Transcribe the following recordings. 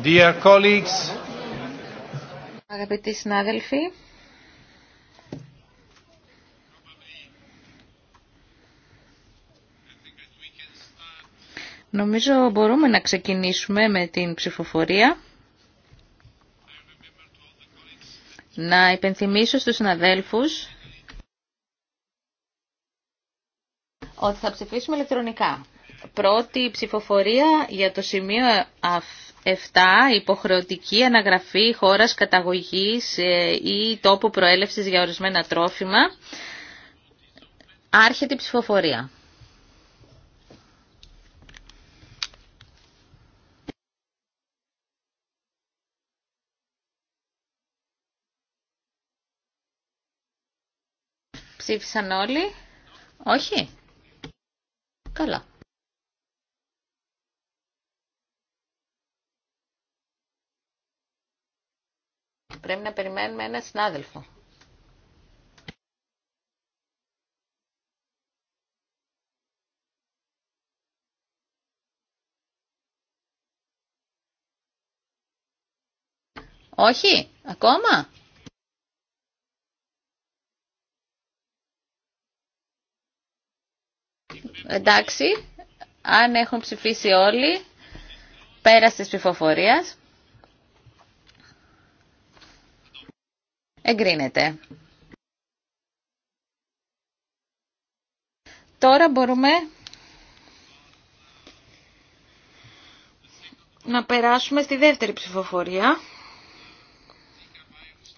Dear colleagues. Αγαπητοί συνάδελφοι, νομίζω μπορούμε να ξεκινήσουμε με την ψηφοφορία. Να υπενθυμίσω στους συναδέλφους ότι θα ψηφίσουμε ηλεκτρονικά. Πρώτη ψηφοφορία για το σημείο αυτό 7. Υποχρεωτική αναγραφή χώρας καταγωγής ε, ή τόπου προέλευσης για ορισμένα τρόφιμα. Άρχεται η ψηφοφορία. Ψήφισαν όλοι. Όχι. Καλά. Πρέπει να περιμένουμε ένα συνάδελφο. Όχι, ακόμα. Εντάξει, αν έχουν ψηφίσει όλοι, πέρας τη ψηφοφορία. Εγκρίνεται. Τώρα μπορούμε να περάσουμε στη δεύτερη ψηφοφορία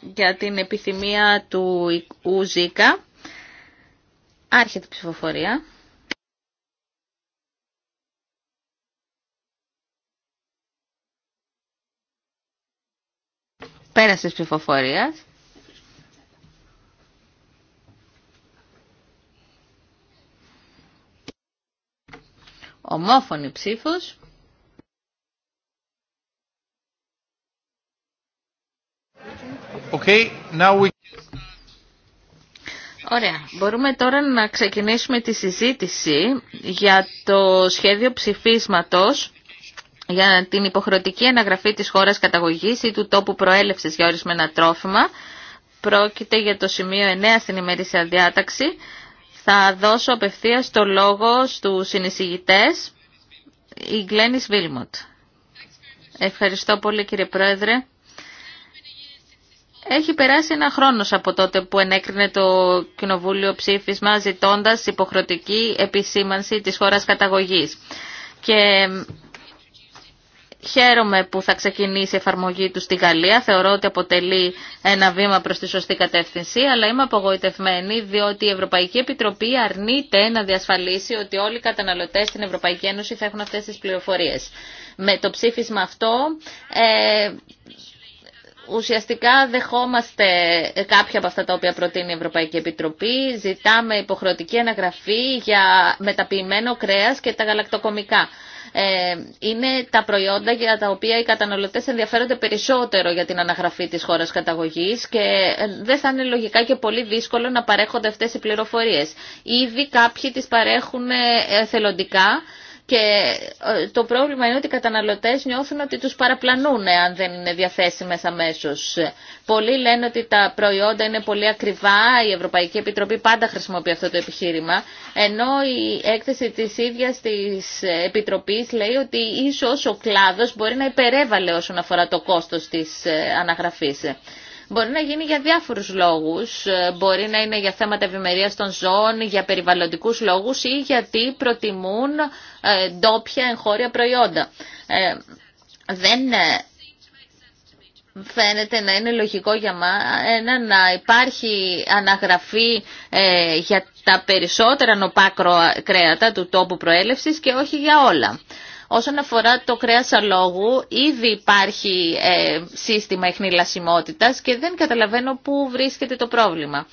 για την επιθυμία του Ουζίκα. Άρχεται η ψηφοφορία. Πέρασε ψηφοφορία. ομόφωνη ψήφος. Okay, now we... Ωραία. Μπορούμε τώρα να ξεκινήσουμε τη συζήτηση για το σχέδιο ψηφίσματος για την υποχρεωτική αναγραφή της χώρας καταγωγής ή του τόπου προέλευσης για ορισμένα τρόφιμα. Πρόκειται για το σημείο 9 στην ημερήσια διάταξη. Θα δώσω απευθεία το λόγο στους συνεισηγητές, η Γκλένις Βίλμοντ. Ευχαριστώ πολύ κύριε Πρόεδρε. Έχει περάσει ένα χρόνος από τότε που ενέκρινε το Κοινοβούλιο ψήφισμα ζητώντας υποχρεωτική επισήμανση της χώρας καταγωγής. Και Χαίρομαι που θα ξεκινήσει η εφαρμογή του στη Γαλλία. Θεωρώ ότι αποτελεί ένα βήμα προς τη σωστή κατεύθυνση, αλλά είμαι απογοητευμένη διότι η Ευρωπαϊκή Επιτροπή αρνείται να διασφαλίσει ότι όλοι οι καταναλωτές στην Ευρωπαϊκή Ένωση θα έχουν αυτές τις πληροφορίες. Με το ψήφισμα αυτό ε, ουσιαστικά δεχόμαστε κάποια από αυτά τα οποία προτείνει η Ευρωπαϊκή Επιτροπή. Ζητάμε υποχρεωτική αναγραφή για μεταποιημένο κρέας και τα γαλακτοκομικά. Ε, είναι τα προϊόντα για τα οποία οι καταναλωτές ενδιαφέρονται περισσότερο για την αναγραφή της χώρας καταγωγής και ε, δεν θα είναι λογικά και πολύ δύσκολο να παρέχονται αυτές οι πληροφορίες. Ήδη κάποιοι τις παρέχουν ε, θελοντικά και ε, το πρόβλημα είναι ότι οι καταναλωτέ νιώθουν ότι του παραπλανούν αν δεν είναι διαθέσιμες αμέσω. Πολλοί λένε ότι τα προϊόντα είναι πολύ ακριβά, η Ευρωπαϊκή Επιτροπή πάντα χρησιμοποιεί αυτό το επιχείρημα, ενώ η έκθεση τη ίδια τη επιτροπή λέει ότι ίσω ο κλάδο μπορεί να υπερέβαλε όσον αφορά το κόστο τη ε, αναγραφή. Μπορεί να γίνει για διάφορους λόγους. Ε, μπορεί να είναι για θέματα ευημερία των ζώων, για περιβαλλοντικούς λόγους ή γιατί προτιμούν ε, ντόπια εγχώρια προϊόντα. Ε, δεν φαίνεται να είναι λογικό για μένα να υπάρχει αναγραφή για τα περισσότερα νοπάκρο κρέατα του τόπου προέλευσης και όχι για όλα. Όσον αφορά το κρέας αλόγου, ήδη υπάρχει ε, σύστημα εχνηλασιμότητας και δεν καταλαβαίνω πού βρίσκεται το πρόβλημα.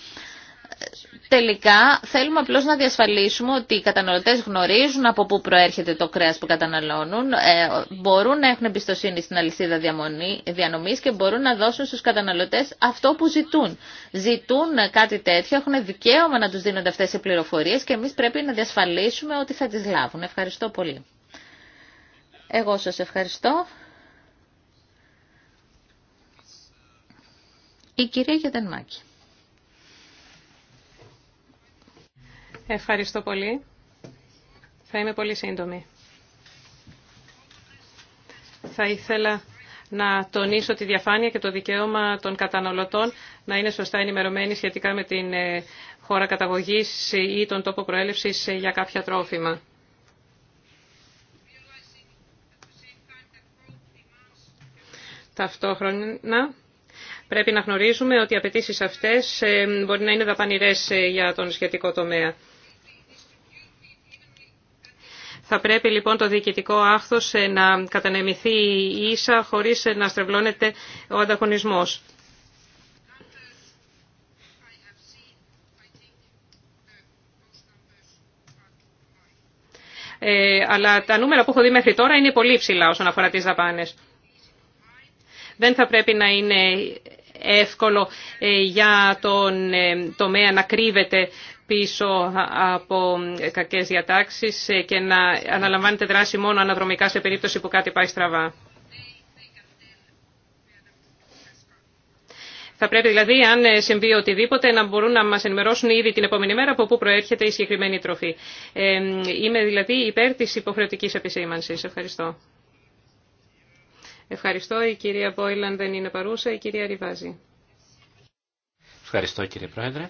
Τελικά θέλουμε απλώς να διασφαλίσουμε ότι οι καταναλωτές γνωρίζουν από πού προέρχεται το κρέας που καταναλώνουν, ε, μπορούν να έχουν εμπιστοσύνη στην αλυσίδα διαμονή, διανομής και μπορούν να δώσουν στους καταναλωτές αυτό που ζητούν. μπορουν να εχουν εμπιστοσυνη στην αλυσιδα διανομη διανομης τέτοιο, έχουν δικαίωμα να τους δίνονται αυτές οι πληροφορίες και εμείς πρέπει να διασφαλίσουμε ότι θα τις λάβουν. Ευχαριστώ πολύ. Εγώ σας ευχαριστώ. Η κυρία Γιατανμάκη. Ευχαριστώ πολύ. Θα είμαι πολύ σύντομη. Θα ήθελα να τονίσω τη διαφάνεια και το δικαίωμα των καταναλωτών να είναι σωστά ενημερωμένοι σχετικά με την ε, χώρα καταγωγής ή τον τόπο προέλευσης ε, για κάποια τρόφιμα. Ταυτόχρονα πρέπει να γνωρίζουμε ότι οι απαιτήσει αυτές ε, μπορεί να είναι δαπανηρές ε, για τον σχετικό τομέα. Θα πρέπει λοιπόν το διοικητικό άχθος ε, να κατανεμηθεί ίσα χωρίς να στρεβλώνεται ο ανταγωνισμός. Ε, αλλά τα νούμερα που έχω δει μέχρι τώρα είναι πολύ ψηλά όσον αφορά τις δαπάνες δεν θα πρέπει να είναι εύκολο ε, για τον ε, τομέα να κρύβεται πίσω από ε, κακές διατάξεις και να αναλαμβάνεται δράση μόνο αναδρομικά σε περίπτωση που κάτι πάει στραβά. Θα πρέπει δηλαδή, αν συμβεί οτιδήποτε, να μπορούν να μας ενημερώσουν ήδη την επόμενη μέρα από πού προέρχεται η συγκεκριμένη τροφή. είμαι δηλαδή υπέρ της υποχρεωτικής επισήμανσης. Ευχαριστώ. Ευχαριστώ. Η κυρία Μπόιλαν δεν είναι παρούσα. Η κυρία Ριβάζη. Ευχαριστώ κύριε Πρόεδρε.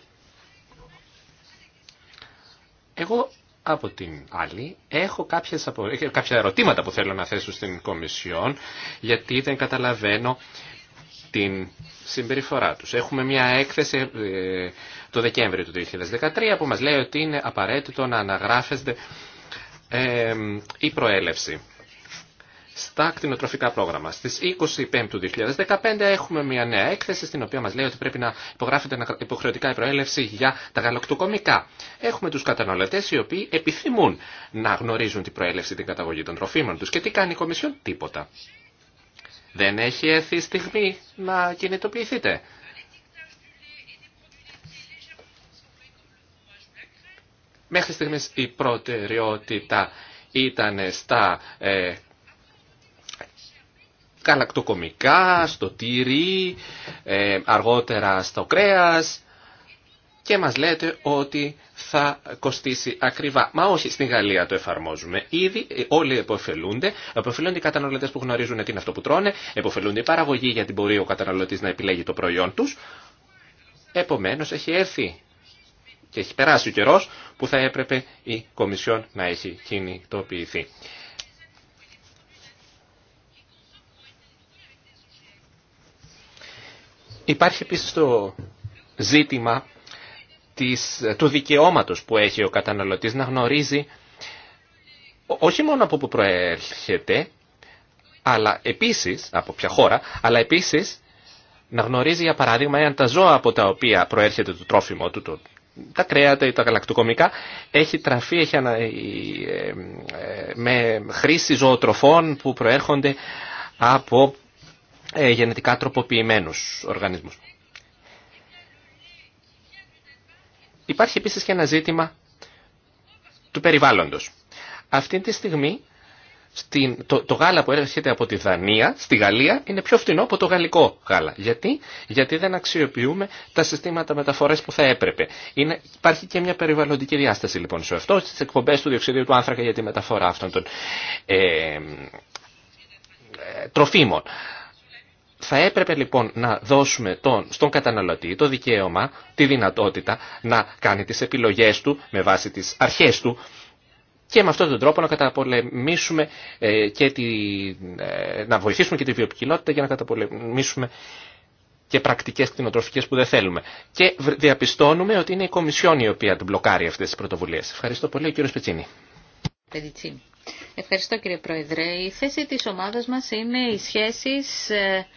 Εγώ από την άλλη έχω κάποιες απο... Ε, κάποια ερωτήματα που θέλω να θέσω στην Κομισιόν γιατί δεν καταλαβαίνω την αλλη εχω καποιες καποια ερωτηματα που θελω να θεσω στην κομισιον γιατι δεν καταλαβαινω την συμπεριφορα τους. Έχουμε μια έκθεση ε, το Δεκέμβριο του 2013 που μας λέει ότι είναι απαραίτητο να αναγράφεται ε, η προέλευση στα κτηνοτροφικά πρόγραμμα. Στι 25 του 2015 έχουμε μια νέα έκθεση στην οποία μας λέει ότι πρέπει να υπογράφεται υποχρεωτικά η προέλευση για τα γαλοκτοκομικά. Έχουμε τους καταναλωτές οι οποίοι επιθυμούν να γνωρίζουν την προέλευση, την καταγωγή των τροφίμων τους. Και τι κάνει η Κομισιόν, τίποτα. Δεν έχει έρθει η στιγμή να κινητοποιηθείτε. Μέχρι στιγμής η προτεραιότητα ήταν στα ε, καλακτοκομικά, στο τύρι, ε, αργότερα στο κρέας και μας λέτε ότι θα κοστίσει ακριβά. Μα όχι, στην Γαλλία το εφαρμόζουμε. Ήδη ε, όλοι επωφελούνται. Επωφελούνται οι καταναλωτέ που γνωρίζουν τι είναι αυτό που τρώνε. Επωφελούνται οι παραγωγοί γιατί μπορεί ο καταναλωτή να επιλέγει το προϊόν του. Επομένω έχει έρθει και έχει περάσει ο καιρό που θα έπρεπε η Κομισιόν να έχει κινητοποιηθεί. Υπάρχει επίσης το ζήτημα της, του δικαιώματος που έχει ο καταναλωτής να γνωρίζει όχι μόνο από που προέρχεται, αλλά επίσης, από ποια χώρα, αλλά επίσης να γνωρίζει για παράδειγμα εάν τα ζώα από τα οποία προέρχεται το τρόφιμο του, το, τα κρέατα ή τα γαλακτοκομικά, έχει τραφεί έχει ε, ε, με χρήση ζωοτροφών που προέρχονται από ε, γενετικά τροποποιημένους οργανισμούς. Υπάρχει επίσης και ένα ζήτημα του περιβάλλοντος. Αυτή τη στιγμή στην, το, γάλα που έρχεται από τη Δανία στη Γαλλία είναι πιο φτηνό από το γαλλικό γάλα. Γιατί, Γιατί δεν αξιοποιούμε τα συστήματα μεταφορέ που θα έπρεπε. Είναι, υπάρχει και μια περιβαλλοντική διάσταση λοιπόν σε αυτό, στι εκπομπέ του διοξιδίου του άνθρακα για τη μεταφορά αυτών των ε, ε τροφίμων. Θα έπρεπε λοιπόν να δώσουμε τον, στον καταναλωτή το δικαίωμα, τη δυνατότητα να κάνει τις επιλογές του με βάση τις αρχές του και με αυτόν τον τρόπο να καταπολεμήσουμε ε, και τη, ε, να βοηθήσουμε και τη βιοποικιλότητα για να καταπολεμήσουμε και πρακτικές κτηνοτροφικές που δεν θέλουμε. Και διαπιστώνουμε ότι είναι η Κομισιόν η οποία την μπλοκάρει αυτές τις πρωτοβουλίες. Ευχαριστώ πολύ, ο κύριος Ευχαριστώ κύριε Πρόεδρε. Η θέση της ομάδας μας είναι οι σχέσεις ε,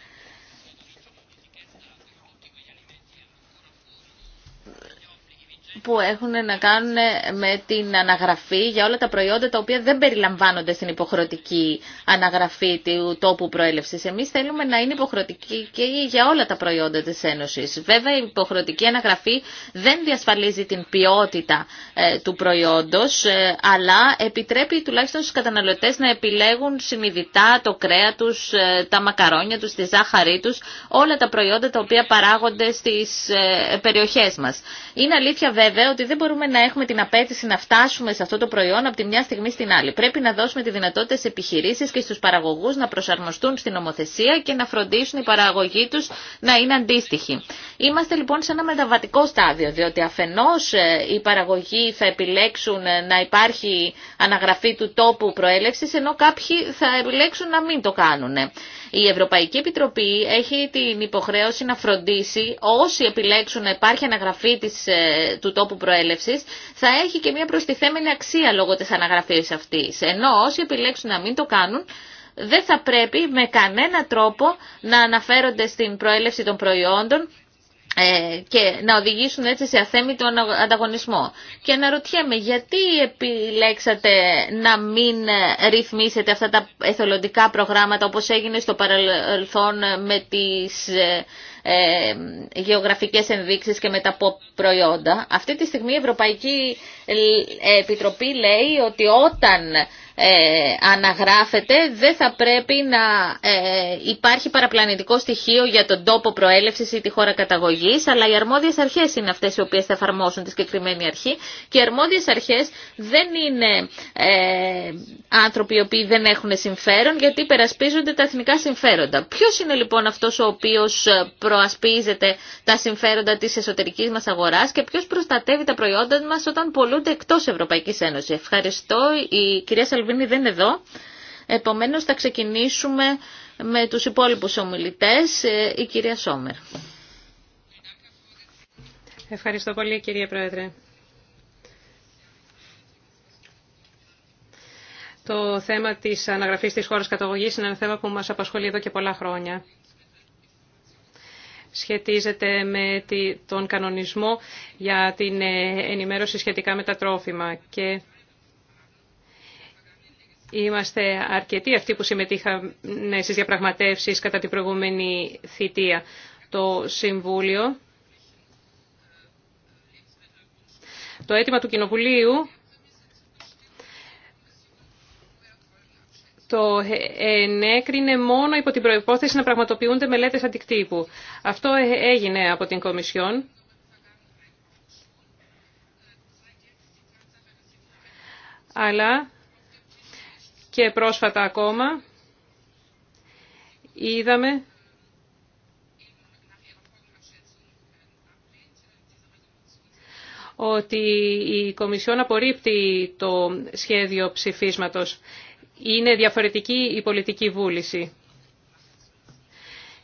που έχουν να κάνουν με την αναγραφή για όλα τα προϊόντα τα οποία δεν περιλαμβάνονται στην υποχρεωτική αναγραφή του τόπου προέλευσης. Εμείς θέλουμε να είναι υποχρεωτική και για όλα τα προϊόντα της Ένωσης. Βέβαια η υποχρεωτική αναγραφή δεν διασφαλίζει την ποιότητα ε, του προϊόντος, ε, αλλά επιτρέπει τουλάχιστον στους καταναλωτές να επιλέγουν συνειδητά το κρέα τους, ε, τα μακαρόνια τους, τη ζάχαρή τους, όλα τα προϊόντα τα οποία παράγονται στις περιοχές μας. Είναι αλήθεια βέβαια ότι δεν μπορούμε να έχουμε την απέτηση να φτάσουμε σε αυτό το προϊόν από τη μια στιγμή στην άλλη. Πρέπει να δώσουμε τη δυνατότητα σε επιχειρήσεις και στου παραγωγού να προσαρμοστούν στην νομοθεσία και να φροντίσουν η παραγωγή τους να είναι αντίστοιχη. Είμαστε λοιπόν σε ένα μεταβατικό στάδιο, διότι αφενό ε, οι παραγωγοί θα επιλέξουν ε, να υπάρχει αναγραφή του τόπου προέλευση, ενώ κάποιοι θα επιλέξουν να μην το κάνουν. Η Ευρωπαϊκή Επιτροπή έχει την υποχρέωση να φροντίσει όσοι επιλέξουν να υπάρχει αναγραφή της, ε, του τόπου προέλευσης θα έχει και μια προστιθέμενη αξία λόγω της αναγραφής αυτής. Ενώ όσοι επιλέξουν να μην το κάνουν δεν θα πρέπει με κανένα τρόπο να αναφέρονται στην προέλευση των προϊόντων ε, και να οδηγήσουν έτσι σε αθέμητο ανταγωνισμό. Και αναρωτιέμαι γιατί επιλέξατε να μην ε, ρυθμίσετε αυτά τα εθελοντικά προγράμματα όπως έγινε στο παρελθόν με τις ε, ε γεωγραφικές ενδείξεις και με τα προϊόντα. Αυτή τη στιγμή η Ευρωπαϊκή Επιτροπή λέει ότι όταν ε, αναγράφεται, δεν θα πρέπει να ε, υπάρχει παραπλανητικό στοιχείο για τον τόπο προέλευσης ή τη χώρα καταγωγής, αλλά οι αρμόδιες αρχές είναι αυτές οι οποίες θα εφαρμόσουν τη συγκεκριμένη αρχή και οι αρμόδιες αρχές δεν είναι ε, άνθρωποι οι οποίοι δεν έχουν συμφέρον γιατί περασπίζονται τα εθνικά συμφέροντα. Ποιο είναι λοιπόν αυτός ο οποίος προασπίζεται τα συμφέροντα της εσωτερικής μας αγοράς και ποιο προστατεύει τα προϊόντα μας όταν πολλούνται εκτός Ευρωπαϊκής Ένωσης. Ευχαριστώ η κυρία Σαλβίνη δεν είναι εδώ. Επομένως θα ξεκινήσουμε με τους υπόλοιπους ομιλητές, ε, η κυρία Σόμερ. Ευχαριστώ πολύ κυρία Πρόεδρε. Το θέμα της αναγραφής της χώρας καταγωγής είναι ένα θέμα που μας απασχολεί εδώ και πολλά χρόνια. Σχετίζεται με τον κανονισμό για την ε, ενημέρωση σχετικά με τα τρόφιμα και Είμαστε αρκετοί αυτοί που συμμετείχαν στις διαπραγματεύσεις κατά την προηγούμενη θητεία. Το Συμβούλιο, το αίτημα του Κοινοβουλίου, το ενέκρινε μόνο υπό την προϋπόθεση να πραγματοποιούνται μελέτες αντικτύπου. Αυτό έγινε από την Κομισιόν. Αλλά και πρόσφατα ακόμα είδαμε ότι η Κομισιόν απορρίπτει το σχέδιο ψηφίσματος. Είναι διαφορετική η πολιτική βούληση.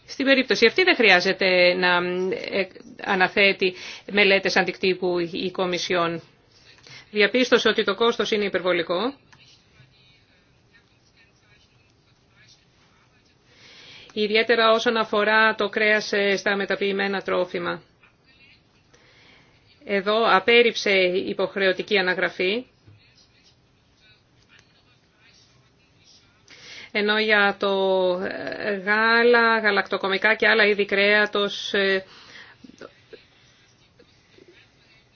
Στην περίπτωση αυτή δεν χρειάζεται να ε, αναθέτει μελέτες αντικτύπου η Κομισιόν. Διαπίστωσε ότι το κόστος είναι υπερβολικό ιδιαίτερα όσον αφορά το κρέας ε, στα μεταποιημένα τρόφιμα. Εδώ απέριψε υποχρεωτική αναγραφή, ενώ για το ε, γάλα, γαλακτοκομικά και άλλα είδη κρέατος ε,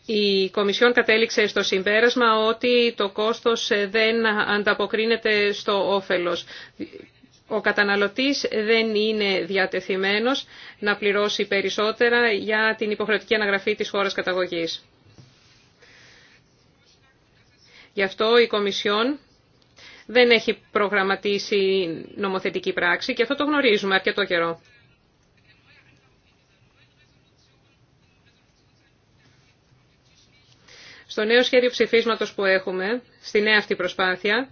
η Κομισιόν κατέληξε στο συμπέρασμα ότι το κόστος δεν ανταποκρίνεται στο όφελος ο καταναλωτής δεν είναι διατεθειμένος να πληρώσει περισσότερα για την υποχρεωτική αναγραφή της χώρας καταγωγής. Γι' αυτό η Κομισιόν δεν έχει προγραμματίσει νομοθετική πράξη και αυτό το γνωρίζουμε αρκετό καιρό. Στο νέο σχέδιο ψηφίσματος που έχουμε, στη νέα αυτή προσπάθεια,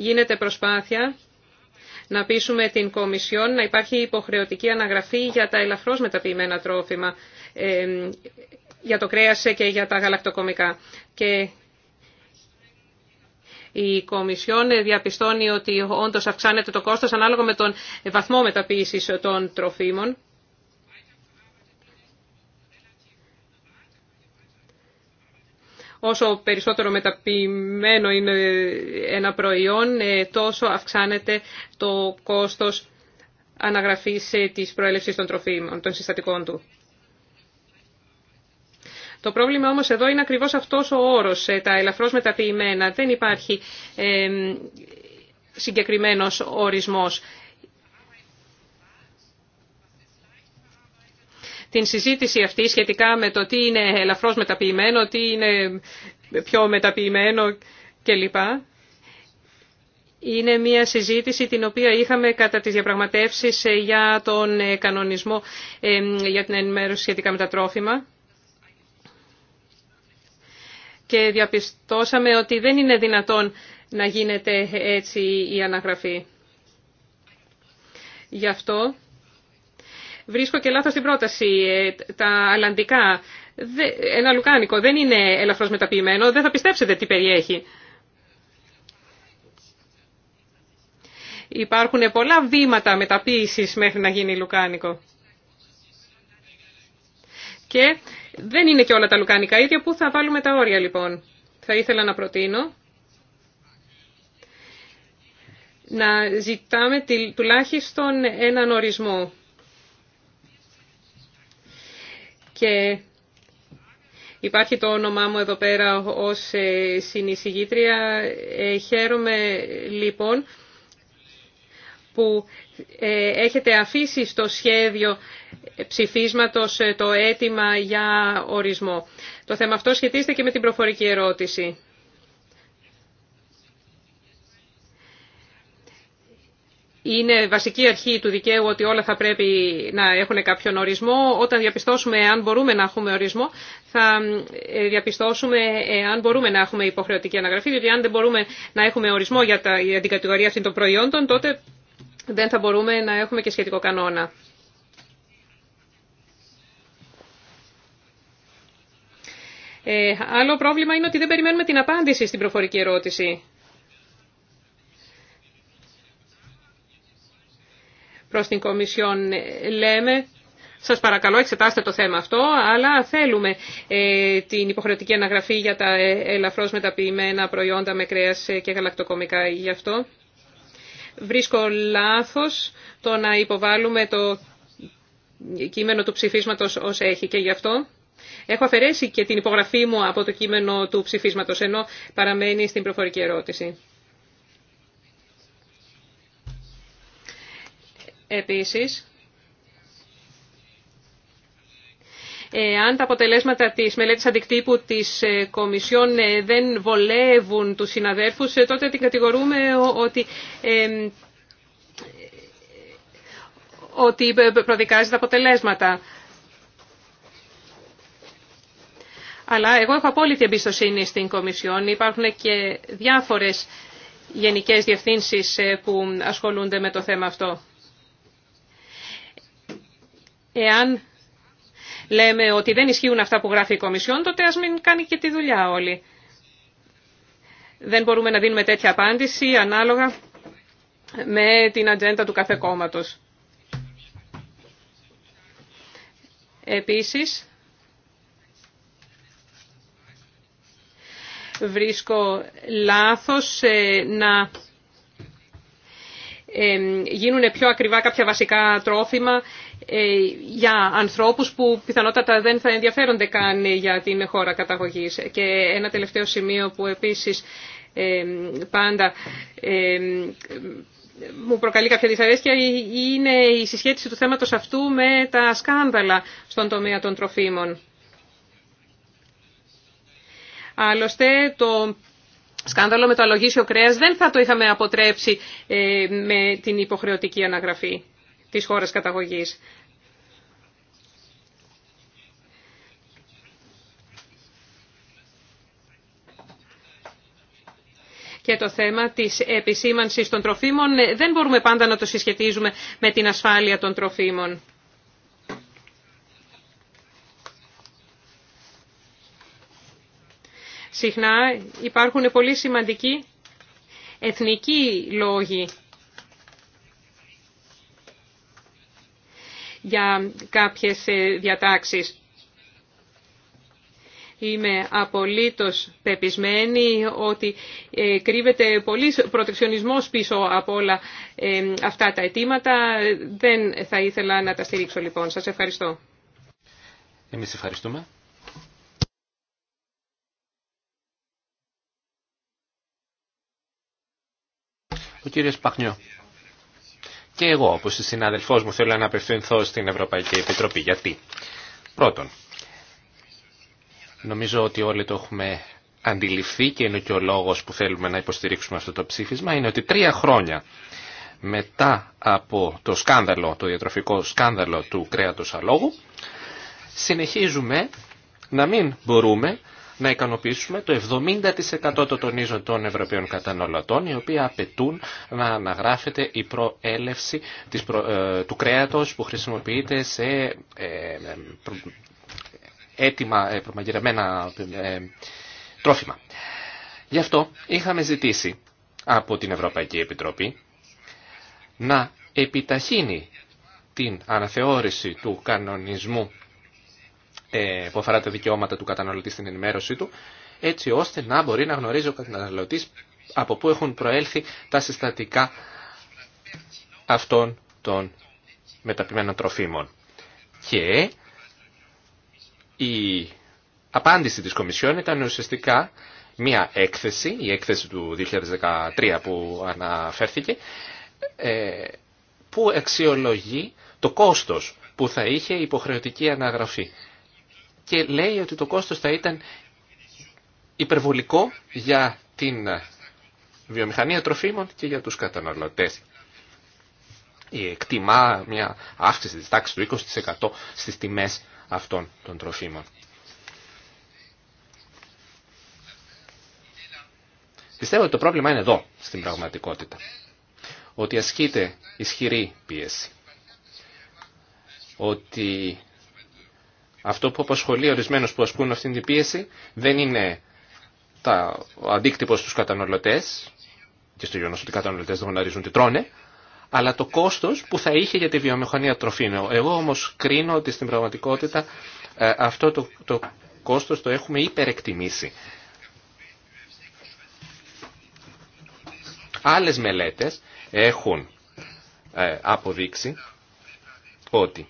γίνεται προσπάθεια να πείσουμε την Κομισιόν να υπάρχει υποχρεωτική αναγραφή για τα ελαφρώς μεταποιημένα τρόφιμα, ε, για το κρέας και για τα γαλακτοκομικά. Και η Κομισιόν διαπιστώνει ότι όντως αυξάνεται το κόστος ανάλογα με τον βαθμό μεταποίησης των τροφίμων Όσο περισσότερο μεταποιημένο είναι ένα προϊόν, ε, τόσο αυξάνεται το κόστος αναγραφής ε, της προέλευσης των τροφίμων, των συστατικών του. Το πρόβλημα όμως εδώ είναι ακριβώς αυτός ο όρος, ε, τα ελαφρώς μεταποιημένα. Δεν υπάρχει συγκεκριμένος ορισμός. την συζήτηση αυτή σχετικά με το τι είναι ελαφρώς μεταποιημένο, τι είναι πιο μεταποιημένο κλπ. Είναι μια συζήτηση την οποία είχαμε κατά τις διαπραγματεύσεις ε, για τον ε, κανονισμό ε, για την ενημέρωση σχετικά με τα τρόφιμα και διαπιστώσαμε ότι δεν είναι δυνατόν να γίνεται έτσι η αναγραφή. Γι' αυτό Βρίσκω και λάθος την πρόταση. Ε, τα αλλαντικά, ένα λουκάνικο δεν είναι ελαφρώς μεταποιημένο, δεν θα πιστέψετε τι περιέχει. Υπάρχουν πολλά βήματα μεταποίησης μέχρι να γίνει λουκάνικο. Και δεν είναι και όλα τα λουκάνικα ίδια που θα βάλουμε τα όρια λοιπόν. Θα ήθελα να προτείνω να ζητάμε τουλάχιστον έναν ορισμό. και υπάρχει το όνομά μου εδώ πέρα ως ε, συνεισηγήτρια. Ε, χαίρομαι λοιπόν που ε, έχετε αφήσει στο σχέδιο ψηφίσματος το αίτημα για ορισμό. Το θέμα αυτό σχετίζεται και με την προφορική ερώτηση. Είναι βασική αρχή του δικαίου ότι όλα θα πρέπει να έχουν κάποιον ορισμό. Όταν διαπιστώσουμε αν μπορούμε να έχουμε ορισμό, θα ε, διαπιστώσουμε αν μπορούμε να έχουμε υποχρεωτική αναγραφή, διότι αν δεν μπορούμε να έχουμε ορισμό για, τα, για την κατηγορία αυτή των προϊόντων, τότε δεν θα μπορούμε να έχουμε και σχετικό κανόνα. Ε, άλλο πρόβλημα είναι ότι δεν περιμένουμε την απάντηση στην προφορική ερώτηση. προς την Κομισιόν. Λέμε, σας παρακαλώ εξετάστε το θέμα αυτό, αλλά θέλουμε ε, την υποχρεωτική αναγραφή για τα ε, ελαφρώς μεταποιημένα προϊόντα με κρέας και γαλακτοκομικά γι' αυτό. Βρίσκω λάθος το να υποβάλουμε το κείμενο του ψηφίσματος ως έχει και γι' αυτό. Έχω αφαιρέσει και την υπογραφή μου από το κείμενο του ψηφίσματος, ενώ παραμένει στην προφορική ερώτηση. Επίσης, αν τα αποτελέσματα της μελέτης αντικτύπου της ε, Κομισιόν ε, δεν βολεύουν τους συναδέρφους, ε, τότε την κατηγορούμε ότι ότι προδικάζει τα αποτελέσματα. Αλλά εγώ έχω απόλυτη εμπιστοσύνη στην Κομισιόν. Υπάρχουν και διάφορες γενικές διευθύνσεις που ασχολούνται με το θέμα αυτό. Εάν λέμε ότι δεν ισχύουν αυτά που γράφει η Κομισιόν, τότε ας μην κάνει και τη δουλειά όλοι. Δεν μπορούμε να δίνουμε τέτοια απάντηση ανάλογα με την ατζέντα του κάθε κόμματο. Επίσης, βρίσκω λάθος να ε, γίνουν πιο ακριβά κάποια βασικά τρόφιμα ε, για ανθρώπους που πιθανότατα δεν θα ενδιαφέρονται καν για την χώρα καταγωγής. Και ένα τελευταίο σημείο που επίσης ε, πάντα ε, μου προκαλεί κάποια δυσαρέσκεια είναι η συσχέτιση του θέματος αυτού με τα σκάνδαλα στον τομέα των τροφίμων. Άλλωστε το σκάνδαλο με το αλογίσιο κρέας δεν θα το είχαμε αποτρέψει με την υποχρεωτική αναγραφή της χώρας καταγωγής. και το θέμα τη επισήμανση των τροφίμων ε, δεν μπορούμε πάντα να το συσχετίζουμε με την ασφάλεια των τροφίμων. Συχνά υπάρχουν πολύ σημαντικοί εθνικοί λόγοι για κάποιες ε, διατάξεις. Είμαι απολύτως πεπισμένη ότι ε, κρύβεται πολύ προτεξιονισμός πίσω από όλα ε, αυτά τα αιτήματα. Δεν θα ήθελα να τα στηρίξω λοιπόν. Σας ευχαριστώ. Εμείς ευχαριστούμε. Ο κύριος Παχνιό. Και εγώ, όπως η συναδελφός μου, θέλω να απευθυνθώ στην Ευρωπαϊκή Επιτροπή. Γιατί. Πρώτον, Νομίζω ότι όλοι το έχουμε αντιληφθεί και είναι και ο λόγος που θέλουμε να υποστηρίξουμε αυτό το ψήφισμα είναι ότι τρία χρόνια μετά από το σκάνδαλο, το διατροφικό σκάνδαλο του κρέατος αλόγου συνεχίζουμε να μην μπορούμε να ικανοποιήσουμε το 70% των τονίζων των Ευρωπαίων καταναλωτών οι οποίοι απαιτούν να αναγράφεται η προέλευση της ε, του κρέατος που χρησιμοποιείται σε ε, ε, έτοιμα ε, προμαγειρεμένα ε, τρόφιμα. Γι' αυτό είχαμε ζητήσει από την Ευρωπαϊκή Επιτροπή να επιταχύνει την αναθεώρηση του κανονισμού ε, που αφορά τα δικαιώματα του καταναλωτή στην ενημέρωσή του, έτσι ώστε να μπορεί να γνωρίζει ο καταναλωτή από πού έχουν προέλθει τα συστατικά αυτών των μεταπημένων τροφίμων. Και η απάντηση της Κομισιόν ήταν ουσιαστικά μία έκθεση, η έκθεση του 2013 που αναφέρθηκε, ε, που αξιολογεί το κόστος που θα είχε η υποχρεωτική αναγραφή. Και λέει ότι το κόστος θα ήταν υπερβολικό για την βιομηχανία τροφίμων και για τους καταναλωτές. Η εκτιμά μια αύξηση της τάξης του 20% στις τιμές αυτών των τροφίμων. Πιστεύω ότι το πρόβλημα είναι εδώ, στην πραγματικότητα. Ότι ασκείται ισχυρή πίεση. Ότι αυτό που απασχολεί ορισμένους που ασκούν αυτήν την πίεση δεν είναι τα, ο αντίκτυπος στους καταναλωτές και στο γεγονό ότι οι καταναλωτές δεν γνωρίζουν τι τρώνε, αλλά το κόστος που θα είχε για τη βιομηχανία τροφίμων. Εγώ όμως κρίνω ότι στην πραγματικότητα ε, αυτό το, το κόστος το έχουμε υπερεκτιμήσει. Άλλες μελέτες έχουν ε, αποδείξει ότι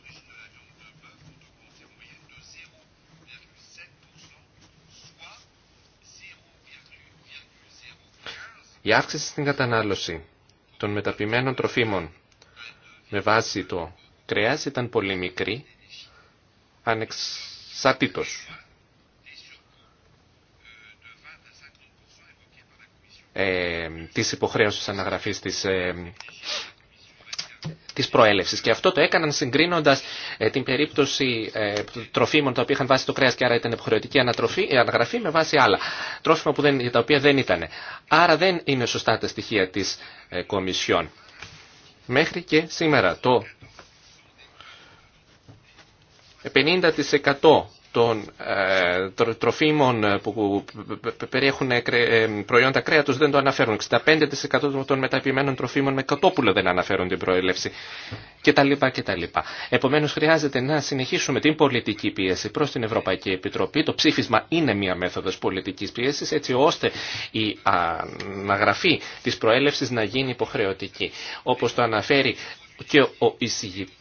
η αύξηση στην κατανάλωση των μεταπημένων τροφίμων με βάση το κρέας ήταν πολύ μικρή, ανεξαρτήτως. Ε, της υποχρέωσης αναγραφής της ε, της προέλευσης. Και αυτό το έκαναν συγκρίνοντας ε, την περίπτωση ε, τροφίμων τα οποία είχαν βάσει το κρέας και άρα ήταν υποχρεωτική ανατροφή, ε, αναγραφή με βάση άλλα τρόφιμα που δεν, τα οποία δεν ήταν. Άρα δεν είναι σωστά τα στοιχεία της Κομισιόν. Μέχρι και σήμερα το 50% των ε, τροφίμων που περιέχουν ε, ε, προϊόντα κρέατος δεν το αναφέρουν. 65% των μεταποιημένων τροφίμων με κατόπουλο δεν αναφέρουν την προέλευση Και τα λοιπά. Επομένως χρειάζεται να συνεχίσουμε την πολιτική πίεση προς την Ευρωπαϊκή Επιτροπή. Το ψήφισμα είναι μία μέθοδος πολιτικής πίεσης έτσι ώστε η αναγραφή της προέλευσης να γίνει υποχρεωτική. Όπως το αναφέρει και ο εισηγητής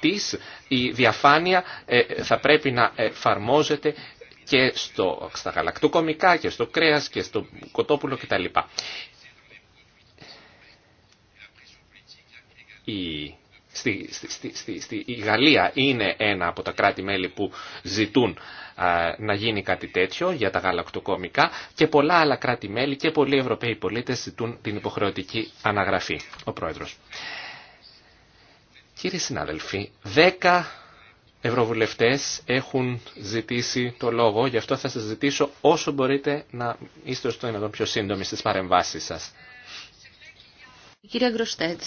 της, η διαφάνεια ε, θα πρέπει να εφαρμόζεται και στο, στα γαλακτοκομικά και στο κρέας και στο κοτόπουλο κτλ. Η, στη, στη, στη, στη, η Γαλλία είναι ένα από τα κράτη-μέλη που ζητούν να γίνει κάτι τέτοιο για τα γαλακτοκομικά και πολλά άλλα κράτη-μέλη και πολλοί Ευρωπαίοι πολίτες ζητούν την υποχρεωτική αναγραφή. Ο Πρόεδρος. Κύριοι συνάδελφοι, δέκα ευρωβουλευτές έχουν ζητήσει το λόγο, γι' αυτό θα σας ζητήσω όσο μπορείτε να είστε στο δυνατόν πιο σύντομοι στις παρεμβάσεις σας. Κύριε Γκροστέτ,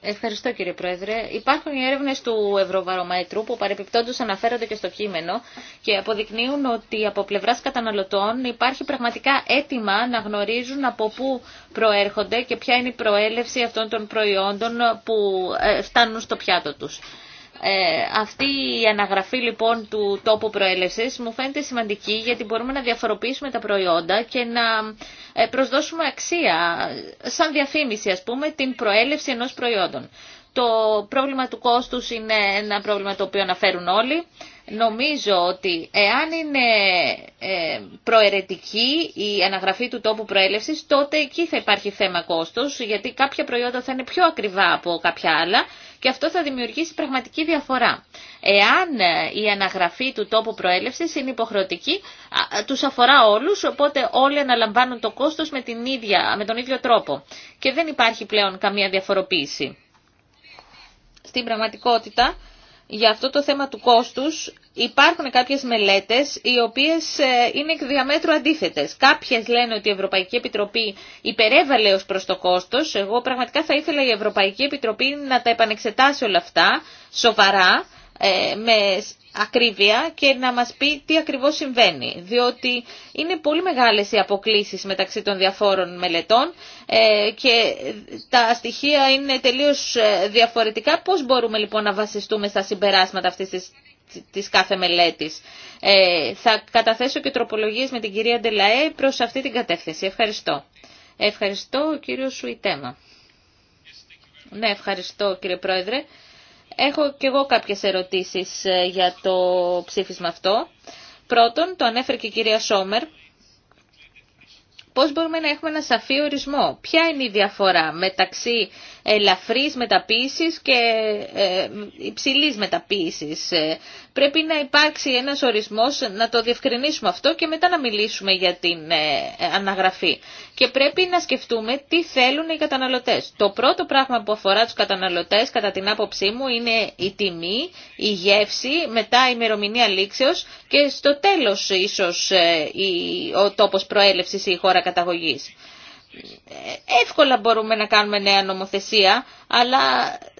ευχαριστώ κύριε Πρόεδρε. Υπάρχουν οι έρευνε του Ευρωβαρομέτρου που παρεπιπτόντω αναφέρονται και στο κείμενο και αποδεικνύουν ότι από πλευρά καταναλωτών υπάρχει πραγματικά αίτημα να γνωρίζουν από πού προέρχονται και ποια είναι η προέλευση αυτών των προϊόντων που ε, φτάνουν στο πιάτο τους. Ε, αυτή η αναγραφή λοιπόν του τόπου προέλευσης μου φαίνεται σημαντική γιατί μπορούμε να διαφοροποιήσουμε τα προϊόντα και να ε, προσδώσουμε αξία, σαν διαφήμιση ας πούμε, την προέλευση ενός προϊόντων. Το πρόβλημα του κόστους είναι ένα πρόβλημα το οποίο αναφέρουν όλοι. Νομίζω ότι εάν είναι ε, προαιρετική η αναγραφή του τόπου προέλευσης, τότε εκεί θα υπάρχει θέμα κόστος, γιατί κάποια προϊόντα θα είναι πιο ακριβά από κάποια άλλα και αυτό θα δημιουργήσει πραγματική διαφορά. Εάν ε, η αναγραφή του τόπου προέλευσης είναι υποχρεωτική, ε, τους αφορά όλους, οπότε όλοι αναλαμβάνουν το κόστος με, με τον ίδιο τρόπο και δεν υπάρχει πλέον καμία διαφοροποίηση. Στην πραγματικότητα, για αυτό το θέμα του κόστους υπάρχουν κάποιες μελέτες οι οποίες ε, είναι εκ διαμέτρου αντίθετες. Κάποιες λένε ότι η Ευρωπαϊκή Επιτροπή υπερέβαλε ως προς το κόστος. Εγώ πραγματικά θα ήθελα η Ευρωπαϊκή Επιτροπή να τα επανεξετάσει όλα αυτά σοβαρά ε, με ακρίβεια και να μας πει τι ακριβώς συμβαίνει. Διότι είναι πολύ μεγάλες οι αποκλήσεις μεταξύ των διαφόρων μελετών ε, και τα στοιχεία είναι τελείως ε, διαφορετικά. Πώς μπορούμε λοιπόν να βασιστούμε στα συμπεράσματα αυτής της της κάθε μελέτης. Ε, θα καταθέσω και τροπολογίες με την κυρία Ντελαέ προς αυτή την κατεύθυνση. Ευχαριστώ. Ευχαριστώ, κύριο Σουητέμα. Ναι, ευχαριστώ, κύριε Πρόεδρε έχω και εγώ κάποιες ερωτήσεις ε, για το ψήφισμα αυτό. Πρώτον, το ανέφερε και η κυρία Σόμερ, πώς μπορούμε να έχουμε ένα σαφή ορισμό. Ποια είναι η διαφορά μεταξύ ελαφρής μεταποίησης και ε, υψηλής μεταποίησης. Ε, πρέπει να υπάρξει ένας ορισμός να το διευκρινίσουμε αυτό και μετά να μιλήσουμε για την ε, αναγραφή. Και πρέπει να σκεφτούμε τι θέλουν οι καταναλωτές. Το πρώτο πράγμα που αφορά τους καταναλωτές κατά την άποψή μου είναι η τιμή, η γεύση, μετά η ημερομηνία λήξεως και στο τέλος ίσως ο τόπος προέλευσης ή η χώρα καταγωγής εύκολα μπορούμε να κάνουμε νέα νομοθεσία, αλλά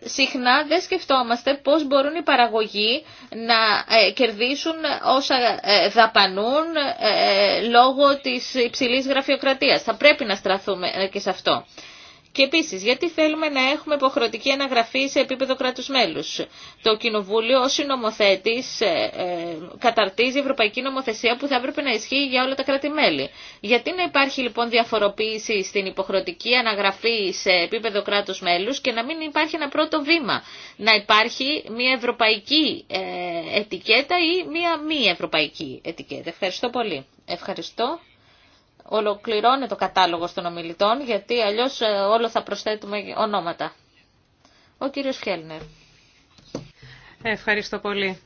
συχνά δεν σκεφτόμαστε πώς μπορούν οι παραγωγοί να ε, κερδίσουν όσα ε, δαπανούν ε, λόγω της υψηλής γραφειοκρατίας. Θα πρέπει να στραθούμε και σε αυτό. Και επίση, γιατί θέλουμε να έχουμε υποχρεωτική αναγραφή σε επίπεδο κράτου μέλου. Το Κοινοβούλιο, ω νομοθέτης ε, ε, καταρτίζει ευρωπαϊκή νομοθεσία που θα έπρεπε να ισχύει για όλα τα κράτη-μέλη. Γιατί να υπάρχει λοιπόν διαφοροποίηση στην υποχρεωτική αναγραφή σε επίπεδο κράτου μέλου και να μην υπάρχει ένα πρώτο βήμα. Να υπάρχει μια ευρωπαϊκή ε, ετικέτα ή μια μη ευρωπαϊκή ετικέτα. Ευχαριστώ πολύ. Ευχαριστώ. Ολοκληρώνει το κατάλογο των ομιλητών, γιατί αλλιώς ε, όλο θα προσθέτουμε ονόματα. Ο κύριος Χέλνερ. Ευχαριστώ πολύ.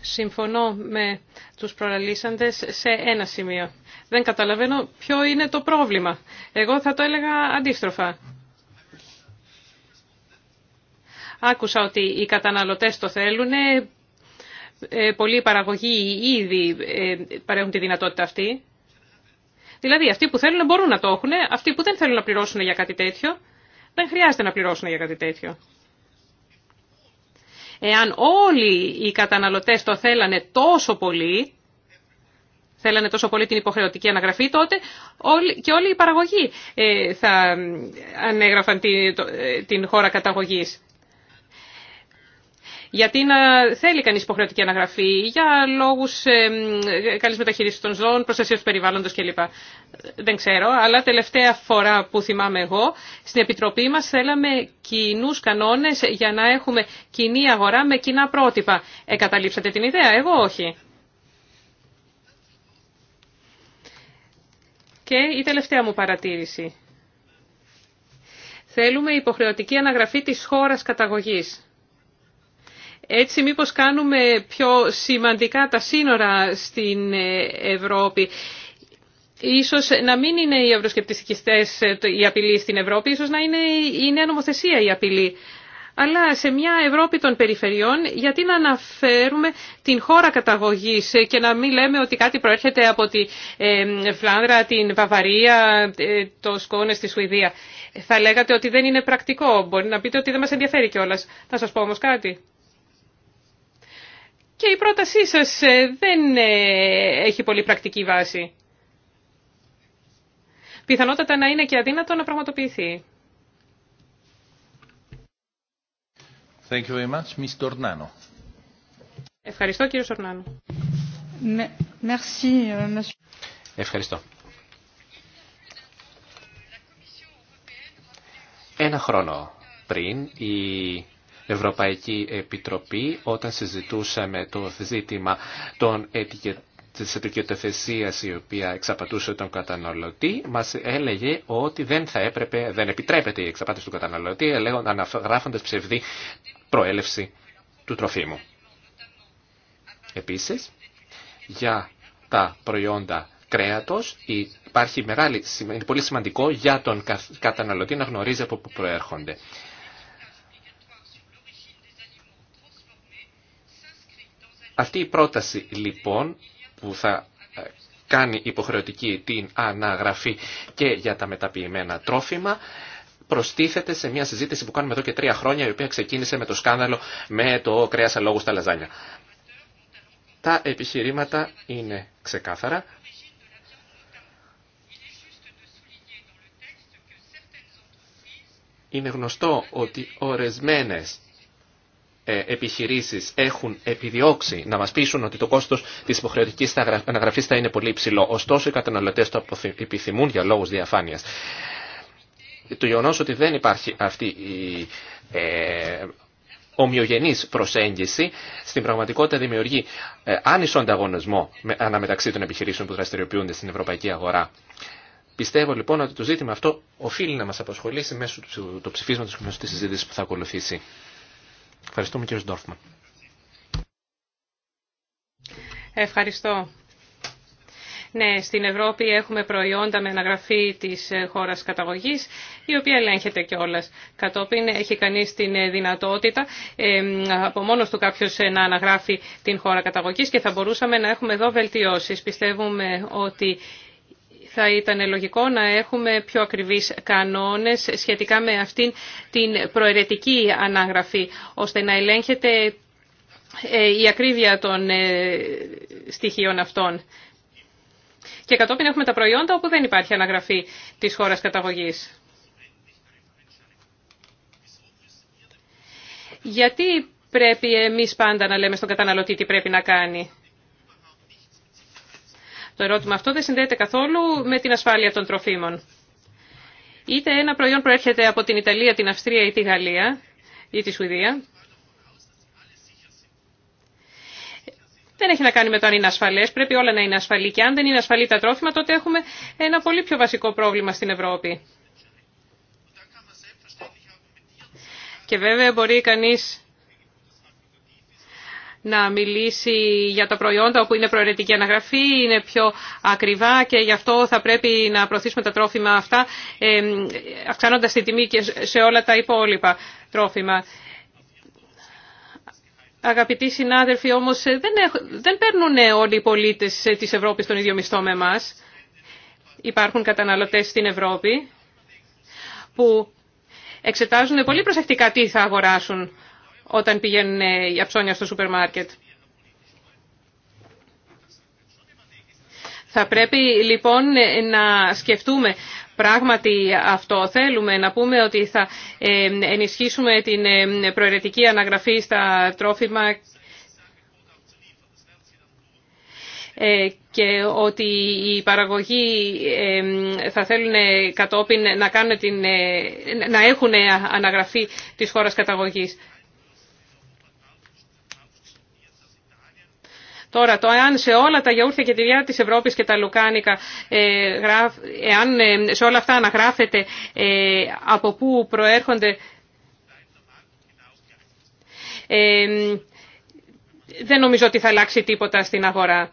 Συμφωνώ με τους προλαλήσαντες σε ένα σημείο. Δεν καταλαβαίνω ποιο είναι το πρόβλημα. Εγώ θα το έλεγα αντίστροφα. Άκουσα ότι οι καταναλωτές το θέλουν. Ε, πολλοί παραγωγοί ήδη ε, παρέχουν τη δυνατότητα αυτή. Δηλαδή αυτοί που θέλουν μπορούν να το έχουν, αυτοί που δεν θέλουν να πληρώσουν για κάτι τέτοιο δεν χρειάζεται να πληρώσουν για κάτι τέτοιο. Εάν όλοι οι καταναλωτές το θέλανε τόσο πολύ, θέλανε τόσο πολύ την υποχρεωτική αναγραφή, τότε και όλη η παραγωγή ε, θα ανέγραφαν ε, την χώρα καταγωγής. Γιατί να θέλει κανείς υποχρεωτική αναγραφή για λόγους ε, καλής μεταχείρισης των ζώων, προστασία του περιβάλλοντος κλπ. Δεν ξέρω, αλλά τελευταία φορά που θυμάμαι εγώ, στην Επιτροπή μας θέλαμε κοινού κανόνες για να έχουμε κοινή αγορά με κοινά πρότυπα. Εκαταλείψατε την ιδέα, εγώ όχι. Και η τελευταία μου παρατήρηση. Θέλουμε υποχρεωτική αναγραφή της χώρας καταγωγής. Έτσι μήπως κάνουμε πιο σημαντικά τα σύνορα στην ε, Ευρώπη. Ίσως να μην είναι οι ευρωσκεπτικιστές ε, η απειλή στην Ευρώπη, ίσως να είναι η νέα νομοθεσία η απειλή. Αλλά σε μια Ευρώπη των περιφερειών, γιατί να αναφέρουμε την χώρα καταγωγής ε, και να μην λέμε ότι κάτι προέρχεται από τη Φλάνδρα, την Βαβαρία, το Σκόνε στη Σουηδία. Θα λέγατε ότι δεν είναι πρακτικό. Μπορεί να πείτε ότι δεν μας ενδιαφέρει κιόλας. Θα σας πω όμως κάτι και η πρότασή σας ε, δεν ε, έχει πολύ πρακτική βάση. Πιθανότατα να είναι και αδύνατο να πραγματοποιηθεί. Thank you very much. Ευχαριστώ κύριο Σορνάνο. Ε, Ευχαριστώ. Ένα χρόνο πριν η Ευρωπαϊκή Επιτροπή όταν συζητούσαμε το ζήτημα των ετικετών της ετικετοθεσίας η οποία εξαπατούσε τον καταναλωτή μας έλεγε ότι δεν θα έπρεπε, δεν επιτρέπεται η εξαπάτηση του καταναλωτή αναγράφοντας ψευδή προέλευση του τροφίμου. Επίσης, για τα προϊόντα κρέατος υπάρχει μεγάλη, είναι πολύ σημαντικό για τον καταναλωτή να γνωρίζει από πού προέρχονται. Αυτή η πρόταση λοιπόν που θα ε, κάνει υποχρεωτική την αναγραφή και για τα μεταποιημένα τρόφιμα προστίθεται σε μια συζήτηση που κάνουμε εδώ και τρία χρόνια η οποία ξεκίνησε με το σκάνδαλο με το κρέας αλόγου στα λαζάνια. Τα επιχειρήματα είναι ξεκάθαρα. Είναι γνωστό ότι ορισμένες ε, επιχειρήσεις έχουν επιδιώξει να μας πείσουν ότι το κόστος της υποχρεωτικής αναγραφής θα είναι πολύ υψηλό. Ωστόσο οι καταναλωτές το επιθυμούν για λόγους διαφάνειας. Το γεγονό ότι δεν υπάρχει αυτή η ε, προσέγγιση στην πραγματικότητα δημιουργεί ε, άνισο ανταγωνισμό με, αναμεταξύ των επιχειρήσεων που δραστηριοποιούνται στην ευρωπαϊκή αγορά. Πιστεύω λοιπόν ότι το ζήτημα αυτό οφείλει να μα απασχολήσει μέσω του, του, και μέσω της που θα ακολουθήσει. Ευχαριστούμε κύριε Ντόρφμαν. Ευχαριστώ. Ναι, στην Ευρώπη έχουμε προϊόντα με αναγραφή της χώρας καταγωγής, η οποία ελέγχεται κιόλας. Κατόπιν έχει κανείς την δυνατότητα από μόνος του κάποιος να αναγράφει την χώρα καταγωγής και θα μπορούσαμε να έχουμε εδώ βελτιώσεις. Πιστεύουμε ότι θα ήταν λογικό να έχουμε πιο ακριβείς κανόνες σχετικά με αυτήν την προαιρετική ανάγραφη, ώστε να ελέγχεται ε, η ακρίβεια των ε, στοιχείων αυτών. Και κατόπιν έχουμε τα προϊόντα όπου δεν υπάρχει αναγραφή της χώρας καταγωγής. Γιατί πρέπει εμείς πάντα να λέμε στον καταναλωτή τι πρέπει να κάνει. Το ερώτημα αυτό δεν συνδέεται καθόλου με την ασφάλεια των τροφίμων. Είτε ένα προϊόν προέρχεται από την Ιταλία, την Αυστρία ή τη Γαλλία ή τη Σουηδία. Δεν έχει να κάνει με το αν είναι ασφαλέ. Πρέπει όλα να είναι ασφαλή. Και αν δεν είναι ασφαλή τα τρόφιμα, τότε έχουμε ένα πολύ πιο βασικό πρόβλημα στην Ευρώπη. Και βέβαια μπορεί κανείς να μιλήσει για τα προϊόντα όπου είναι προαιρετική αναγραφή, είναι πιο ακριβά και γι' αυτό θα πρέπει να προωθήσουμε τα τρόφιμα αυτά αυξάνοντας τη τιμή και σε όλα τα υπόλοιπα τρόφιμα. Αγαπητοί συνάδελφοι, όμως ε, δεν, δεν παίρνουν ε, όλοι οι πολίτες ε, της Ευρώπης τον ίδιο μισθό με εμάς. Υπάρχουν καταναλωτές στην Ευρώπη που εξετάζουν πολύ προσεκτικά τι θα αγοράσουν όταν πηγαίνουν για ε, ψώνια στο σούπερ μάρκετ. Θα πρέπει λοιπόν ε, να σκεφτούμε πράγματι αυτό. Θέλουμε να πούμε ότι θα ε, ενισχύσουμε την προαιρετική αναγραφή στα τρόφιμα και ότι οι παραγωγοί θα θέλουν κατόπιν να, κάνουν να έχουν αναγραφή της χώρας καταγωγής. Τώρα, το εάν σε όλα τα γιαούρθια και τυριά της Ευρώπης και τα λουκάνικα, ε, εάν ε, σε όλα αυτά αναγράφεται ε, από πού προέρχονται δεν νομίζω ότι θα αλλάξει τίποτα στην αγορά.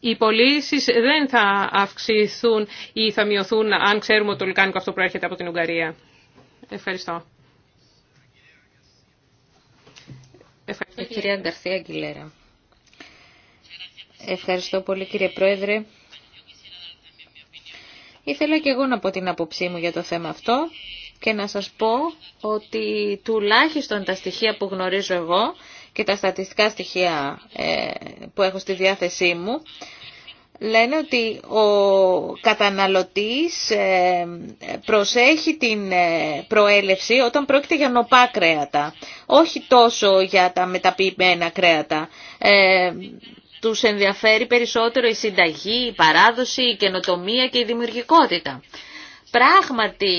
Οι πωλήσει δεν θα αυξηθούν ή θα μειωθούν αν ξέρουμε ότι το λουκάνικο αυτό προέρχεται από την Ουγγαρία. Ευχαριστώ. Ευχαριστώ κυρία Ευχαριστώ πολύ κύριε Πρόεδρε. Ήθελα και εγώ να πω την άποψή μου για το θέμα αυτό και να σας πω ότι τουλάχιστον τα στοιχεία που γνωρίζω εγώ και τα στατιστικά στοιχεία ε, που έχω στη διάθεσή μου λένε ότι ο καταναλωτής ε, προσέχει την ε, προέλευση όταν πρόκειται για νοπά κρέατα, όχι τόσο για τα μεταποιημένα κρέατα. Ε, τους ενδιαφέρει περισσότερο η συνταγή, η παράδοση, η καινοτομία και η δημιουργικότητα πράγματι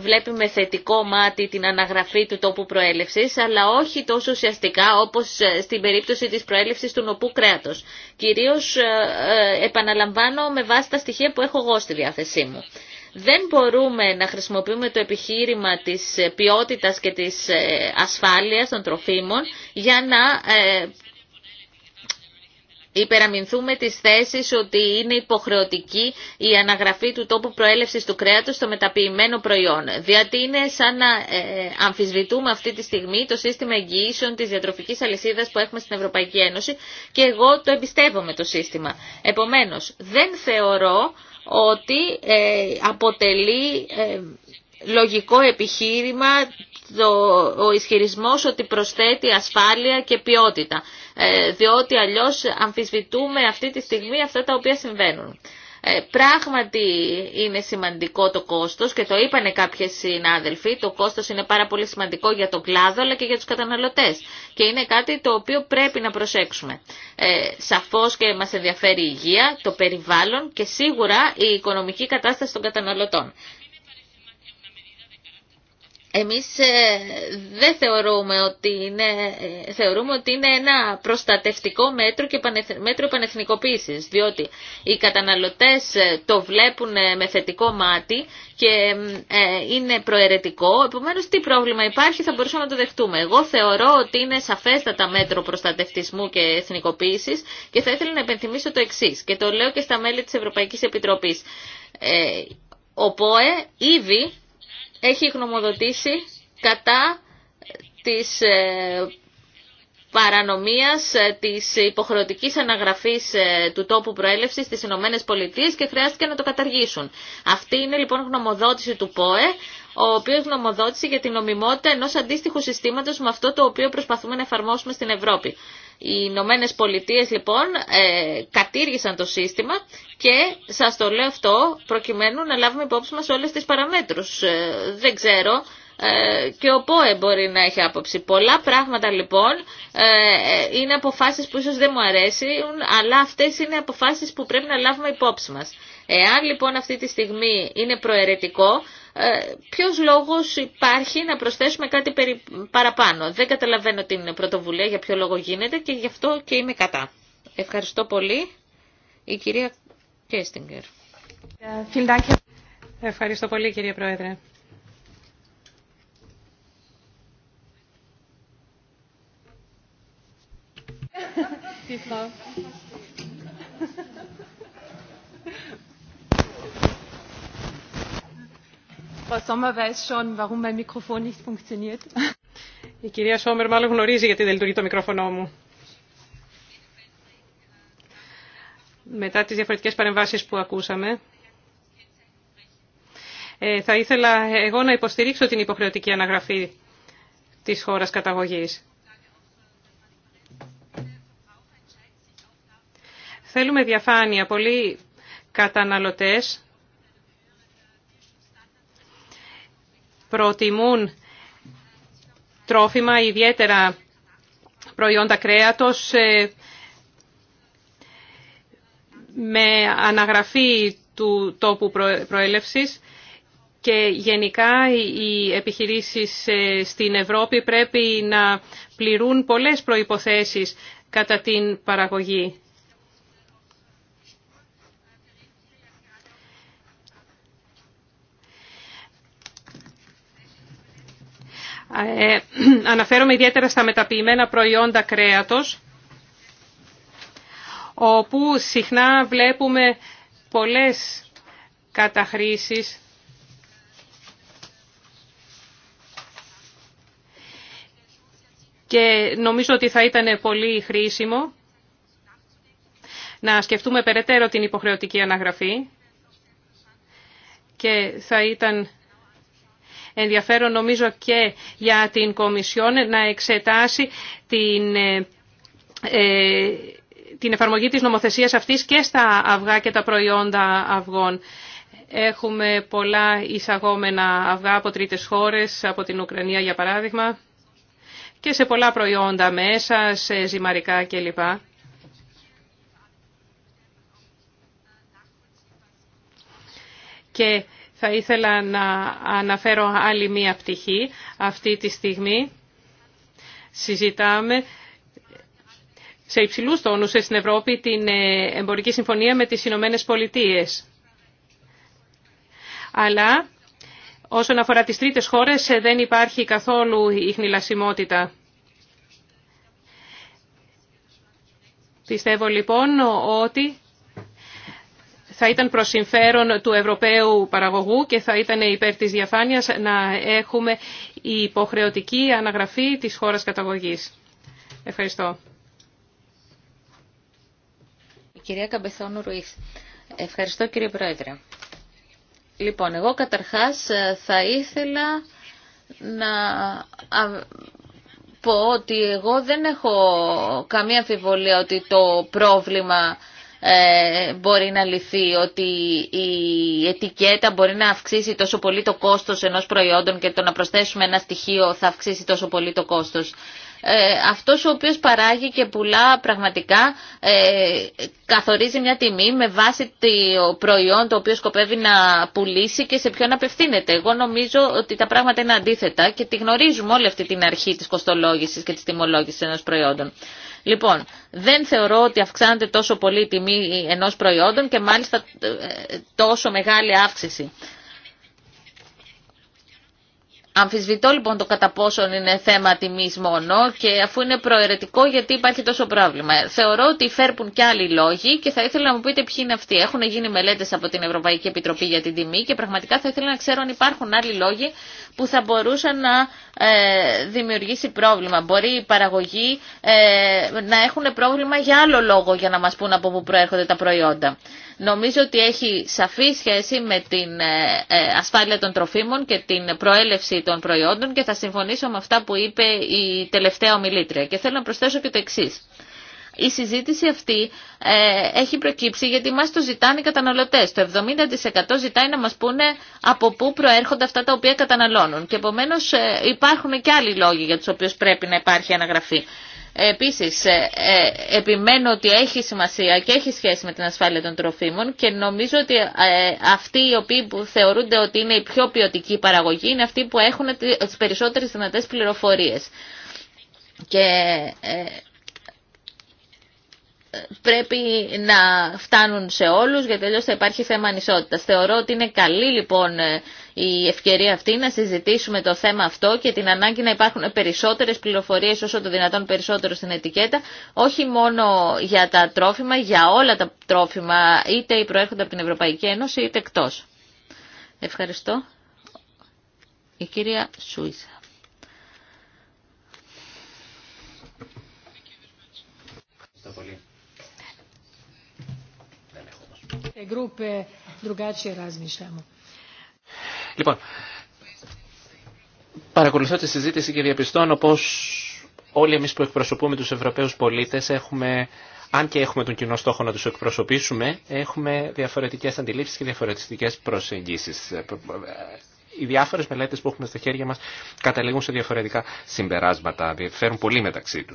βλέπει με θετικό μάτι την αναγραφή του τόπου προέλευσης, αλλά όχι τόσο ουσιαστικά όπως ε, στην περίπτωση της προέλευσης του νοπού κρέατος. Κυρίως ε, ε, επαναλαμβάνω με βάση τα στοιχεία που έχω εγώ στη διάθεσή μου. Δεν μπορούμε να χρησιμοποιούμε το επιχείρημα της ποιότητας και της ασφάλειας των τροφίμων για να Υπεραμεινθούμε τις θέσεις ότι είναι υποχρεωτική η αναγραφή του τόπου προέλευσης του κρέατος στο μεταποιημένο προϊόν, διότι είναι σαν να ε, ε, αμφισβητούμε αυτή τη στιγμή το σύστημα εγγυήσεων της διατροφικής αλυσίδας που έχουμε στην Ευρωπαϊκή Ένωση και εγώ το εμπιστεύομαι το σύστημα. Επομένως, δεν θεωρώ ότι ε, αποτελεί λογικό επιχείρημα το, ο ισχυρισμός ότι προσθέτει ασφάλεια και ποιότητα. Ε, διότι αλλιώς αμφισβητούμε αυτή τη στιγμή αυτά τα οποία συμβαίνουν. Ε, πράγματι είναι σημαντικό το κόστος και το είπανε κάποιες συνάδελφοι, το κόστος είναι πάρα πολύ σημαντικό για τον κλάδο αλλά και για τους καταναλωτές και είναι κάτι το οποίο πρέπει να προσέξουμε. Ε, σαφώς και μας ενδιαφέρει η υγεία, το περιβάλλον και σίγουρα η οικονομική κατάσταση των καταναλωτών. Εμείς ε, δεν θεωρούμε ότι, είναι, ε, θεωρούμε ότι είναι ένα προστατευτικό μέτρο και μέτρο επανεθνικοποίησης, διότι οι καταναλωτές ε, το βλέπουν με θετικό μάτι και είναι προαιρετικό, επομένως τι πρόβλημα υπάρχει θα μπορούσαμε να το δεχτούμε. Εγώ θεωρώ ότι είναι σαφέστατα μέτρο προστατευτισμού και εθνικοποίησης και θα ήθελα να επενθυμίσω το εξή. και το λέω και στα μέλη της Ευρωπαϊκής Επιτροπής. ο ΠΟΕ ήδη έχει γνωμοδοτήσει κατά της ε, παρανομίας ε, της υποχρεωτικής αναγραφής ε, του τόπου προέλευσης στις Ηνωμένε Πολιτείες και χρειάστηκε να το καταργήσουν. Αυτή είναι λοιπόν γνωμοδότηση του ΠΟΕ, ο οποίος γνωμοδότησε για την νομιμότητα ενός αντίστοιχου συστήματος με αυτό το οποίο προσπαθούμε να εφαρμόσουμε στην Ευρώπη. Οι Ηνωμένε Πολιτείε λοιπόν ε, κατήργησαν το σύστημα και σας το λέω αυτό προκειμένου να λάβουμε υπόψη μας όλες τις παραμέτρους. Ε, δεν ξέρω ε, και ο ΠΟΕ μπορεί να έχει άποψη. Πολλά πράγματα λοιπόν είναι αποφάσεις που ίσως δεν μου αρέσουν, αλλά αυτές είναι αποφάσεις που πρέπει να λάβουμε υπόψη μας. Εάν λοιπόν αυτή τη στιγμή είναι προαιρετικό, ε, ποιος λόγος υπάρχει να προσθέσουμε κάτι παραπάνω. Δεν καταλαβαίνω την πρωτοβουλία για ποιο λόγο γίνεται και γι' αυτό και είμαι κατά. Ευχαριστώ πολύ. Η κυρία Κέστιγκερ. Ευχαριστώ πολύ κύριε Πρόεδρε. Η κυρία Σόμερ μάλλον γνωρίζει γιατί δεν λειτουργεί το μικρόφωνο μου. Μετά τις διαφορετικές παρεμβάσεις που ακούσαμε, ε, θα ήθελα εγώ να υποστηρίξω την υποχρεωτική αναγραφή της χώρας καταγωγής. Θέλουμε διαφάνεια. Πολλοί καταναλωτές προτιμούν τρόφιμα, ιδιαίτερα προϊόντα κρέατος, ε, με αναγραφή του τόπου προέλευσης και γενικά οι επιχειρήσεις ε, στην Ευρώπη πρέπει να πληρούν πολλές προϋποθέσεις κατά την παραγωγή. Ε, αναφέρομαι ιδιαίτερα στα μεταποιημένα προϊόντα κρέατος, όπου συχνά βλέπουμε πολλές καταχρήσεις και νομίζω ότι θα ήταν πολύ χρήσιμο να σκεφτούμε περαιτέρω την υποχρεωτική αναγραφή και θα ήταν ενδιαφέρον νομίζω και για την Κομισιόν να εξετάσει την, ε, ε, την εφαρμογή της νομοθεσίας αυτής και στα αυγά και τα προϊόντα αυγών. Έχουμε πολλά εισαγόμενα αυγά από τρίτες χώρες, από την Ουκρανία για παράδειγμα, και σε πολλά προϊόντα μέσα, σε ζυμαρικά κλπ. Και θα ήθελα να αναφέρω άλλη μία πτυχή. Αυτή τη στιγμή συζητάμε σε υψηλού τόνου στην Ευρώπη την ε, εμπορική συμφωνία με τις Ηνωμένε Πολιτείε. Αλλά όσον αφορά τις τρίτες χώρες ε, δεν υπάρχει καθόλου ηχνηλασιμότητα. Πιστεύω λοιπόν ότι θα ήταν προ συμφέρον του Ευρωπαίου παραγωγού και θα ήταν υπέρ της διαφάνειας να έχουμε η υποχρεωτική αναγραφή της χώρας καταγωγής. Ευχαριστώ. κυρία Καμπεθόνου Ρουίς. Ευχαριστώ κύριε Πρόεδρε. Λοιπόν, εγώ καταρχάς ε, θα ήθελα να πω ότι εγώ δεν έχω καμία αμφιβολία ότι το πρόβλημα ε, μπορεί να λυθεί, ότι η ετικέτα μπορεί να αυξήσει τόσο πολύ το κόστος ενός προϊόντων και το να προσθέσουμε ένα στοιχείο θα αυξήσει τόσο πολύ το κόστος. Ε, αυτός ο οποίος παράγει και πουλά πραγματικά ε, καθορίζει μια τιμή με βάση το προϊόν το οποίο σκοπεύει να πουλήσει και σε ποιον απευθύνεται. Εγώ νομίζω ότι τα πράγματα είναι αντίθετα και τη γνωρίζουμε όλη αυτή την αρχή της κοστολόγησης και της τιμολόγησης ενός προϊόντων. Λοιπόν, δεν θεωρώ ότι αυξάνεται τόσο πολύ η τιμή ενός προϊόντων και μάλιστα ε, τόσο μεγάλη αύξηση. Αμφισβητώ λοιπόν το κατά πόσον είναι θέμα τιμή μόνο και αφού είναι προαιρετικό γιατί υπάρχει τόσο πρόβλημα. Θεωρώ ότι φέρπουν και άλλοι λόγοι και θα ήθελα να μου πείτε ποιοι είναι αυτοί. Έχουν γίνει μελέτε από την Ευρωπαϊκή Επιτροπή για την τιμή και πραγματικά θα ήθελα να ξέρω αν υπάρχουν άλλοι λόγοι που θα μπορούσαν να ε, δημιουργήσει πρόβλημα. Μπορεί οι παραγωγοί ε, να έχουν πρόβλημα για άλλο λόγο για να μας πούν από πού προέρχονται τα προϊόντα. Νομίζω ότι έχει σαφή σχέση με την ε, ασφάλεια των τροφίμων και την προέλευση των προϊόντων και θα συμφωνήσω με αυτά που είπε η τελευταία ομιλήτρια. Και θέλω να προσθέσω και το εξή. Η συζήτηση αυτή ε, έχει προκύψει γιατί μας το ζητάνε οι καταναλωτές. Το 70% ζητάει να μας πούνε από πού προέρχονται αυτά τα οποία καταναλώνουν. Και επομένως ε, υπάρχουν και άλλοι λόγοι για τους οποίους πρέπει να υπάρχει αναγραφή. Ε, επίσης, επιμένω ότι έχει σημασία και έχει σχέση με την ασφάλεια των τροφίμων και νομίζω ότι αυτοί οι οποίοι που θεωρούνται ότι είναι η πιο ποιοτική παραγωγή είναι αυτοί που έχουν τις περισσότερες δυνατές πληροφορίες. Και πρέπει να φτάνουν σε όλους γιατί αλλιώς θα υπάρχει θέμα ανισότητας. Θεωρώ ότι είναι καλή λοιπόν ε, η ευκαιρία αυτή να συζητήσουμε το θέμα αυτό και την ανάγκη να υπάρχουν περισσότερες πληροφορίες όσο το δυνατόν περισσότερο στην ετικέτα, όχι μόνο για τα τρόφιμα, για όλα τα τρόφιμα, είτε οι προέρχονται από την Ευρωπαϊκή Ένωση είτε εκτός. Ευχαριστώ. Η κυρία Σούισα. grupe Λοιπόν, παρακολουθώ τη συζήτηση και διαπιστώνω πως όλοι εμείς που εκπροσωπούμε του Ευρωπαίου πολίτε έχουμε, αν και έχουμε τον κοινό στόχο να του εκπροσωπήσουμε, έχουμε διαφορετικέ αντιλήψεις και διαφορετικέ προσεγγίσει. Οι διάφορε μελέτε που έχουμε στα χέρια μα καταλήγουν σε διαφορετικά συμπεράσματα, διαφέρουν πολύ μεταξύ του.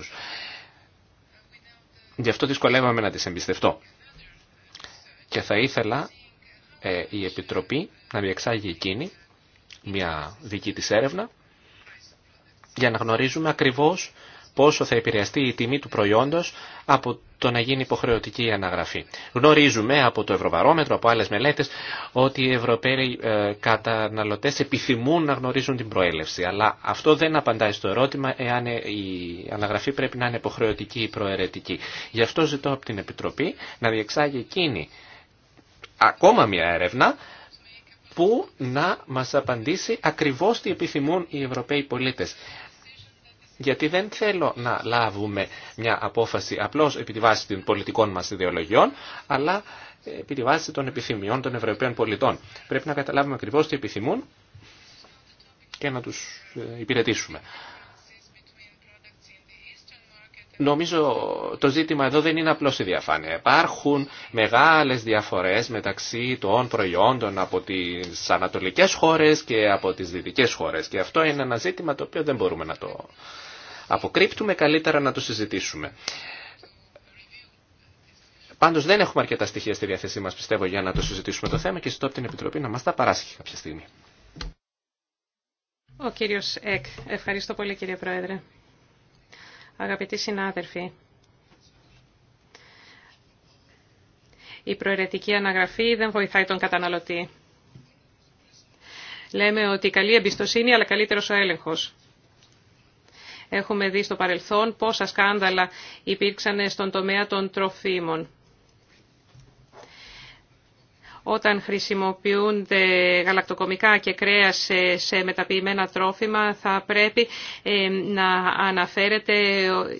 Γι' αυτό δυσκολεύομαι να τι εμπιστευτώ. Και θα ήθελα ε, η Επιτροπή να διεξάγει εκείνη μια δική της έρευνα για να γνωρίζουμε ακριβώς πόσο θα επηρεαστεί η τιμή του προϊόντος από το να γίνει υποχρεωτική η αναγραφή. Γνωρίζουμε από το Ευρωβαρόμετρο, από άλλες μελέτες, ότι οι Ευρωπαίοι ε, καταναλωτές επιθυμούν να γνωρίζουν την προέλευση. Αλλά αυτό δεν απαντάει στο ερώτημα εάν ε, η αναγραφή πρέπει να είναι υποχρεωτική ή προαιρετική. Γι' αυτό ζητώ από την Επιτροπή να διεξάγει εκείνη ακόμα μια έρευνα που να μας απαντήσει ακριβώς τι επιθυμούν οι Ευρωπαίοι πολίτες. Γιατί δεν θέλω να λάβουμε μια απόφαση απλώς επί τη βάση των πολιτικών μας ιδεολογιών, αλλά επί τη βάση των επιθυμιών των Ευρωπαίων πολιτών. Πρέπει να καταλάβουμε ακριβώς τι επιθυμούν και να τους ε, υπηρετήσουμε. Νομίζω το ζήτημα εδώ δεν είναι απλώς η διαφάνεια. Υπάρχουν μεγάλες διαφορές μεταξύ των προϊόντων από τις ανατολικές χώρες και από τις δυτικές χώρες. Και αυτό είναι ένα ζήτημα το οποίο δεν μπορούμε να το αποκρύπτουμε, καλύτερα να το συζητήσουμε. Πάντως δεν έχουμε αρκετά στοιχεία στη διάθεσή μας, πιστεύω, για να το συζητήσουμε το θέμα και ζητώ από την Επιτροπή να μας τα παράσχει κάποια στιγμή. Ο κύριος Εκ. Ευχαριστώ πολύ κύριε Πρόεδρε. Αγαπητοί συνάδελφοι, η προαιρετική αναγραφή δεν βοηθάει τον καταναλωτή. Λέμε ότι καλή εμπιστοσύνη αλλά καλύτερος ο έλεγχος. Έχουμε δει στο παρελθόν πόσα σκάνδαλα υπήρξαν στον τομέα των τροφίμων. Όταν χρησιμοποιούνται γαλακτοκομικά και κρέα σε μεταποιημένα τρόφιμα θα πρέπει ε, να αναφέρεται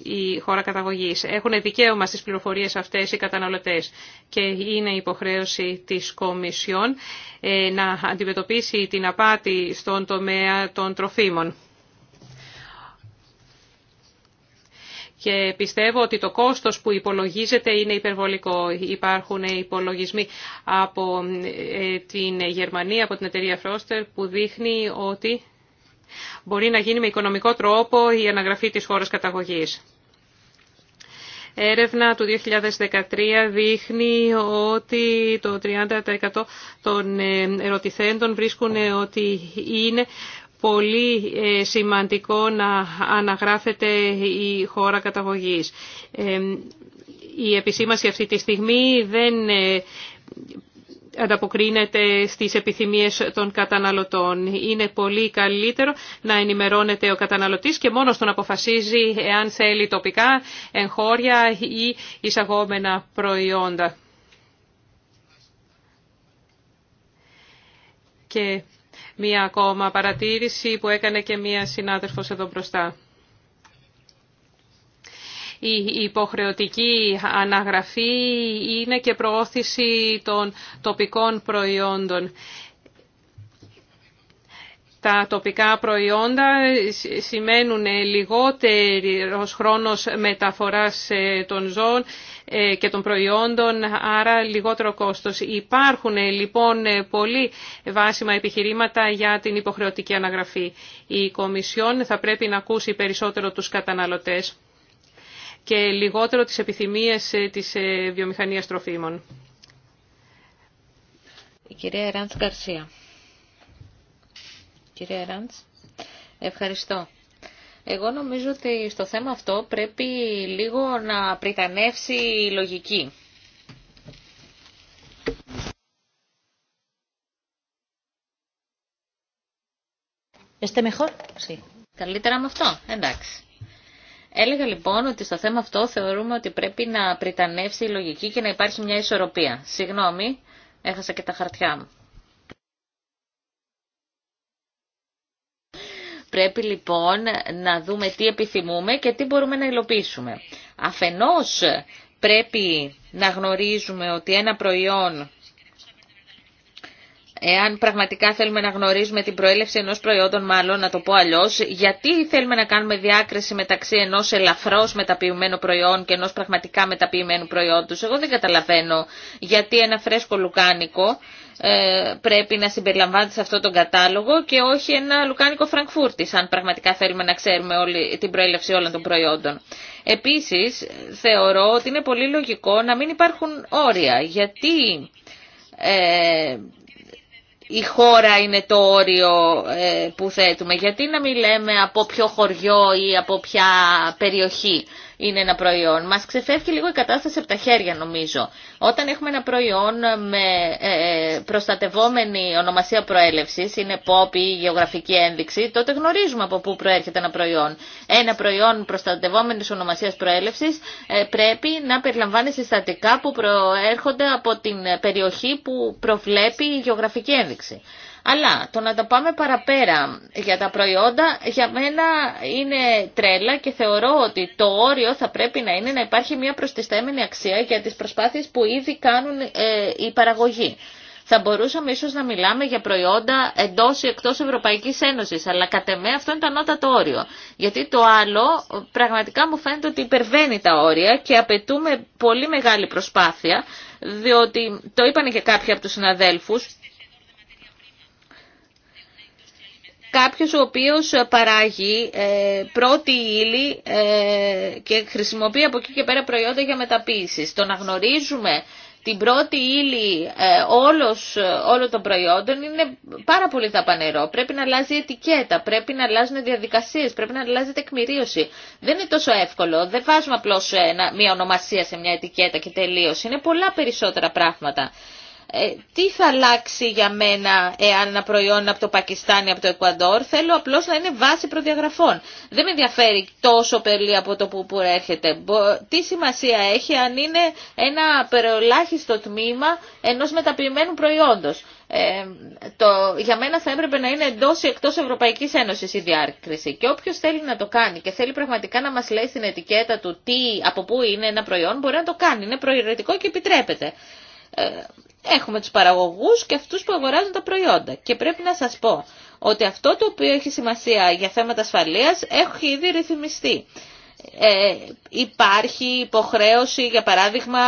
η χώρα καταγωγή. Έχουν δικαίωμα στι πληροφορίε αυτέ οι καταναλωτέ, και είναι υποχρέωση της Κομισιόν ε, να αντιμετωπίσει την απάτη στον τομέα των τροφίμων. και πιστεύω ότι το κόστος που υπολογίζεται είναι υπερβολικό. Υπάρχουν υπολογισμοί από ε, την Γερμανία, από την εταιρεία Φρόστερ, που δείχνει ότι μπορεί να γίνει με οικονομικό τρόπο η αναγραφή της χώρας καταγωγής. Έρευνα του 2013 δείχνει ότι το 30% των ε, ερωτηθέντων βρίσκουν ότι είναι πολύ ε, σημαντικό να αναγράφεται η χώρα καταγωγής. Ε, η επισήμαση αυτή τη στιγμή δεν ε, ανταποκρίνεται στις επιθυμίες των καταναλωτών. Είναι πολύ καλύτερο να ενημερώνεται ο καταναλωτής και μόνος τον αποφασίζει εάν θέλει τοπικά, εγχώρια ή εισαγόμενα προϊόντα. Και μία ακόμα παρατήρηση που έκανε και μία συνάδελφος εδώ μπροστά. Η υποχρεωτική αναγραφή είναι και προώθηση των τοπικών προϊόντων. Τα τοπικά προϊόντα σημαίνουν λιγότερος χρόνος μεταφοράς ε, των ζώων ε, και των προϊόντων, άρα λιγότερο κόστος. Υπάρχουν ε, λοιπόν ε, πολύ βάσιμα επιχειρήματα για την υποχρεωτική αναγραφή. Η Κομισιόν θα πρέπει να ακούσει περισσότερο τους καταναλωτές και λιγότερο τις επιθυμίες της βιομηχανίας τροφίμων. Η κυρία Εράντς Κυρία Εράντς, ευχαριστώ. Εγώ νομίζω ότι στο θέμα αυτό πρέπει λίγο να πριτανεύσει η λογική. Είστε mejor? Καλύτερα με αυτό. Εντάξει. Έλεγα λοιπόν ότι στο θέμα αυτό θεωρούμε ότι πρέπει να πριτανεύσει η λογική και να υπάρχει μια ισορροπία. Συγγνώμη, έχασα και τα χαρτιά μου. Πρέπει λοιπόν να δούμε τι επιθυμούμε και τι μπορούμε να υλοποιήσουμε. Αφενός πρέπει να γνωρίζουμε ότι ένα προϊόν Εάν πραγματικά θέλουμε να γνωρίζουμε την προέλευση ενός προϊόντων, μάλλον να το πω αλλιώς, γιατί θέλουμε να κάνουμε διάκριση μεταξύ ενός ελαφρώς μεταποιημένου προϊόν και ενός πραγματικά μεταποιημένου προϊόντος. Εγώ δεν καταλαβαίνω γιατί ένα φρέσκο λουκάνικο ε, πρέπει να συμπεριλαμβάνεται σε αυτό τον κατάλογο και όχι ένα λουκάνικο Φραγκφούρτης, αν πραγματικά θέλουμε να ξέρουμε όλη την προέλευση όλων των προϊόντων. Επίσης, θεωρώ ότι είναι πολύ λογικό να μην υπάρχουν όρια, γιατί ε, η χώρα είναι το όριο ε, που θέτουμε. Γιατί να μην λέμε από ποιο χωριό ή από ποια περιοχή είναι ένα προϊόν. Μας ξεφεύγει λίγο η κατάσταση από τα χέρια νομίζω. Όταν έχουμε ένα προϊόν με ε, ε, προστατευόμενη ονομασία προέλευσης, είναι pop ή γεωγραφική ένδειξη, τότε γνωρίζουμε από πού προέρχεται ένα προϊόν. Ένα προϊόν προστατευόμενης ονομασίας προέλευσης ε, πρέπει να περιλαμβάνει συστατικά που προέρχονται από την περιοχή που προβλέπει η γεωγραφική ένδειξη. Αλλά το να τα πάμε παραπέρα για τα προϊόντα για μένα είναι τρέλα και θεωρώ ότι το όριο θα πρέπει να είναι να υπάρχει μια προστιθέμενη αξία για τις προσπάθειες που ήδη κάνουν ε, οι παραγωγοί. Θα μπορούσαμε ίσως να μιλάμε για προϊόντα εντός ή εκτός Ευρωπαϊκής Ένωσης, αλλά κατ' εμέ αυτό είναι το ανώτατο όριο. Γιατί το άλλο πραγματικά μου φαίνεται ότι υπερβαίνει τα όρια και απαιτούμε πολύ μεγάλη προσπάθεια, διότι το είπαν και κάποιοι από τους συναδέλφους, κάποιος ο οποίος παράγει ε, πρώτη ύλη ε, και χρησιμοποιεί από εκεί και πέρα προϊόντα για μεταποίηση. Το να γνωρίζουμε την πρώτη ύλη ε, όλος, όλων των προϊόντων είναι πάρα πολύ δαπανερό. Πρέπει να αλλάζει ετικέτα, πρέπει να αλλάζουν διαδικασίες, πρέπει να αλλάζει τεκμηρίωση. Δεν είναι τόσο εύκολο, δεν βάζουμε απλώς μια ονομασία σε μια ετικέτα και τελείωση. Είναι πολλά περισσότερα πράγματα. Ε, τι θα αλλάξει για μένα εάν ένα προϊόν από το Πακιστάν ή από το Εκουαντόρ. Θέλω απλώ να είναι βάση προδιαγραφών. Δεν με ενδιαφέρει τόσο πολύ από το που προέρχεται. Τι σημασία έχει αν είναι ένα περολάχιστο τμήμα ενό μεταποιημένου προϊόντο. Ε, το, για μένα θα έπρεπε να είναι εντό ή εκτό Ευρωπαϊκή Ένωση η διάκριση. Και όποιο θέλει να το κάνει και θέλει πραγματικά να μα λέει στην ετικέτα του τι, από πού είναι ένα προϊόν, μπορεί να το κάνει. Είναι προαιρετικό και επιτρέπεται. Ε, Έχουμε τους παραγωγούς και αυτούς που αγοράζουν τα προϊόντα. Και πρέπει να σας πω ότι αυτό το οποίο έχει σημασία για θέματα ασφαλείας έχει ήδη ρυθμιστεί. Ε, υπάρχει υποχρέωση για παράδειγμα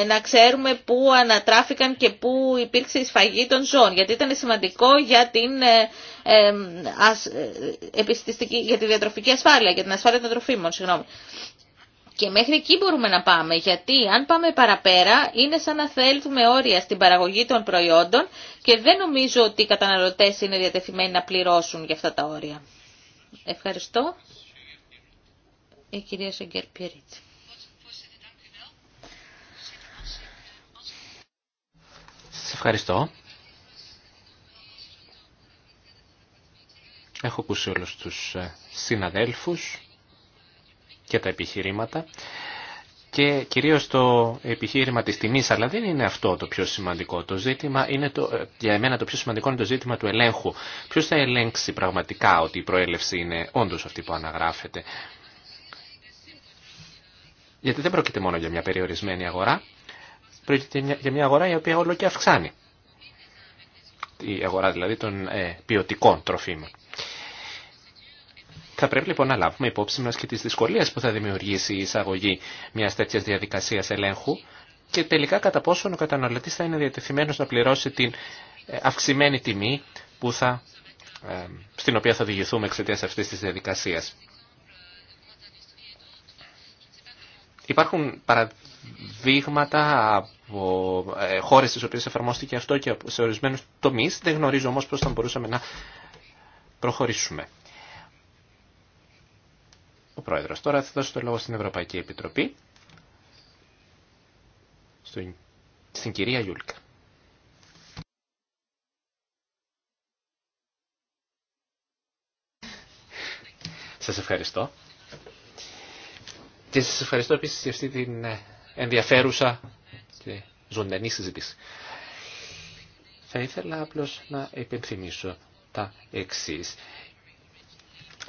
ε, να ξέρουμε πού ανατράφηκαν και πού υπήρξε η σφαγή των ζώων γιατί ήταν σημαντικό για την ε, ε, ε για τη διατροφική ασφάλεια για την ασφάλεια των τροφίμων συγγνώμη. Και μέχρι εκεί μπορούμε να πάμε, γιατί αν πάμε παραπέρα είναι σαν να θέλουμε όρια στην παραγωγή των προϊόντων και δεν νομίζω ότι οι καταναλωτές είναι διατεθειμένοι να πληρώσουν για αυτά τα όρια. Ευχαριστώ. Η κυρία Σεγκέρ Σας ευχαριστώ. Έχω ακούσει όλους τους ε, συναδέλφους και τα επιχειρήματα και κυρίως το επιχείρημα της τιμής, αλλά δεν είναι αυτό το πιο σημαντικό. Το ζήτημα είναι το, ε, για εμένα το πιο σημαντικό είναι το ζήτημα του ελέγχου. Ποιος θα ελέγξει πραγματικά ότι η προέλευση είναι όντως αυτή που αναγράφεται. Γιατί δεν πρόκειται μόνο για μια περιορισμένη αγορά, πρόκειται για μια αγορά η οποία όλο και αυξάνει. Η αγορά δηλαδή των ε, ποιοτικών τροφίμων. Θα πρέπει λοιπόν να λάβουμε υπόψη μας και τις δυσκολίες που θα δημιουργήσει η εισαγωγή μια τέτοιας διαδικασίας ελέγχου και τελικά κατά πόσο ο καταναλωτής θα είναι διατεθειμένος να πληρώσει την ε, αυξημένη τιμή που θα, ε, στην οποία θα οδηγηθούμε εξαιτία αυτής της διαδικασίας. Υπάρχουν παραδείγματα από ε, χώρες στις οποίες εφαρμόστηκε αυτό και σε ορισμένους τομείς. Δεν γνωρίζω όμως πώς θα μπορούσαμε να προχωρήσουμε. Ο Πρόεδρος. Τώρα θα δώσω το λόγο στην Ευρωπαϊκή Επιτροπή, στην κυρία Γιούλκα. Σας ευχαριστώ. Και σας ευχαριστώ επίσης για αυτή την ε, ενδιαφέρουσα και ζωντανή συζήτηση. Θα ήθελα απλώς να υπενθυμίσω τα εξής.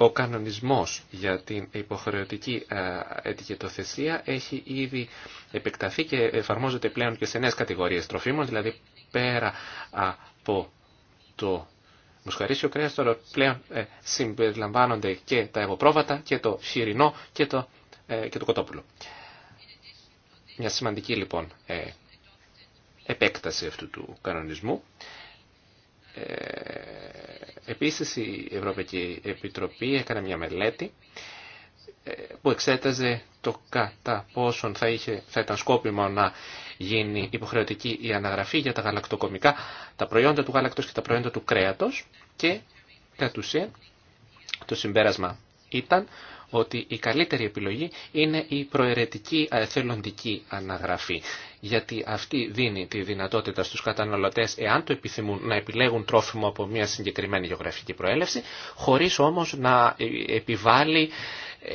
Ο κανονισμός για την υποχρεωτική ε, ετικετοθεσία έχει ήδη επεκταθεί και εφαρμόζεται πλέον και σε νέες κατηγορίες τροφίμων, δηλαδή πέρα από το μοσχαρίσιο κρέας, τώρα πλέον ε, συμπεριλαμβάνονται και τα εγωπρόβατα και το χοιρινό και το, ε, και το κοτόπουλο. Μια σημαντική λοιπόν επέκταση αυτού του κανονισμού Επίσης η Ευρωπαϊκή Επιτροπή έκανε μια μελέτη ε, που εξέταζε το κατά πόσον θα, είχε, θα ήταν σκόπιμο να γίνει υποχρεωτική η αναγραφή για τα γαλακτοκομικά, τα προϊόντα του γάλακτος και τα προϊόντα του κρέατος και κατ' ουσία το συμπέρασμα ήταν ότι η καλύτερη επιλογή είναι η προαιρετική αεθελοντική αναγραφή γιατί αυτή δίνει τη δυνατότητα στους καταναλωτές, εάν το επιθυμούν, να επιλέγουν τρόφιμο από μια συγκεκριμένη γεωγραφική προέλευση, χωρίς όμως να ε, επιβάλλει ε,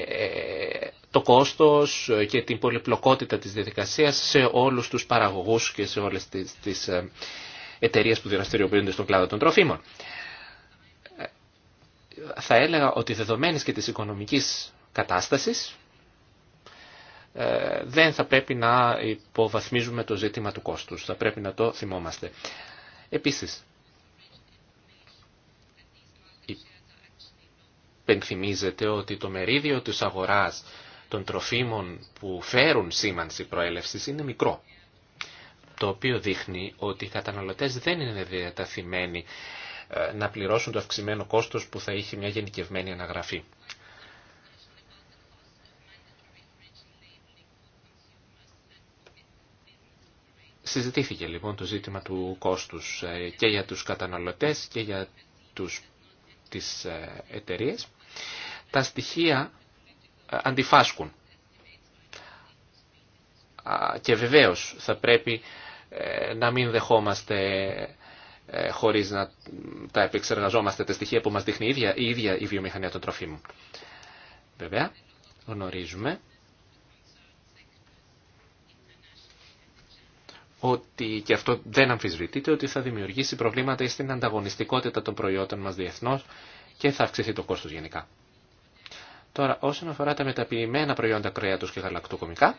το κόστος και την πολυπλοκότητα της διαδικασίας σε όλους τους παραγωγούς και σε όλες τις ε, εταιρείες που δραστηριοποιούνται στον κλάδο των τροφίμων. Θα έλεγα ότι δεδομένης και της οικονομικής κατάστασης ε, δεν θα πρέπει να υποβαθμίζουμε το ζήτημα του κόστους. Θα πρέπει να το θυμόμαστε. Επίσης, υπενθυμίζεται ότι το μερίδιο της αγοράς των τροφίμων που φέρουν σήμανση προέλευσης είναι μικρό. Το οποίο δείχνει ότι οι καταναλωτές δεν είναι διαταθειμένοι ε, να πληρώσουν το αυξημένο κόστος που θα είχε μια γενικευμένη αναγραφή. Συζητήθηκε λοιπόν το ζήτημα του κόστους ε, και για τους καταναλωτές και για τους, τις ε, εταιρείες. Τα στοιχεία ε, αντιφάσκουν. Και βεβαίως θα πρέπει να μην δεχόμαστε χωρίς να τα επεξεργαζόμαστε τα στοιχεία που μας δείχνει η ίδια η, ίδια η βιομηχανία των τροφίμων. Βέβαια, γνωρίζουμε ότι, και αυτό δεν αμφισβητείται, ότι θα δημιουργήσει προβλήματα στην ανταγωνιστικότητα των προϊόντων μας διεθνώς και θα αυξηθεί το κόστος γενικά. Τώρα, όσον αφορά τα μεταποιημένα προϊόντα κρέατος και γαλακτοκομικά,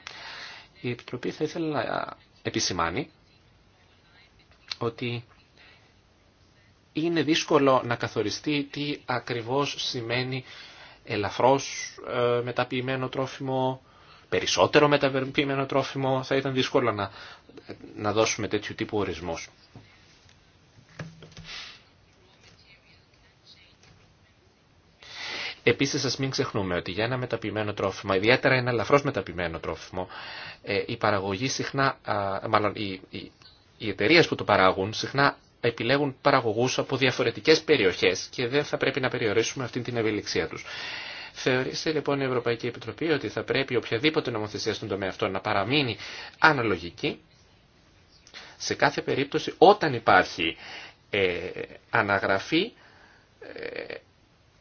η Επιτροπή θα ήθελε να επισημάνει ότι είναι δύσκολο να καθοριστεί τι ακριβώς σημαίνει ελαφρώς ε, μεταποιημένο τρόφιμο, περισσότερο μεταποιημένο τρόφιμο, θα ήταν δύσκολο να, να δώσουμε τέτοιου τύπου ορισμούς. Επίσης, ας μην ξεχνούμε ότι για ένα μεταποιημένο τρόφιμο, ιδιαίτερα ένα ελαφρώς μεταποιημένο τρόφιμο, ε, η παραγωγή συχνά, μάλλον οι, οι, εταιρείε που το παράγουν συχνά επιλέγουν παραγωγούς από διαφορετικές περιοχές και δεν θα πρέπει να περιορίσουμε αυτή την ευελιξία τους. Θεωρήσε λοιπόν η Ευρωπαϊκή Επιτροπή ότι θα πρέπει οποιαδήποτε νομοθεσία στον τομέα αυτό να παραμείνει αναλογική σε κάθε περίπτωση όταν υπάρχει ε, αναγραφή ε,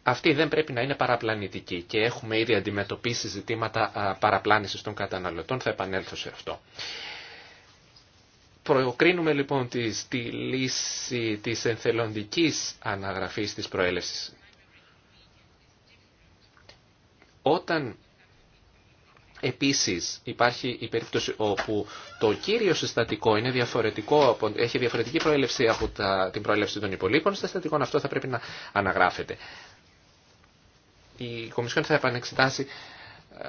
αυτή δεν πρέπει να είναι παραπλανητική και έχουμε ήδη αντιμετωπίσει ζητήματα παραπλάνησης των καταναλωτών, θα επανέλθω σε αυτό. Προκρίνουμε λοιπόν τη, τη λύση της ενθελοντικής αναγραφής της προέλευσης όταν Επίσης υπάρχει η περίπτωση όπου το κύριο συστατικό είναι διαφορετικό, έχει διαφορετική προέλευση από την προέλευση των υπολείπων συστατικών, αυτό θα πρέπει να αναγράφεται. Η Κομισιόν θα επανεξετάσει ε,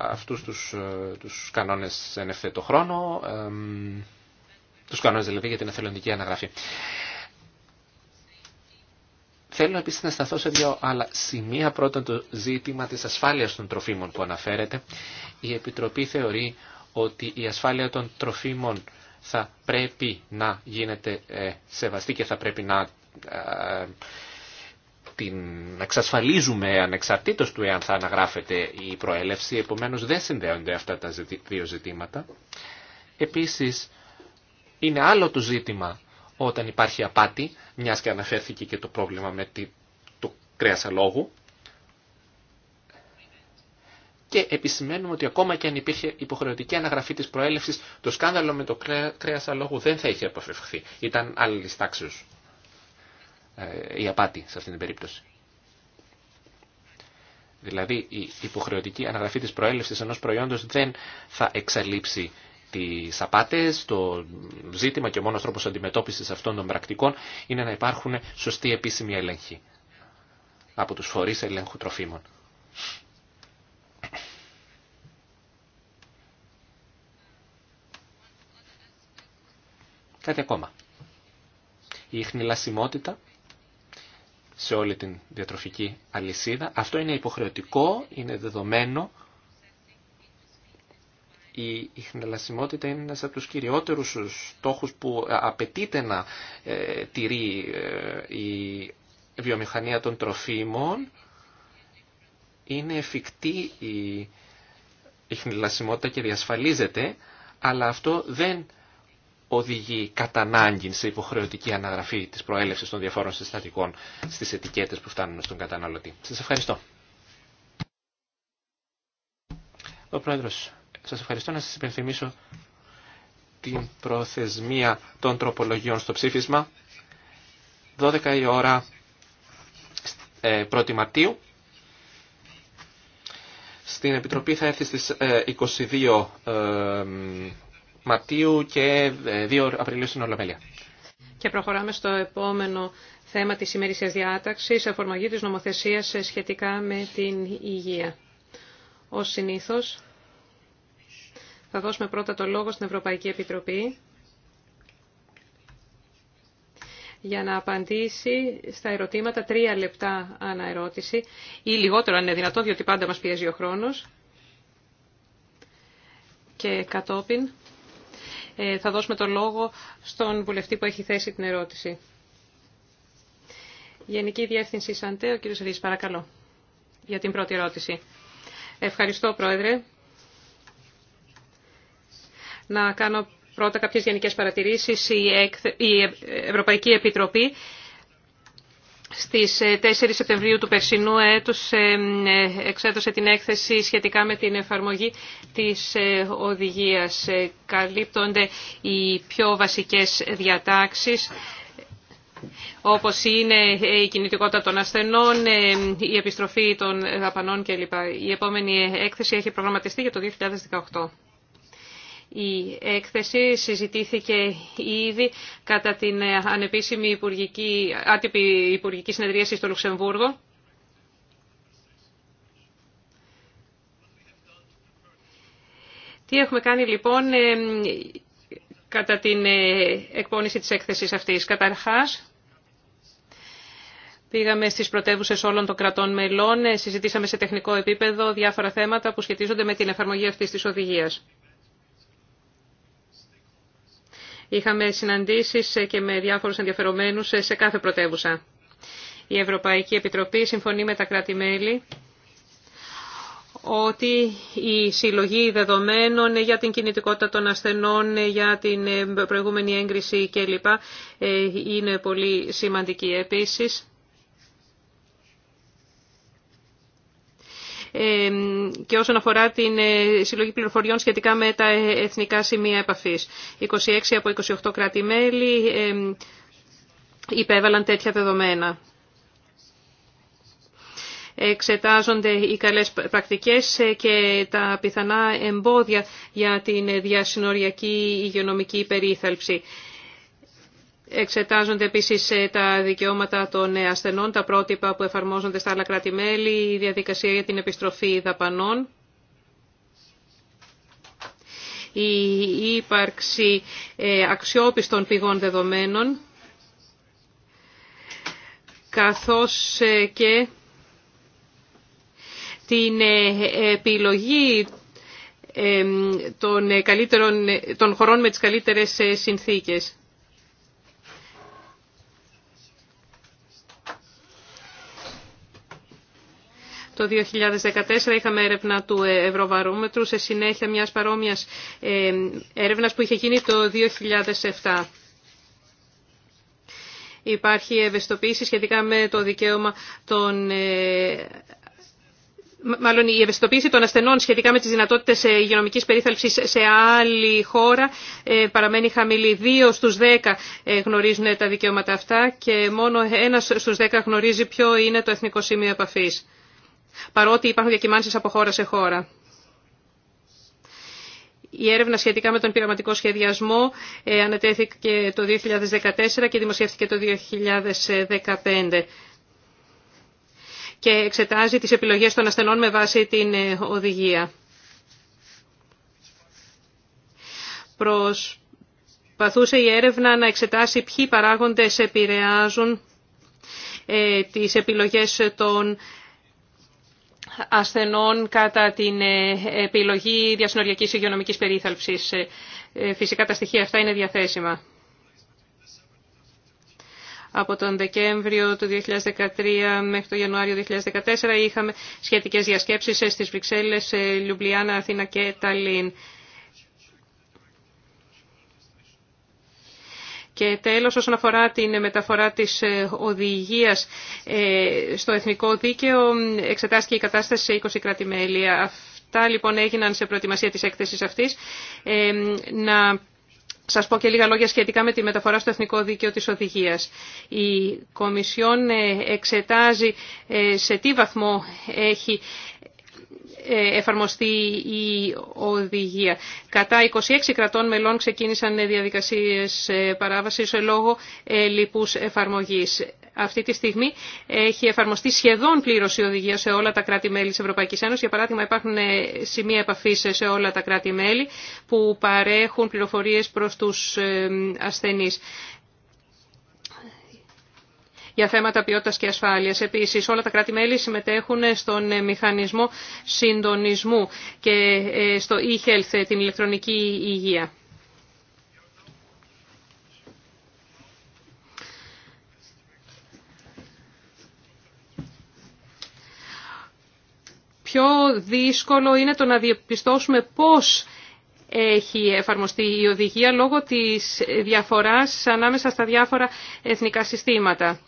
αυτούς τους, ε, τους κανόνες εν χρόνο, ε, τους κανόνες δηλαδή για την εθελοντική αναγραφή. Θέλω επίσης να σταθώ σε δύο άλλα σημεία. Πρώτον το ζήτημα της ασφάλειας των τροφίμων που αναφέρεται. Η Επιτροπή θεωρεί ότι η ασφάλεια των τροφίμων θα πρέπει να γίνεται ε, σεβαστή και θα πρέπει να ε, την εξασφαλίζουμε ανεξαρτήτως του εάν θα αναγράφεται η προέλευση, επομένως δεν συνδέονται αυτά τα δύο ζητήματα. Επίσης, είναι άλλο το ζήτημα όταν υπάρχει απάτη, μιας και αναφέρθηκε και το πρόβλημα με το κρέας αλόγου. Και επισημαίνουμε ότι ακόμα και αν υπήρχε υποχρεωτική αναγραφή της προέλευσης, το σκάνδαλο με το κρέας αλόγου δεν θα είχε αποφευχθεί. Ήταν άλλη τάξεως ε, η απάτη σε αυτήν την περίπτωση. Δηλαδή η υποχρεωτική αναγραφή της προέλευσης ενός προϊόντος δεν θα εξαλείψει τις απάτες. Το ζήτημα και ο μόνος τρόπος αντιμετώπισης αυτών των πρακτικών είναι να υπάρχουν σωστοί επίσημοι έλεγχοι από τους φορείς ελέγχου τροφίμων. Κάτι ακόμα. Η χνηλασιμότητα σε όλη την διατροφική αλυσίδα. Αυτό είναι υποχρεωτικό, είναι δεδομένο η χνηλασιμότητα είναι ένας από τους κυριότερους στόχους που ε, απαιτείται να ε, τηρεί ε, η βιομηχανία των τροφίμων. Είναι εφικτή η χνηλασιμότητα και διασφαλίζεται, αλλά αυτό δεν οδηγεί κατά σε υποχρεωτική αναγραφή της προέλευσης των διαφόρων συστατικών στις ετικέτες που φτάνουν στον καταναλωτή. Σας ευχαριστώ. Ο Πρόεδρος, σας ευχαριστώ να σας υπενθυμίσω την προθεσμία των τροπολογιών στο ψήφισμα. 12 η ώρα 1η ε, Μαρτίου. Στην Επιτροπή θα έρθει στις 22 ε, ε, Μαρτίου και 2 Απριλίου στην Ολομέλεια. Και προχωράμε στο επόμενο θέμα της ημερήσιας διάταξης, εφαρμογή της νομοθεσίας σχετικά με την υγεία. Ως συνήθως, θα δώσουμε πρώτα το λόγο στην Ευρωπαϊκή Επιτροπή για να απαντήσει στα ερωτήματα τρία λεπτά αναερώτηση ή λιγότερο αν είναι δυνατόν, διότι πάντα μας πιέζει ο χρόνος. Και κατόπιν ε, θα δώσουμε το λόγο στον βουλευτή που έχει θέσει την ερώτηση. Γενική Διεύθυνση Σαντέ, ο κύριος παρακαλώ, για την πρώτη ερώτηση. Ευχαριστώ, Πρόεδρε να κάνω πρώτα κάποιες γενικές παρατηρήσεις. Η Ευρωπαϊκή Επιτροπή στις 4 Σεπτεμβρίου του περσινού έτους ε, ε, εξέδωσε την έκθεση σχετικά με την εφαρμογή της ε, οδηγίας. Καλύπτονται οι πιο βασικές διατάξεις όπως είναι η κινητικότητα των ασθενών, η επιστροφή των δαπανών κλπ. Η επόμενη έκθεση έχει προγραμματιστεί για το 2018. Η έκθεση συζητήθηκε ήδη κατά την ανεπίσημη υπουργική, άτυπη υπουργική συνεδρίαση στο Λουξεμβούργο. Τι έχουμε κάνει λοιπόν ε, κατά την ε, εκπόνηση της έκθεσης αυτής. Καταρχάς, πήγαμε στις πρωτεύουσες όλων των κρατών μελών, ε, συζητήσαμε σε τεχνικό επίπεδο διάφορα θέματα που σχετίζονται με την εφαρμογή αυτής της οδηγίας. Είχαμε συναντήσεις και με διάφορους ενδιαφερομένους σε κάθε πρωτεύουσα. Η Ευρωπαϊκή Επιτροπή συμφωνεί με τα κράτη-μέλη ότι η συλλογή δεδομένων για την κινητικότητα των ασθενών, για την προηγούμενη έγκριση κλπ. Ε, είναι πολύ σημαντική επίσης. και όσον αφορά την ε, συλλογή πληροφοριών σχετικά με τα εθνικά σημεία επαφής. 26 από 28 κράτη-μέλη υπέβαλαν τέτοια δεδομένα. Εξετάζονται οι καλές πρακτικές ε, και τα πιθανά εμπόδια για την διασυνοριακή υγειονομική περίθαλψη. Εξετάζονται επίση ε, τα δικαιώματα των ε, ασθενών, τα πρότυπα που εφαρμόζονται στα άλλα κράτη-μέλη, η διαδικασία για την επιστροφή δαπανών, η ύπαρξη ε, αξιόπιστων πηγών δεδομένων, καθώς και την επιλογή των, καλύτερων, των χωρών με τις καλύτερες συνθήκες. Το 2014 είχαμε έρευνα του ε, Ευρωβαρόμετρου σε συνέχεια μιας παρόμοιας ε, έρευνας που είχε γίνει το 2007. Υπάρχει ευαισθητοποίηση σχετικά με το δικαίωμα των ε, μάλλον η ευαισθητοποίηση των ασθενών σχετικά με τις δυνατότητες υγειονομικής περίθαλψης σε άλλη χώρα παραμένει χαμηλή. Δύο στους δέκα γνωρίζουν τα δικαιώματα αυτά και μόνο ένας στους δέκα γνωρίζει ποιο είναι το εθνικό σημείο επαφής παρότι υπάρχουν διακυμάνσεις από χώρα σε χώρα. Η έρευνα σχετικά με τον πειραματικό σχεδιασμό ε, ανατέθηκε το 2014 και δημοσιεύθηκε το 2015 και εξετάζει τις επιλογές των ασθενών με βάση την ε, οδηγία. Προσπαθούσε η έρευνα να εξετάσει ποιοι παράγοντες επηρεάζουν ε, τις επιλογές των ασθενών κατά την ε, επιλογή διασυνοριακής υγειονομικής περίθαλψης. Ε, ε, φυσικά τα στοιχεία αυτά είναι διαθέσιμα. Από τον Δεκέμβριο του 2013 μέχρι τον Ιανουάριο 2014 είχαμε σχετικές διασκέψεις στις Βρυξέλλες, Λιουμπλιάνα, Αθήνα και Ταλίν. Και τέλος, όσον αφορά την μεταφορά της ε, οδηγίας ε, στο εθνικό δίκαιο, εξετάστηκε η κατάσταση σε 20 κρατη Αυτά λοιπόν έγιναν σε προετοιμασία της έκθεσης αυτής. Ε, να σας πω και λίγα λόγια σχετικά με τη μεταφορά στο εθνικό δίκαιο της οδηγίας. Η Κομισιόν εξετάζει σε τι βαθμό έχει ε, εφαρμοστεί η οδηγία. Κατά 26 κρατών μελών ξεκίνησαν διαδικασίες ε, παράβασης λόγω ε, λοιπούς εφαρμογής. Αυτή τη στιγμή έχει εφαρμοστεί σχεδόν πλήρω η οδηγία σε όλα τα κράτη-μέλη τη Ευρωπαϊκής Ένωσης. Για παράδειγμα υπάρχουν σημεία επαφή σε όλα τα κράτη-μέλη που παρέχουν πληροφορίε προ του ασθενεί για θέματα ποιότητα και ασφάλεια. Επίση, όλα τα κράτη-μέλη συμμετέχουν στον ε, μηχανισμό συντονισμού και ε, στο e-health, ε, την ηλεκτρονική υγεία. πιο δύσκολο είναι το να διαπιστώσουμε πώς έχει εφαρμοστεί η οδηγία λόγω της διαφοράς ανάμεσα στα διάφορα εθνικά συστήματα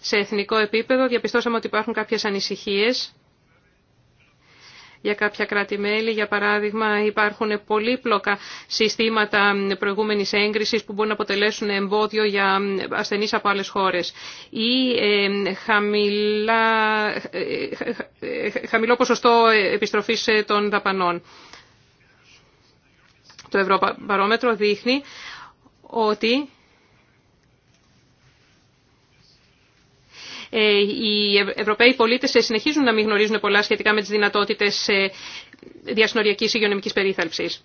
σε εθνικό επίπεδο διαπιστώσαμε ότι υπάρχουν κάποιες ανησυχίες για κάποια κράτη-μέλη. Για παράδειγμα, υπάρχουν πολύπλοκα συστήματα προηγούμενης έγκρισης που μπορούν να αποτελέσουν εμπόδιο για ασθενείς από άλλε χώρε. Ή ε, χαμηλά, ε, ε, χαμηλό ποσοστό επιστροφής των δαπανών. Το Ευρωπαρόμετρο δείχνει ότι Ε, οι Ευρωπαίοι πολίτες ε, συνεχίζουν να μην γνωρίζουν πολλά σχετικά με τις δυνατότητες ε, διασυνοριακής υγειονομικής περίθαλψης.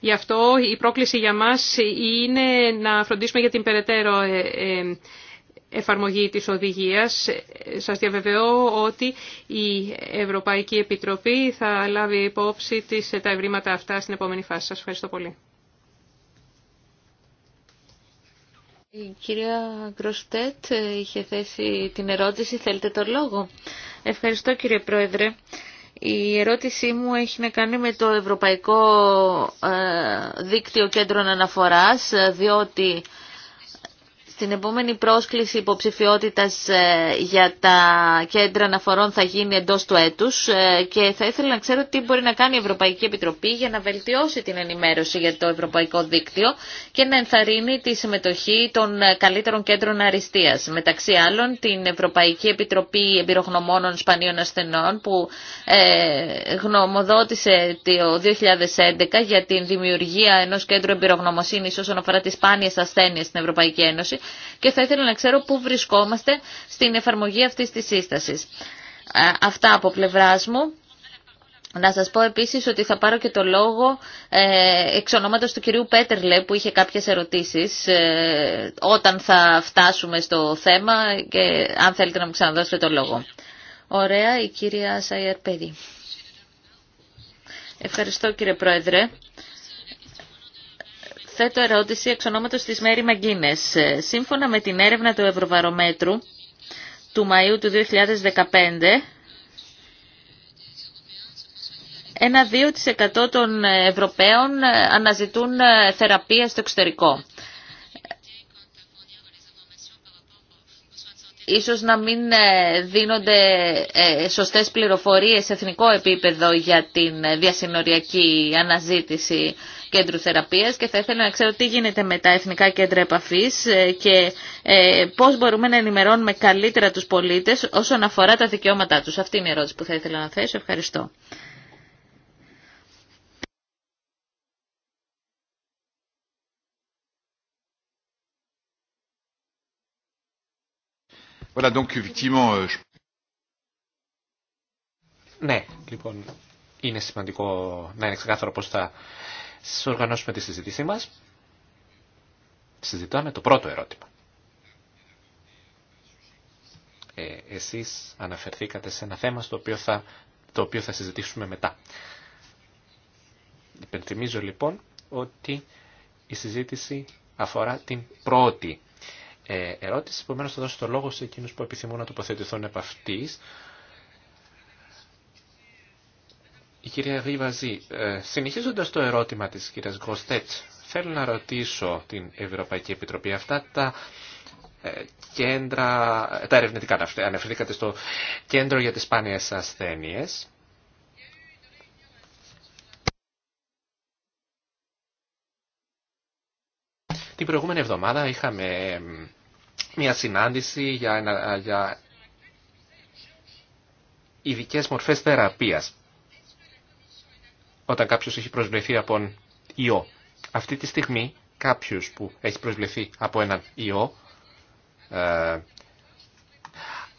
Γι' αυτό η πρόκληση για μας είναι να φροντίσουμε για την περαιτέρω εφαρμογή της οδηγίας. Σας διαβεβαιώ ότι η Ευρωπαϊκή Επιτροπή θα λάβει υπόψη της τα ευρήματα αυτά στην επόμενη φάση. Σας ευχαριστώ πολύ. Η κυρία Γκροστέτ είχε θέσει την ερώτηση. Θέλετε το λόγο. Ευχαριστώ κύριε Πρόεδρε. Η ερώτησή μου έχει να κάνει με το Ευρωπαϊκό ε, Δίκτυο Κέντρων Αναφοράς, διότι στην επόμενη πρόσκληση υποψηφιότητας ε, για τα κέντρα αναφορών θα γίνει εντός του έτους ε, και θα ήθελα να ξέρω τι μπορεί να κάνει η Ευρωπαϊκή Επιτροπή για να βελτιώσει την ενημέρωση για το Ευρωπαϊκό Δίκτυο και να ενθαρρύνει τη συμμετοχή των καλύτερων κέντρων αριστείας. Μεταξύ άλλων την Ευρωπαϊκή Επιτροπή Εμπειρογνωμόνων Σπανίων Ασθενών που ε, γνωμοδότησε το 2011 για την δημιουργία ενός κέντρου εμπειρογνωμοσύνη όσον αφορά τις σπάνιες ασθένειες στην Ευρωπαϊκή Ένωση και θα ήθελα να ξέρω πού βρισκόμαστε στην εφαρμογή αυτής της σύστασης. Ε, αυτά από πλευράς μου. Να σας πω επίσης ότι θα πάρω και το λόγο ε, εξ ονόματος του κυρίου Πέτερλε που είχε κάποιες ερωτήσεις ε, όταν θα φτάσουμε στο θέμα και αν θέλετε να μου ξαναδώσετε το λόγο. Ωραία, η κυρία Σαϊαρπέδη. Ευχαριστώ κύριε Πρόεδρε. Προσθέτω ερώτηση εξ ονόματος της Μέρη Μαγκίνες. Ε, σύμφωνα με την έρευνα του Ευρωβαρομέτρου του Μαΐου του 2015, ένα 2% των Ευρωπαίων ε, αναζητούν ε, θεραπεία στο εξωτερικό. Ίσως να μην δίνονται σωστές πληροφορίες σε εθνικό επίπεδο για την διασυνοριακή αναζήτηση κέντρου θεραπείας και θα ήθελα να ξέρω τι γίνεται με τα εθνικά κέντρα επαφής ε, και ε, πώς μπορούμε να ενημερώνουμε καλύτερα τους πολίτες όσον αφορά τα δικαιώματά τους. Αυτή είναι η ερώτηση που θα ήθελα να θέσω. Ευχαριστώ. Voilà, donc, effectivement, euh, je... Ναι, λοιπόν, είναι σημαντικό να είναι ξεκάθαρο πώς θα οργανώσουμε τη συζήτησή μας. Συζητάμε το πρώτο ερώτημα. Ε, εσείς αναφερθήκατε σε ένα θέμα στο οποίο θα, το οποίο θα συζητήσουμε μετά. Υπενθυμίζω λοιπόν ότι η συζήτηση αφορά την πρώτη ε, ερώτηση. Επομένω, θα δώσω το λόγο σε εκείνους που επιθυμούν να τοποθετηθούν επ' αυτής. Η κυρία Ριβαζή, ε, συνεχίζοντας το ερώτημα της κυρίας Γκοστέτς, θέλω να ρωτήσω την Ευρωπαϊκή Επιτροπή αυτά τα ε, κέντρα, τα ερευνητικά, αναφερθήκατε στο κέντρο για τις σπάνιες ασθένειες. Την προηγούμενη εβδομάδα είχαμε μια συνάντηση για, για ειδικές μορφές θεραπείας όταν κάποιο έχει προσβληθεί από ιό. Αυτή τη στιγμή κάποιο που έχει προσβληθεί από έναν ιό ε,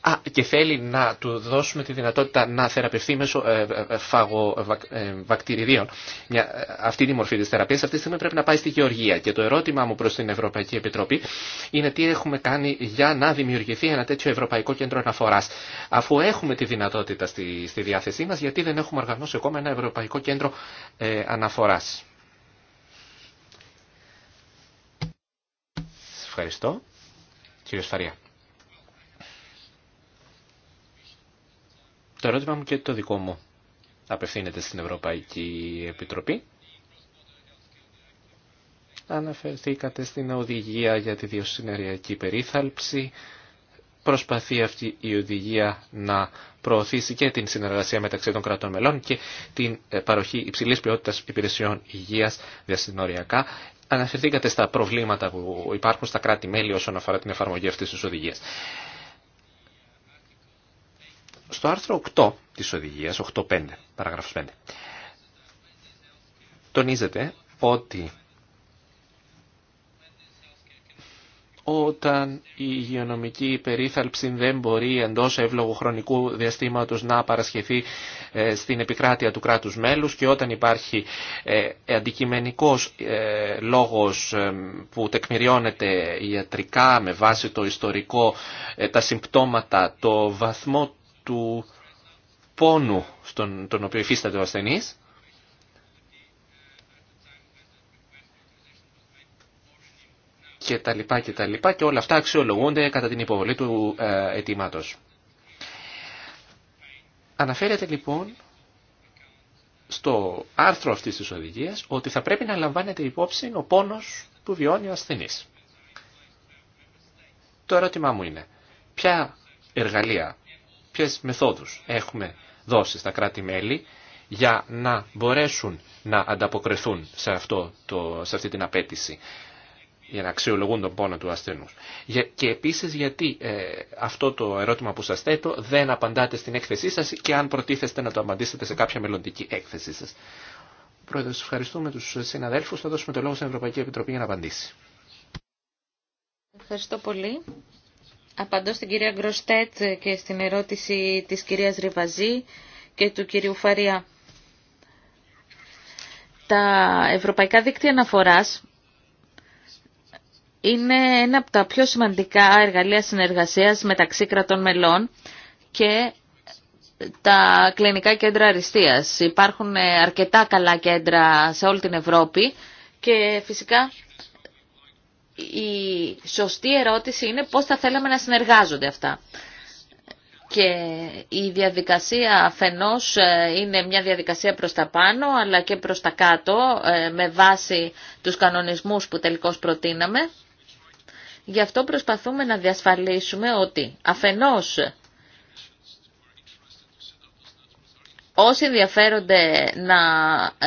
Α, και θέλει να του δώσουμε τη δυνατότητα να θεραπευθεί μέσω ε, ε, ε φαγοβακτηριδίων. Ε, ε, αυτή είναι η μορφή της θεραπείας. Αυτή τη στιγμή πρέπει να πάει στη Γεωργία. Και το ερώτημά μου προς την Ευρωπαϊκή Επιτροπή είναι τι έχουμε κάνει για να δημιουργηθεί ένα τέτοιο Ευρωπαϊκό Κέντρο Αναφοράς. Αφού έχουμε τη δυνατότητα στη, διάθεσή μας, γιατί δεν έχουμε οργανώσει ακόμα ένα Ευρωπαϊκό Κέντρο ε, Αναφοράς. ευχαριστώ. Κύριε Σφαρία. Το ερώτημα μου και το δικό μου απευθύνεται στην Ευρωπαϊκή Επιτροπή. Αναφερθήκατε στην οδηγία για τη διοσυνεριακή περίθαλψη. Προσπαθεί αυτή η οδηγία να προωθήσει και την συνεργασία μεταξύ των κρατών μελών και την ε, παροχή υψηλής ποιότητας υπηρεσιών υγείας διασυνοριακά. Αναφερθήκατε στα προβλήματα που υπάρχουν στα κράτη-μέλη όσον αφορά την εφαρμογή αυτής της οδηγίας. Στο άρθρο 8 της οδηγίας, 8.5, παράγραφος 5, τονίζεται ότι όταν η υγειονομική περίθαλψη δεν μπορεί εντός εύλογου χρονικού διαστήματος να παρασχεθεί ε, στην επικράτεια του κράτους μέλους και όταν υπάρχει ε, αντικειμενικός ε, λόγος που τεκμηριώνεται ιατρικά με βάση το ιστορικό, τα συμπτώματα, το βαθμό του πόνου στον τον οποίο υφίσταται ο ασθενής και τα λοιπά και τα λοιπά και όλα αυτά αξιολογούνται κατά την υποβολή του ε, αιτήματο. Αναφέρεται λοιπόν στο άρθρο αυτής της οδηγίας ότι θα πρέπει να λαμβάνεται υπόψη ο πόνος που βιώνει ο ασθενής. Το ερώτημά μου είναι, ποια εργαλεία ποιες μεθόδους έχουμε δώσει στα κράτη-μέλη για να μπορέσουν να ανταποκριθούν σε, αυτό το, σε αυτή την απέτηση για να αξιολογούν τον πόνο του ασθενού. Και επίσης γιατί ε, αυτό το ερώτημα που σας θέτω δεν απαντάτε στην έκθεσή σας και αν προτίθεστε να το απαντήσετε σε κάποια μελλοντική έκθεσή σας. Πρόεδρε, ευχαριστούμε τους συναδέλφους. Θα δώσουμε το λόγο στην Ευρωπαϊκή Επιτροπή για να απαντήσει. Ευχαριστώ πολύ. Απαντώ στην κυρία Γκροστέτ και στην ερώτηση της κυρίας Ριβαζή και του κυρίου Φαρία. Τα ευρωπαϊκά δίκτυα αναφοράς είναι ένα από τα πιο σημαντικά εργαλεία συνεργασίας μεταξύ κρατών μελών και τα κλινικά κέντρα αριστείας. Υπάρχουν αρκετά καλά κέντρα σε όλη την Ευρώπη και φυσικά η σωστή ερώτηση είναι πώς θα θέλαμε να συνεργάζονται αυτά. Και η διαδικασία αφενός ε, είναι μια διαδικασία προς τα πάνω αλλά και προς τα κάτω ε, με βάση τους κανονισμούς που τελικώς προτείναμε. Γι' αυτό προσπαθούμε να διασφαλίσουμε ότι αφενός Όσοι ενδιαφέρονται να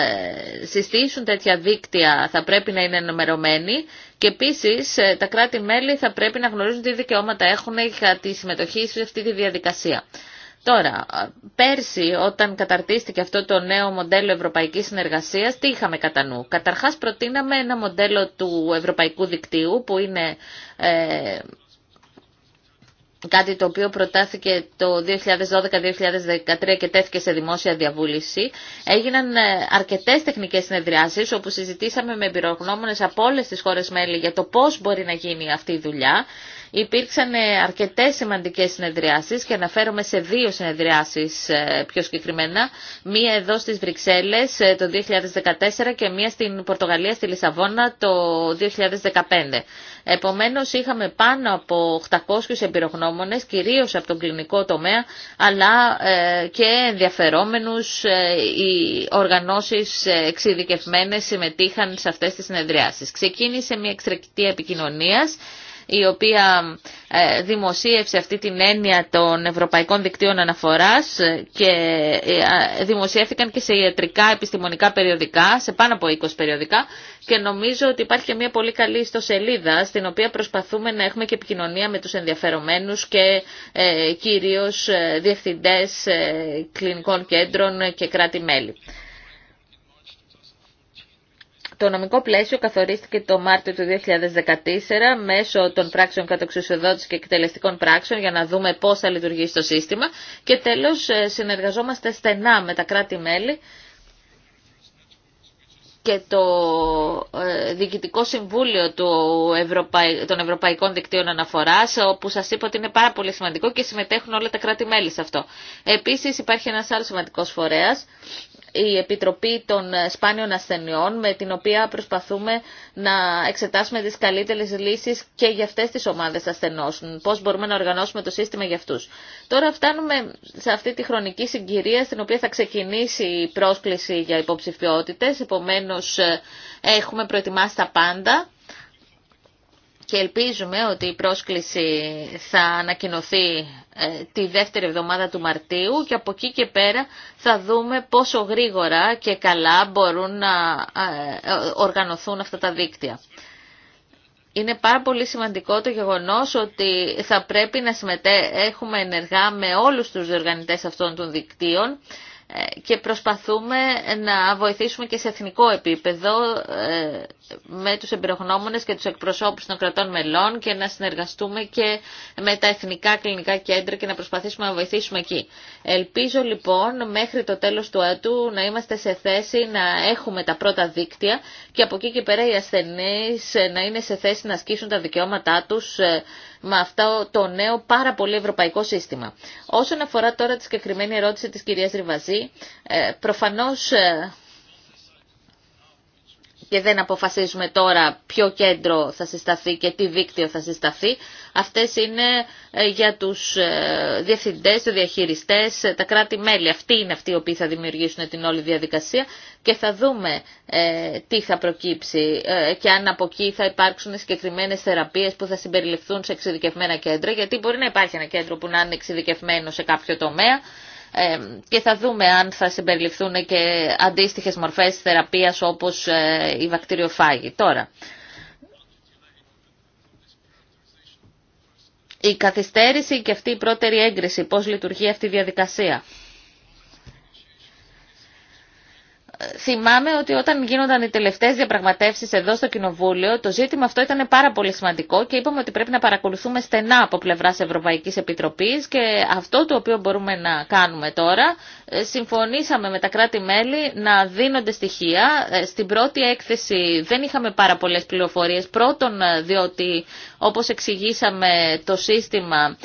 ε, συστήσουν τέτοια δίκτυα θα πρέπει να είναι ενημερωμένοι και επίση, ε, τα κράτη-μέλη θα πρέπει να γνωρίζουν τι δικαιώματα έχουν για τη συμμετοχή σε αυτή τη διαδικασία. Τώρα, ε, πέρσι όταν καταρτίστηκε αυτό το νέο μοντέλο ευρωπαϊκής συνεργασίας, τι είχαμε κατά νου. Καταρχάς προτείναμε ένα μοντέλο του ευρωπαϊκού δικτύου που είναι ε, κάτι το οποίο προτάθηκε το 2012-2013 και τέθηκε σε δημόσια διαβούληση. Έγιναν ε, αρκετές τεχνικές συνεδριάσεις όπου συζητήσαμε με εμπειρογνώμονες από όλε τις χώρες μέλη για το πώς μπορεί να γίνει αυτή η δουλειά υπήρξαν ε, αρκετές σημαντικές συνεδριάσεις και αναφέρομαι σε δύο συνεδριάσεις ε, πιο συγκεκριμένα. Μία εδώ στις Βρυξέλλες ε, το 2014 και μία στην Πορτογαλία στη Λισαβόνα το 2015. Επομένως είχαμε πάνω από 800 εμπειρογνώμονε κυρίως από τον κλινικό τομέα, αλλά και ενδιαφερόμενους οι οργανώσεις εξειδικευμένες συμμετείχαν σε αυτές τις συνεδριάσεις. Ξεκίνησε μια εξτρεκτή επικοινωνίας η οποία ε, δημοσίευσε αυτή την έννοια των Ευρωπαϊκών Δικτύων Αναφοράς και ε, δημοσιεύθηκαν και σε ιατρικά επιστημονικά περιοδικά, σε πάνω από 20 περιοδικά και νομίζω ότι υπάρχει και μια πολύ καλή ιστοσελίδα στην οποία προσπαθούμε να έχουμε και επικοινωνία με τους ενδιαφερομένους και ε, κυρίως διευθυντές κλινικών κέντρων και κράτη-μέλη. Το νομικό πλαίσιο καθορίστηκε το Μάρτιο του 2014 μέσω των πράξεων κατοξουσιοδότηση και εκτελεστικών πράξεων για να δούμε πώς θα λειτουργήσει το σύστημα και τέλος ε, συνεργαζόμαστε στενά με τα κράτη-μέλη και το ε, Διοικητικό Συμβούλιο των Ευρωπαϊκών Δικτύων Αναφοράς, όπου σας είπα ότι είναι πάρα πολύ σημαντικό και συμμετέχουν όλα τα κράτη-μέλη σε αυτό. Επίσης υπάρχει ένας άλλος σημαντικός φορέας, η Επιτροπή των Σπάνιων Ασθενειών με την οποία προσπαθούμε να εξετάσουμε τις καλύτερες λύσεις και για αυτές τις ομάδες ασθενών. Πώς μπορούμε να οργανώσουμε το σύστημα για αυτούς. Τώρα φτάνουμε σε αυτή τη χρονική συγκυρία στην οποία θα ξεκινήσει η πρόσκληση για υποψηφιότητες. Επομένως ε, έχουμε προετοιμάσει τα πάντα και ελπίζουμε ότι η πρόσκληση θα ανακοινωθεί ε, τη δεύτερη εβδομάδα του Μαρτίου και από εκεί και πέρα θα δούμε πόσο γρήγορα και καλά μπορούν να ε, οργανωθούν αυτά τα δίκτυα. Είναι πάρα πολύ σημαντικό το γεγονός ότι θα πρέπει να συμμετέχουμε ενεργά με όλους τους διοργανητές αυτών των δικτύων ε, και προσπαθούμε να βοηθήσουμε και σε εθνικό επίπεδο ε, με τους εμπειρογνώμονες και τους εκπροσώπους των κρατών μελών και να συνεργαστούμε και με τα εθνικά κλινικά κέντρα και να προσπαθήσουμε να βοηθήσουμε εκεί. Ελπίζω λοιπόν μέχρι το τέλος του έτου να είμαστε σε θέση να έχουμε τα πρώτα δίκτυα και από εκεί και πέρα οι ασθενείς να είναι σε θέση να ασκήσουν τα δικαιώματά τους ε, με αυτό το νέο πάρα πολύ ευρωπαϊκό σύστημα. Όσον αφορά τώρα τη συγκεκριμένη ερώτηση της κυρίας Ριβαζή, ε, προφανώς ε, και δεν αποφασίζουμε τώρα ποιο κέντρο θα συσταθεί και τι δίκτυο θα συσταθεί. Αυτές είναι ε, για τους ε, διευθυντές, τους διαχειριστές, ε, τα κράτη-μέλη. Αυτοί είναι αυτοί οι οποίοι θα δημιουργήσουν την όλη διαδικασία και θα δούμε τι θα προκύψει και αν από εκεί θα υπάρξουν συγκεκριμένες θεραπείες που θα συμπεριληφθούν σε εξειδικευμένα κέντρα γιατί μπορεί να υπάρχει ένα κέντρο που να είναι εξειδικευμένο σε κάποιο τομέα και θα δούμε αν θα συμπεριληφθούν και αντίστοιχες μορφές θεραπείας όπως η ε, βακτηριοφάγη. Τώρα, η καθυστέρηση και αυτή η πρώτερη έγκριση, πώς λειτουργεί αυτή η διαδικασία. θυμάμαι ότι όταν γίνονταν οι τελευταίε διαπραγματεύσεις εδώ στο Κοινοβούλιο, το ζήτημα αυτό ήταν πάρα πολύ σημαντικό και είπαμε ότι πρέπει να παρακολουθούμε στενά από πλευράς Ευρωπαϊκής Επιτροπής και αυτό το οποίο μπορούμε να κάνουμε τώρα, ε, συμφωνήσαμε με τα κράτη-μέλη να δίνονται στοιχεία. Ε, στην πρώτη έκθεση δεν είχαμε πάρα πολλέ πληροφορίε, πρώτον ε, διότι όπω εξηγήσαμε το σύστημα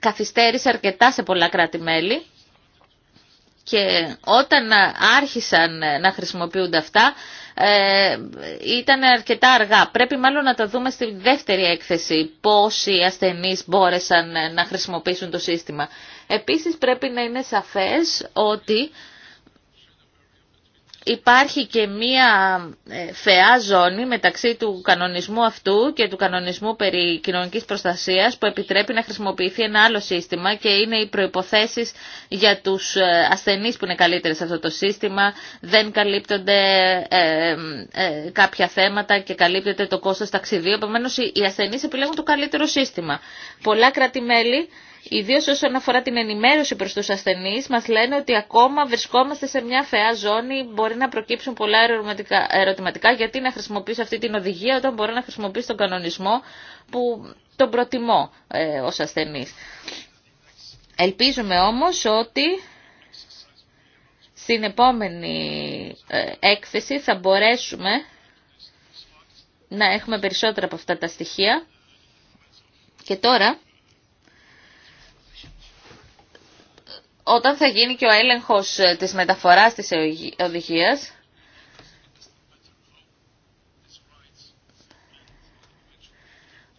καθυστέρησε αρκετά σε πολλά κράτη-μέλη και όταν άρχισαν να χρησιμοποιούνται αυτά ε, ήταν αρκετά αργά. Πρέπει μάλλον να τα δούμε στη δεύτερη έκθεση πόσοι ασθενείς μπόρεσαν να χρησιμοποιήσουν το σύστημα. Επίσης πρέπει να είναι σαφές ότι υπάρχει και μία ε, φεά ζώνη μεταξύ του κανονισμού αυτού και του κανονισμού περί κοινωνικής προστασίας που επιτρέπει να χρησιμοποιηθεί ένα άλλο σύστημα και είναι οι προϋποθέσεις για τους ε, ασθενείς που είναι καλύτεροι σε αυτό το σύστημα, δεν καλύπτονται ε, κάποια θέματα και καλύπτεται το κόστος ταξιδίου, Επομένως, οι ασθενείς επιλέγουν το καλύτερο σύστημα. Πολλά κράτη-μέλη Ιδίως όσον αφορά την ενημέρωση προς τους ασθενείς, μας λένε ότι ακόμα βρισκόμαστε σε μια φαιά ζώνη, μπορεί να προκύψουν πολλά ερωτηματικά γιατί να χρησιμοποιήσω αυτή την οδηγία όταν μπορώ να χρησιμοποιήσω τον κανονισμό που τον προτιμώ ε, ως ασθενής. Ελπίζουμε όμως ότι στην επόμενη ε, έκθεση θα μπορέσουμε να έχουμε περισσότερα από αυτά τα στοιχεία. Και τώρα όταν θα γίνει και ο έλεγχος ε, της μεταφοράς της οδηγίας,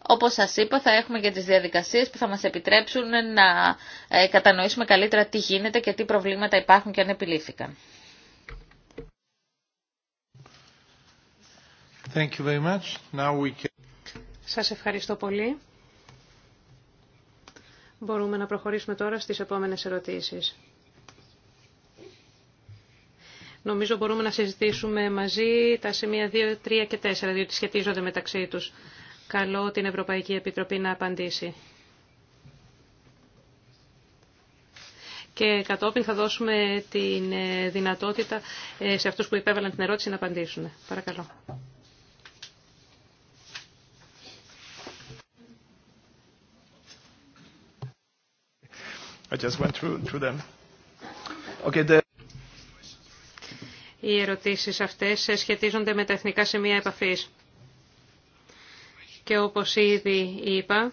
όπως σας είπα θα έχουμε και τις διαδικασίες που θα μας επιτρέψουν να ε, κατανοήσουμε καλύτερα τι γίνεται και τι προβλήματα υπάρχουν και αν επιλήθηκαν. Thank Σας ευχαριστώ πολύ. Μπορούμε να προχωρήσουμε τώρα στις επόμενες ερωτήσεις. Νομίζω μπορούμε να συζητήσουμε μαζί τα σημεία 2, 3 και 4, διότι σχετίζονται μεταξύ τους. Καλό την Ευρωπαϊκή Επιτροπή να απαντήσει. Και κατόπιν θα δώσουμε τη ε, δυνατότητα ε, σε αυτούς που υπέβαλαν την ερώτηση να απαντήσουν. Παρακαλώ. I just went through, Οι ερωτήσεις αυτές σχετίζονται με τα εθνικά σημεία επαφής. Και όπως ήδη είπα,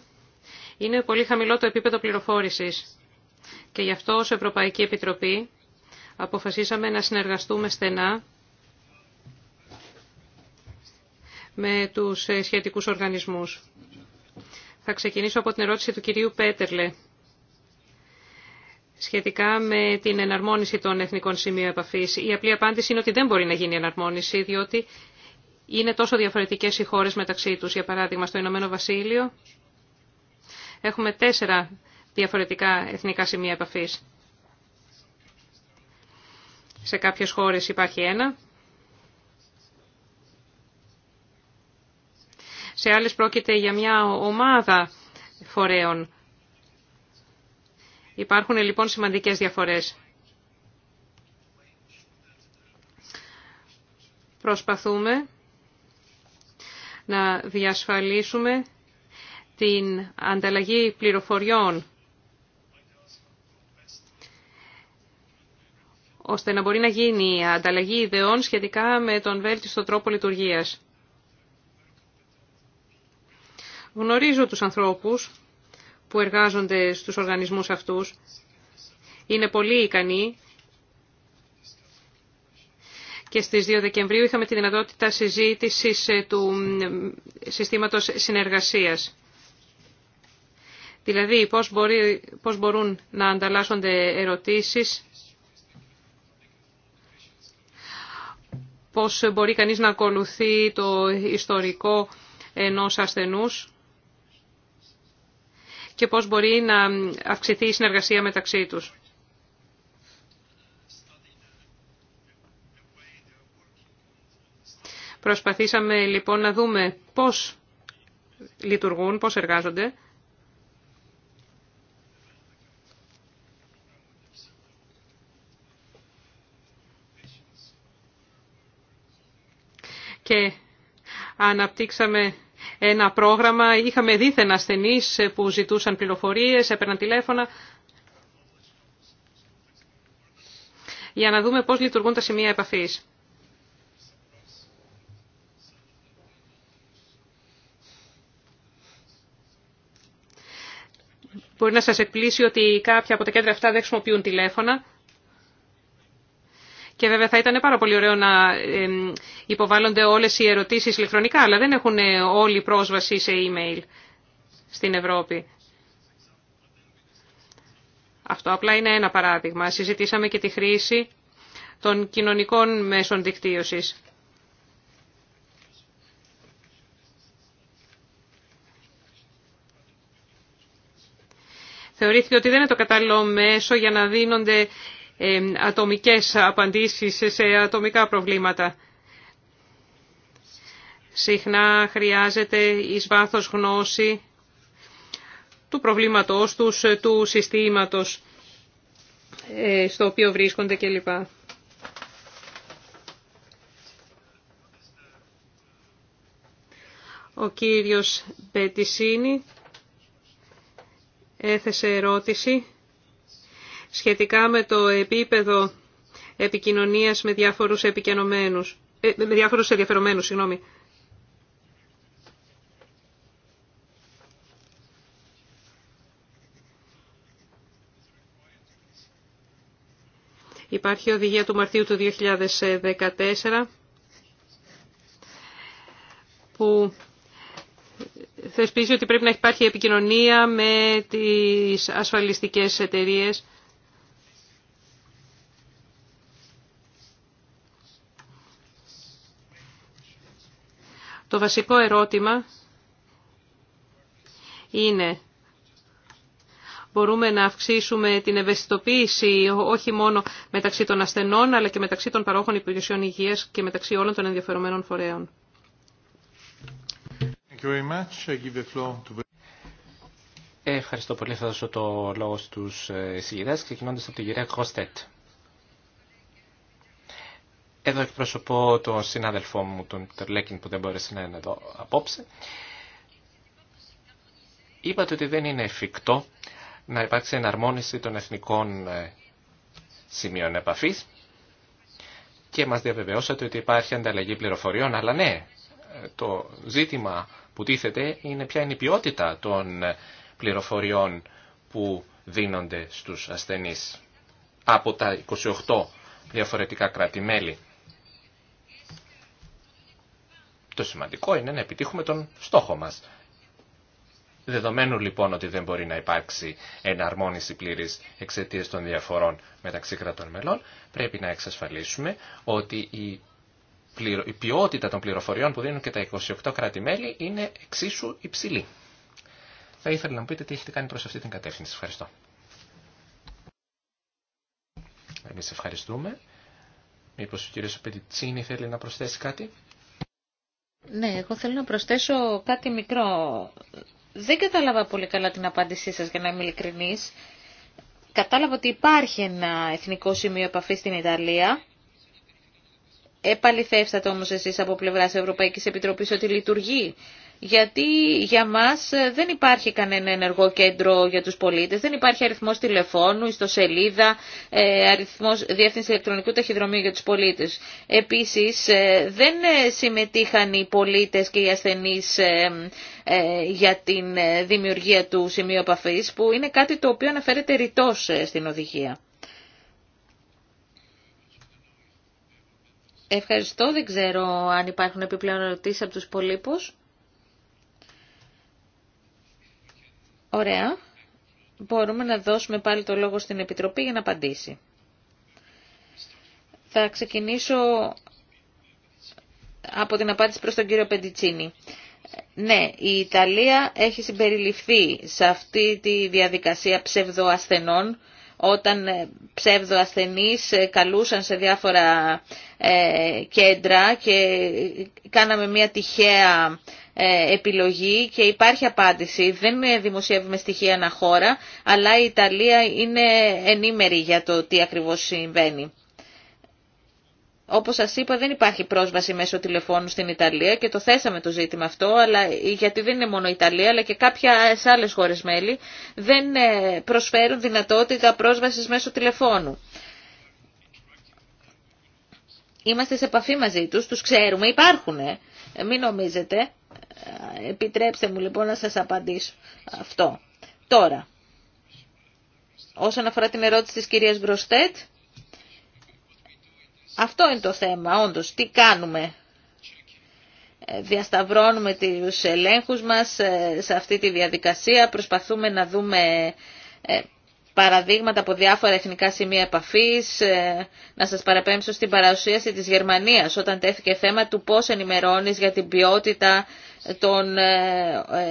είναι πολύ χαμηλό το επίπεδο πληροφόρησης. Και γι' αυτό ως Ευρωπαϊκή Επιτροπή αποφασίσαμε να συνεργαστούμε στενά με τους σχετικούς οργανισμούς. Θα ξεκινήσω από την ερώτηση του κυρίου Πέτερλε σχετικά με την εναρμόνιση των εθνικών σημείων επαφής. Η απλή απάντηση είναι ότι δεν μπορεί να γίνει εναρμόνιση, διότι είναι τόσο διαφορετικές οι χώρες μεταξύ τους. Για παράδειγμα, στο Ηνωμένο Βασίλειο έχουμε τέσσερα διαφορετικά εθνικά σημεία επαφής. Σε κάποιες χώρες υπάρχει ένα. Σε άλλες πρόκειται για μια ομάδα φορέων. Υπάρχουν λοιπόν σημαντικές διαφορές. Προσπαθούμε να διασφαλίσουμε την ανταλλαγή πληροφοριών ώστε να μπορεί να γίνει η ανταλλαγή ιδεών σχετικά με τον βέλτιστο τρόπο λειτουργίας. Γνωρίζω τους ανθρώπους που εργάζονται στους οργανισμούς αυτούς. Είναι πολύ ικανοί και στις 2 Δεκεμβρίου είχαμε τη δυνατότητα συζήτησης ε, του συστήματος συνεργασίας. Δηλαδή πώς, μπορεί, πώς μπορούν να ανταλλάσσονται ερωτήσεις, πώς μπορεί κανείς να ακολουθεί το ιστορικό ενός ασθενούς και πώς μπορεί να αυξηθεί η συνεργασία μεταξύ τους. Προσπαθήσαμε λοιπόν να δούμε πώς λειτουργούν, πώς εργάζονται. Και αναπτύξαμε ένα πρόγραμμα. Είχαμε δίθεν ασθενεί που ζητούσαν πληροφορίες, έπαιρναν τηλέφωνα. Για να δούμε πώς λειτουργούν τα σημεία επαφής. Μπορεί να σας εκπλήσει ότι κάποια από τα κέντρα αυτά δεν χρησιμοποιούν τηλέφωνα. Και βέβαια θα ήταν πάρα πολύ ωραίο να υποβάλλονται όλες οι ερωτήσεις ηλεκτρονικά, αλλά δεν έχουν ε, όλοι πρόσβαση σε email στην Ευρώπη. Αυτό απλά είναι ένα παράδειγμα. Συζητήσαμε και τη χρήση των κοινωνικών μέσων δικτύωσης. Θεωρήθηκε ότι δεν είναι το κατάλληλο μέσο για να δίνονται ατομικές απαντήσεις σε ατομικά προβλήματα. Συχνά χρειάζεται εις βάθος γνώση του προβλήματος τους, του συστήματος ε, στο οποίο βρίσκονται κλπ. Ο κύριος Μπετισίνη έθεσε ερώτηση σχετικά με το επίπεδο επικοινωνίας με διάφορους, επικοινωμένους, ε, με διάφορους ενδιαφερομένους. Συγγνώμη. Υπάρχει οδηγία του Μαρτίου του 2014 που θεσπίζει ότι πρέπει να υπάρχει επικοινωνία με τις ασφαλιστικές εταιρείες Το βασικό ερώτημα είναι μπορούμε να αυξήσουμε την ευαισθητοποίηση όχι μόνο μεταξύ των ασθενών αλλά και μεταξύ των παρόχων υπηρεσιών υγείας και μεταξύ όλων των ενδιαφερομένων φορέων. Ευχαριστώ πολύ. Θα δώσω το λόγο στους ε, συγγυρές ξεκινώντας από τη κυρία Κροστέτ. Εδώ εκπροσωπώ τον συνάδελφό μου, τον Τερλέκιν, που δεν μπόρεσε να είναι εδώ απόψε. Είπατε ότι δεν είναι εφικτό να υπάρξει εναρμόνιση των εθνικών ε, σημείων επαφής και μας διαβεβαιώσατε ότι υπάρχει ανταλλαγή πληροφοριών, αλλά ναι, το ζήτημα που τίθεται είναι ποια είναι η ποιότητα των πληροφοριών που δίνονται στους ασθενείς από τα 28 διαφορετικά κράτη-μέλη. Το σημαντικό είναι να επιτύχουμε τον στόχο μας. Δεδομένου λοιπόν ότι δεν μπορεί να υπάρξει εναρμόνιση πλήρης εξαιτία των διαφορών μεταξύ κρατών μελών, πρέπει να εξασφαλίσουμε ότι η, ποιότητα των πληροφοριών που δίνουν και τα 28 κράτη-μέλη είναι εξίσου υψηλή. Θα ήθελα να μου πείτε τι έχετε κάνει προς αυτή την κατεύθυνση. Ευχαριστώ. Εμείς ευχαριστούμε. Μήπως ο κύριος Πετιτσίνη θέλει να προσθέσει κάτι. Ναι, εγώ θέλω να προσθέσω κάτι μικρό. Δεν κατάλαβα πολύ καλά την απάντησή σας, για να είμαι ειλικρινής. Κατάλαβα ότι υπάρχει ένα εθνικό σημείο επαφή στην Ιταλία. Επαληθεύσατε όμως εσείς από πλευράς Ευρωπαϊκής Επιτροπής ότι λειτουργεί γιατί για μας ε, δεν υπάρχει κανένα ενεργό κέντρο για τους πολίτες, δεν υπάρχει αριθμός τηλεφώνου, ιστοσελίδα, ε, αριθμός διεύθυνση ηλεκτρονικού ταχυδρομείου για τους πολίτες. Επίσης ε, δεν συμμετείχαν οι πολίτες και οι ασθενείς για την δημιουργία του σημείου επαφής που είναι κάτι το οποίο αναφέρεται ρητός στην οδηγία. Ευχαριστώ. Δεν ξέρω αν υπάρχουν επιπλέον ερωτήσεις από τους πολύπους. Ωραία. Μπορούμε να δώσουμε πάλι το λόγο στην Επιτροπή για να απαντήσει. Θα ξεκινήσω από την απάντηση προς τον κύριο Πεντιτσίνη. Ναι, η Ιταλία έχει συμπεριληφθεί σε αυτή τη διαδικασία ψευδοασθενών όταν ε, ψευδοασθενείς ε, καλούσαν σε διάφορα ε, κέντρα και κάναμε μια τυχαία ε, επιλογή και υπάρχει απάντηση. Δεν δημοσιεύουμε στοιχεία χώρα... αλλά η Ιταλία είναι ενήμερη για το τι ακριβώς συμβαίνει. Όπως σας είπα δεν υπάρχει πρόσβαση μέσω τηλεφώνου στην Ιταλία και το θέσαμε το ζήτημα αυτό, αλλά γιατί δεν είναι μόνο η Ιταλία αλλά και κάποια άλλες χώρες μέλη δεν ε, προσφέρουν δυνατότητα πρόσβασης μέσω τηλεφώνου. Είμαστε σε επαφή μαζί τους, τους ξέρουμε, υπάρχουν, ε, μην νομίζετε. Επιτρέψτε μου λοιπόν να σας απαντήσω αυτό. Τώρα, όσον αφορά την ερώτηση της κυρίας Γκροστέτ, αυτό είναι το θέμα, όντως, τι κάνουμε. Ε, διασταυρώνουμε τους ελέγχους μας ε, σε αυτή τη διαδικασία, προσπαθούμε να δούμε ε, παραδείγματα από διάφορα εθνικά σημεία επαφής. Ε, να σας παραπέμψω στην παρουσίαση της Γερμανίας όταν τέθηκε θέμα του πώς ενημερώνεις για την ποιότητα των ε,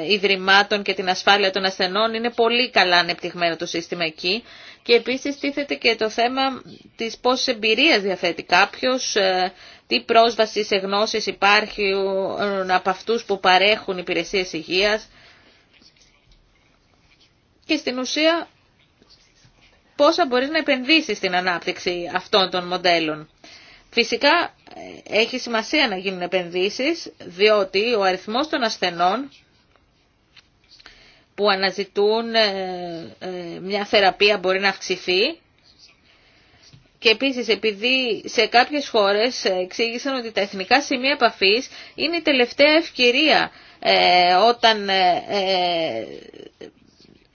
ε, ιδρυμάτων και την ασφάλεια των ασθενών. Είναι πολύ καλά ανεπτυγμένο το σύστημα εκεί. Και επίσης τίθεται και το θέμα της πόση εμπειρία διαθέτει κάποιος, τι πρόσβαση σε γνώσεις υπάρχει από αυτούς που παρέχουν υπηρεσίες υγείας. Και στην ουσία πόσα μπορείς να επενδύσεις στην ανάπτυξη αυτών των μοντέλων. Φυσικά έχει σημασία να γίνουν επενδύσεις, διότι ο αριθμός των ασθενών που αναζητούν ε, ε, μια θεραπεία μπορεί να αυξηθεί και επίσης επειδή σε κάποιες χώρες εξήγησαν ότι τα εθνικά σημεία επαφής είναι η τελευταία ευκαιρία ε, όταν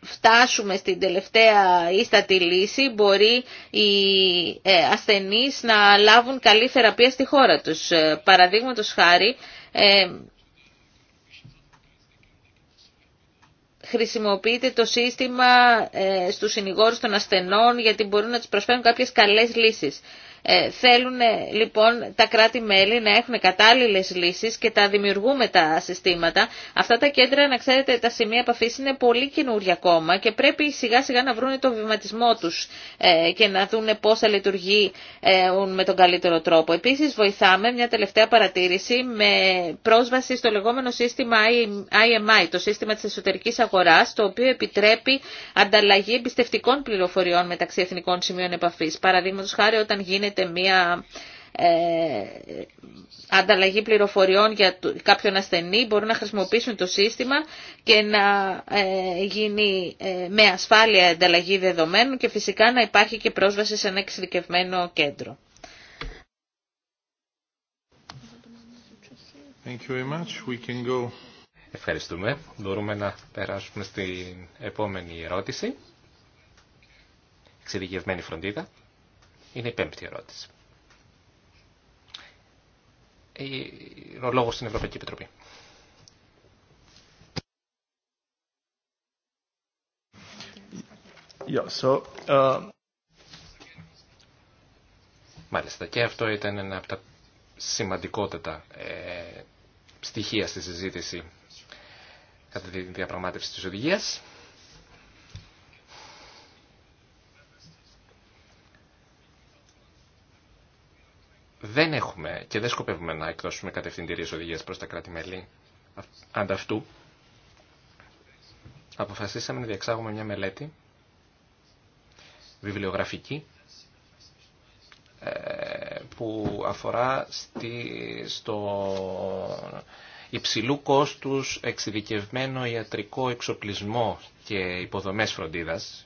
φτάσουμε στην τελευταία ίστατη λύση, μπορεί οι ε, ασθενείς να λάβουν καλή θεραπεία στη χώρα τους. Ε, παραδείγματος χάρη, ε, χρησιμοποιείται το σύστημα στους συνηγόρους των ασθενών γιατί μπορούν να τους προσφέρουν κάποιες καλές λύσεις. Ε, θέλουν ε, λοιπόν τα κράτη-μέλη να έχουν κατάλληλες λύσεις και τα δημιουργούμε τα συστήματα. Αυτά τα κέντρα, να ξέρετε, τα σημεία επαφή είναι πολύ καινούργια ακόμα και πρέπει σιγά-σιγά να βρουν το βηματισμό τους ε, και να δουν πώς θα λειτουργεί ε, με τον καλύτερο τρόπο. Επίσης βοηθάμε μια τελευταία παρατήρηση με πρόσβαση στο λεγόμενο σύστημα IMI, το σύστημα της εσωτερικής αγοράς, το οποίο επιτρέπει ανταλλαγή εμπιστευτικών πληροφοριών μεταξύ εθνικών σημείων επαφής. Παραδείγματος χάρη όταν γίνεται γίνεται μια ε, ανταλλαγή πληροφοριών για κάποιον ασθενή μπορούν να χρησιμοποιήσουν το σύστημα και να ε, γίνει ε, με ασφάλεια ανταλλαγή δεδομένων και φυσικά να υπάρχει και πρόσβαση σε ένα εξειδικευμένο κέντρο. Ευχαριστούμε. Μπορούμε να περάσουμε στην επόμενη ερώτηση. Εξειδικευμένη φροντίδα. Είναι η πέμπτη ερώτηση. Ο λόγο στην Ευρωπαϊκή Επιτροπή. Yeah, so, uh, Μάλιστα. Και αυτό ήταν ένα από τα σημαντικότατα ε, στοιχεία στη συζήτηση κατά τη διαπραγμάτευση της οδηγίας. δεν έχουμε και δεν σκοπεύουμε να εκδώσουμε κατευθυντηρίες οδηγίε προς τα κράτη-μέλη. Ανταυτού, αποφασίσαμε να διεξάγουμε μια μελέτη βιβλιογραφική ε, που αφορά στη, στο υψηλού κόστους εξειδικευμένο ιατρικό εξοπλισμό και υποδομές φροντίδας.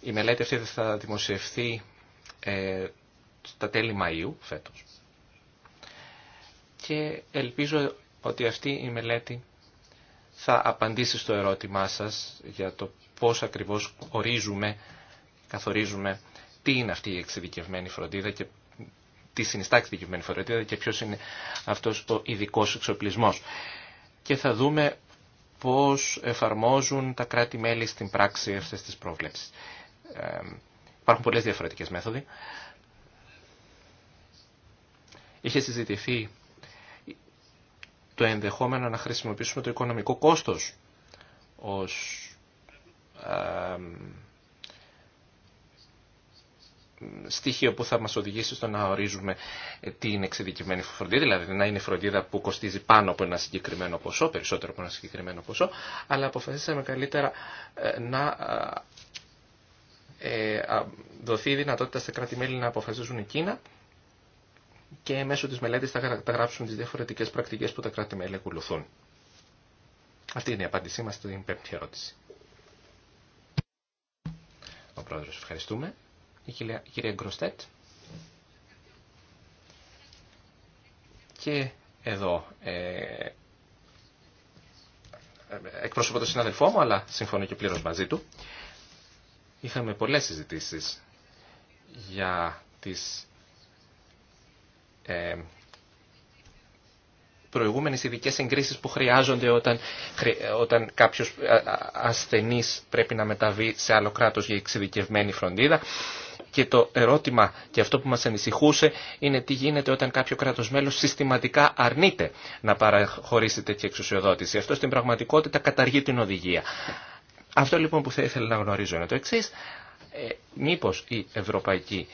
Η μελέτη αυτή θα δημοσιευθεί ε, στα τέλη Μαΐου φέτος. Και ελπίζω ότι αυτή η μελέτη θα απαντήσει στο ερώτημά σας για το πώς ακριβώς ορίζουμε, καθορίζουμε τι είναι αυτή η εξειδικευμένη φροντίδα και τι συνιστά εξειδικευμένη φροντίδα και ποιος είναι αυτός ο ειδικό εξοπλισμός. Και θα δούμε πώς εφαρμόζουν τα κράτη-μέλη στην πράξη αυτές τις πρόβλεψεις. Ε, υπάρχουν πολλές διαφορετικές μέθοδοι είχε συζητηθεί το ενδεχόμενο να χρησιμοποιήσουμε το οικονομικό κόστος ως στοιχείο που θα μας οδηγήσει στο να ορίζουμε τι είναι εξειδικευμένη φροντίδα, δηλαδή να είναι φροντίδα που κοστίζει πάνω από ένα συγκεκριμένο ποσό, περισσότερο από ένα συγκεκριμένο ποσό, αλλά αποφασίσαμε καλύτερα ε, να ε, ε, δοθεί η δυνατότητα στα κράτη-μέλη να αποφασίζουν εκείνα και μέσω της μελέτης θα γράψουν τις διαφορετικές πρακτικές που τα κράτη-μέλη ακολουθούν. Αυτή είναι η απάντησή μας στην πέμπτη ερώτηση. Ο πρόεδρος, ευχαριστούμε. Η κυρία, η κυρία Γκροστέτ. Και εδώ ε, εκπροσωπώ τον συναδελφό μου, αλλά συμφωνώ και πλήρως μαζί του. Είχαμε πολλές συζητήσεις για τις ε, προηγούμενες ειδικέ εγκρίσεις που χρειάζονται όταν, ε, όταν κάποιος ε, ασθενής πρέπει να μεταβεί σε άλλο κράτος για εξειδικευμένη φροντίδα. Και το ερώτημα και αυτό που μας ανησυχούσε είναι τι γίνεται όταν κάποιο κράτος μέλος συστηματικά αρνείται να παραχωρήσει τέτοια εξουσιοδότηση. Αυτό στην πραγματικότητα καταργεί την οδηγία. Αυτό λοιπόν που θα ήθελα να γνωρίζω είναι το εξή. Ε, μήπως η Ευρωπαϊκή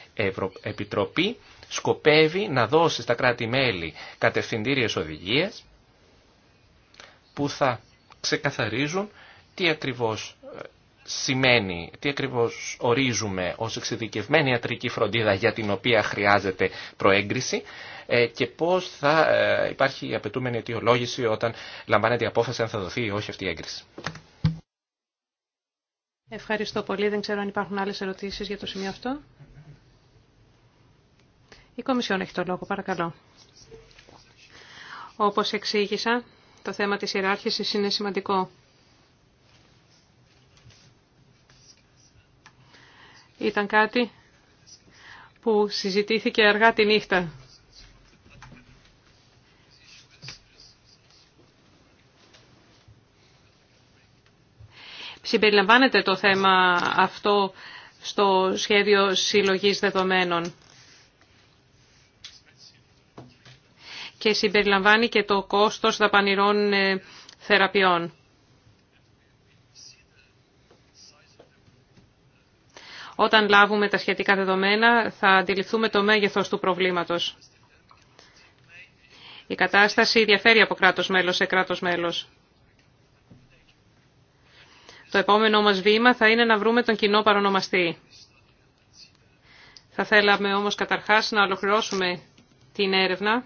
Επιτροπή σκοπεύει να δώσει στα κράτη-μέλη κατευθυντήριες οδηγίες που θα ξεκαθαρίζουν τι ακριβώς ε, σημαίνει, τι ακριβώς ορίζουμε ως εξειδικευμένη ιατρική φροντίδα για την οποία χρειάζεται προέγκριση ε, και πώς θα ε, υπάρχει η απαιτούμενη αιτιολόγηση όταν λαμβάνεται η απόφαση αν θα δοθεί ή όχι αυτή η έγκριση. Ευχαριστώ πολύ. Δεν ξέρω αν υπάρχουν άλλες ερωτήσεις για το σημείο αυτό. Η Κομισιόν έχει το λόγο, παρακαλώ. Όπως εξήγησα, το θέμα της ιεράρχησης είναι σημαντικό. Ήταν κάτι που συζητήθηκε αργά τη νύχτα. Συμπεριλαμβάνεται το θέμα αυτό στο σχέδιο συλλογής δεδομένων. και συμπεριλαμβάνει και το κόστος δαπανηρών ε, θεραπείων. Όταν λάβουμε τα σχετικά δεδομένα θα αντιληφθούμε το μέγεθος του προβλήματος. Η κατάσταση διαφέρει από κράτος μέλος σε κράτος μέλος. Το επόμενό μας βήμα θα είναι να βρούμε τον κοινό παρονομαστή. Θα θέλαμε όμως καταρχάς να ολοκληρώσουμε την έρευνα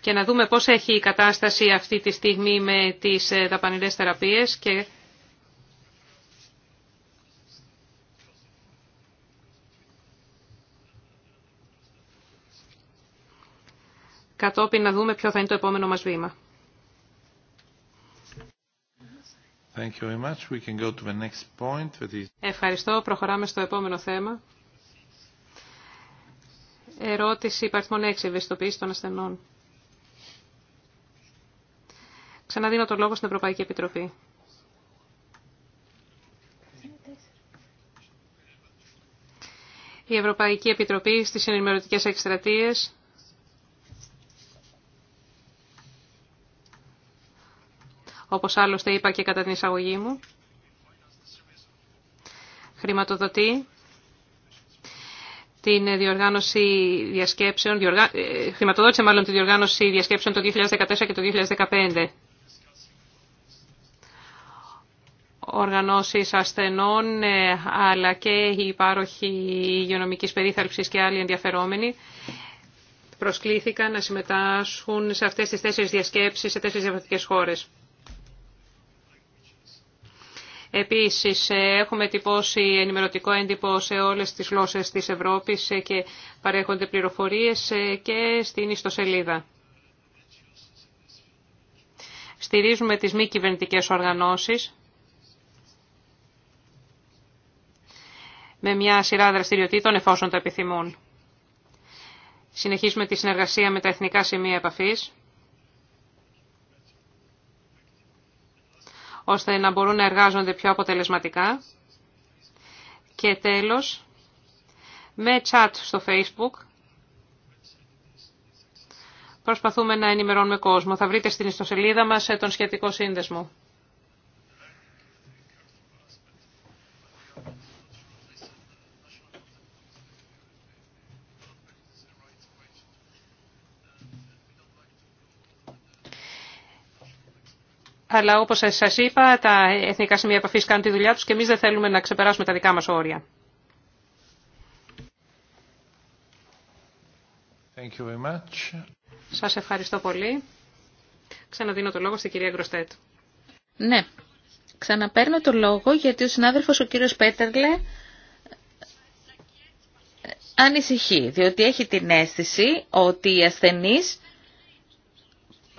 και να δούμε πώς έχει η κατάσταση αυτή τη στιγμή με τις ε, δαπανηρές θεραπείες και κατόπιν να δούμε ποιο θα είναι το επόμενο μας βήμα. Ευχαριστώ. Προχωράμε στο επόμενο θέμα. Ερώτηση υπαριθμών έξι Ευαισθητοποίηση των ασθενών. Ξαναδίνω το λόγο στην Ευρωπαϊκή Επιτροπή. Η Ευρωπαϊκή Επιτροπή στις ενημερωτικές εκστρατείες όπως άλλωστε είπα και κατά την εισαγωγή μου, χρηματοδοτεί την διοργάνωση διασκέψεων, διοργα... Ε, χρηματοδότησε μάλλον τη διοργάνωση διασκέψεων το 2014 και το 2015. οργανώσεις ασθενών ε, αλλά και οι υπάροχοι υγειονομικής περίθαλψης και άλλοι ενδιαφερόμενοι προσκλήθηκαν να συμμετάσχουν σε αυτές τις τέσσερις διασκέψεις σε τέσσερις διαφορετικές χώρες. Επίσης, ε, έχουμε τυπώσει ενημερωτικό έντυπο σε όλες τις γλώσσες της Ευρώπης ε, και παρέχονται πληροφορίες και στην ιστοσελίδα. Στηρίζουμε τις μη κυβερνητικέ οργανώσεις με μια σειρά δραστηριοτήτων εφόσον το επιθυμούν. Συνεχίζουμε τη συνεργασία με τα εθνικά σημεία επαφής, ώστε να μπορούν να εργάζονται πιο αποτελεσματικά. Και τέλος, με chat στο Facebook, προσπαθούμε να ενημερώνουμε κόσμο. Θα βρείτε στην ιστοσελίδα μας τον σχετικό σύνδεσμο. αλλά όπως σας είπα, τα εθνικά σημεία επαφής κάνουν τη δουλειά τους και εμείς δεν θέλουμε να ξεπεράσουμε τα δικά μας όρια. Thank Σας ευχαριστώ πολύ. Ξαναδίνω το λόγο στην κυρία Γκροστέτ. Ναι, ξαναπαίρνω το λόγο γιατί ο συνάδελφος ο κύριος Πέτερλε ανησυχεί, διότι έχει την αίσθηση ότι οι ασθενείς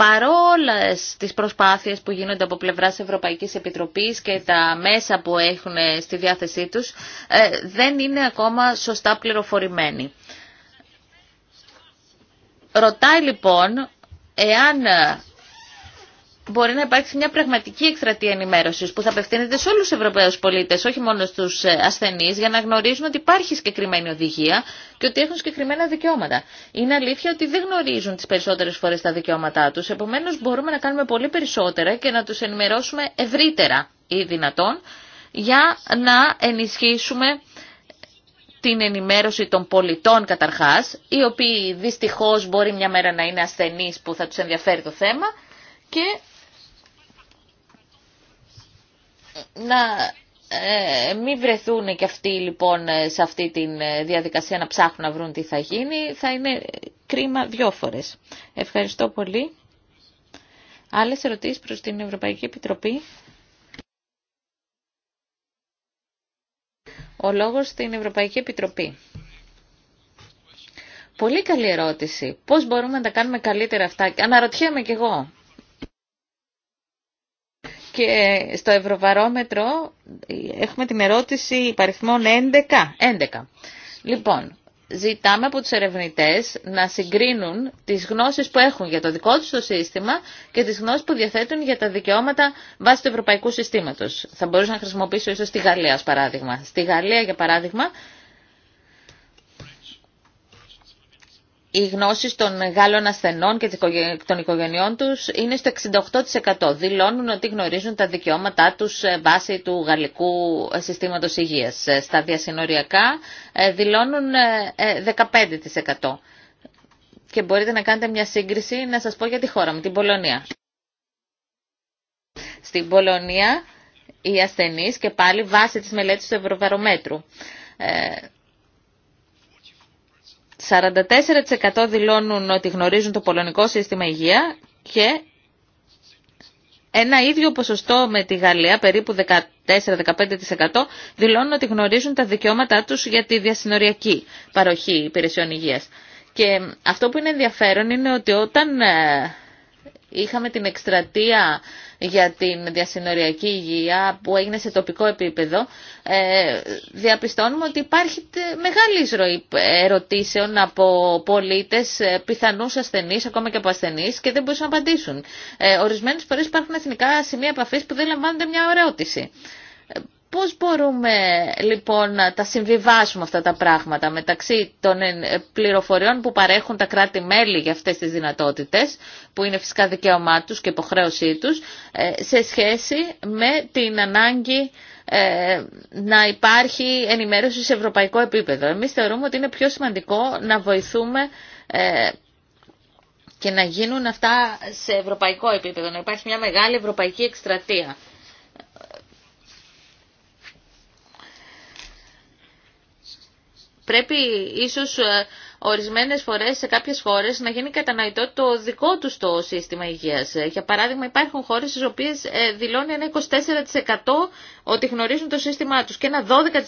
παρόλα τις προσπάθειες που γίνονται από πλευράς Ευρωπαϊκής Επιτροπής και τα μέσα που έχουν στη διάθεσή τους, ε, δεν είναι ακόμα σωστά πληροφορημένοι. Ρωτάει λοιπόν εάν μπορεί να υπάρξει μια πραγματική εκστρατεία ενημέρωση που θα απευθύνεται σε όλου του Ευρωπαίου πολίτε, όχι μόνο στου ε, ασθενεί, για να γνωρίζουν ότι υπάρχει συγκεκριμένη οδηγία και ότι έχουν συγκεκριμένα δικαιώματα. Είναι αλήθεια ότι δεν γνωρίζουν τι περισσότερε φορέ τα δικαιώματά του, επομένω μπορούμε να κάνουμε πολύ περισσότερα και να του ενημερώσουμε ευρύτερα ή δυνατόν για να ενισχύσουμε την ενημέρωση των πολιτών καταρχάς, οι οποίοι δυστυχώς μπορεί μια μέρα να είναι ασθενείς που θα τους ενδιαφέρει το θέμα και να ε, μην βρεθούν και αυτοί λοιπόν σε αυτή τη ε, διαδικασία να ψάχνουν να βρουν τι θα γίνει. Θα είναι κρίμα δυο φορές. Ευχαριστώ πολύ. Άλλες ερωτήσεις προς την Ευρωπαϊκή Επιτροπή. Ο λόγος στην Ευρωπαϊκή Επιτροπή. Πολύ καλή ερώτηση. Πώς μπορούμε να τα κάνουμε καλύτερα αυτά. Αναρωτιέμαι κι εγώ. Και στο Ευρωβαρόμετρο έχουμε την ερώτηση υπαριθμών 11. 11. Λοιπόν, ζητάμε από τους ερευνητές να συγκρίνουν τις γνώσεις που έχουν για το δικό τους το σύστημα και τις γνώσεις που διαθέτουν για τα δικαιώματα βάσει του ευρωπαϊκού συστήματος. Θα μπορούσα να χρησιμοποιήσω ίσως τη Γαλλία, παράδειγμα. Στη Γαλλία, για παράδειγμα, οι γνώσει των Γάλλων ασθενών και των οικογενειών τους είναι στο 68%. Δηλώνουν ότι γνωρίζουν τα δικαιώματά του βάσει του γαλλικού συστήματος υγεία. Ε, στα διασυνοριακά ε, δηλώνουν 15%. Ε, και μπορείτε να κάνετε μια σύγκριση να σας πω για τη χώρα μου, την Πολωνία. Στην Πολωνία οι ασθενείς και πάλι βάσει της μελέτης του Ευρωβαρομέτρου 44% δηλώνουν ότι γνωρίζουν το πολωνικό σύστημα υγεία και ένα ίδιο ποσοστό με τη Γαλλία, περίπου 14-15% δηλώνουν ότι γνωρίζουν τα δικαιώματά τους για τη διασυνοριακή παροχή υπηρεσιών υγείας. Και αυτό που είναι ενδιαφέρον είναι ότι όταν ε, Είχαμε την εκστρατεία για την διασυνοριακή υγεία που έγινε σε τοπικό επίπεδο. Ε, διαπιστώνουμε ότι υπάρχει μεγάλη ροή ερωτήσεων από πολίτες, ε, πιθανούς ασθενείς, ακόμα και από ασθενείς και δεν μπορούσαν να απαντήσουν. Ε, ορισμένες φορές υπάρχουν εθνικά σημεία επαφής που δεν λαμβάνονται μια ερώτηση. Πώς μπορούμε λοιπόν να τα συμβιβάσουμε αυτά τα πράγματα μεταξύ των ε, πληροφοριών που παρέχουν τα κράτη-μέλη για αυτές τις δυνατότητες, που είναι φυσικά δικαίωμά τους και υποχρέωσή τους, ε, σε σχέση με την ανάγκη ε, να υπάρχει ενημέρωση σε ευρωπαϊκό επίπεδο. Εμείς θεωρούμε ότι είναι πιο σημαντικό να βοηθούμε και να γίνουν αυτά σε ευρωπαϊκό επίπεδο, να υπάρχει μια μεγάλη ευρωπαϊκή εκστρατεία. πρέπει ίσως ε, ορισμένες φορές σε κάποιες χώρες να γίνει κατανοητό το δικό τους το σύστημα υγείας. Ε, για παράδειγμα υπάρχουν χώρες στις οποίες ε, δηλώνει ένα 24% ότι γνωρίζουν το σύστημά τους και ένα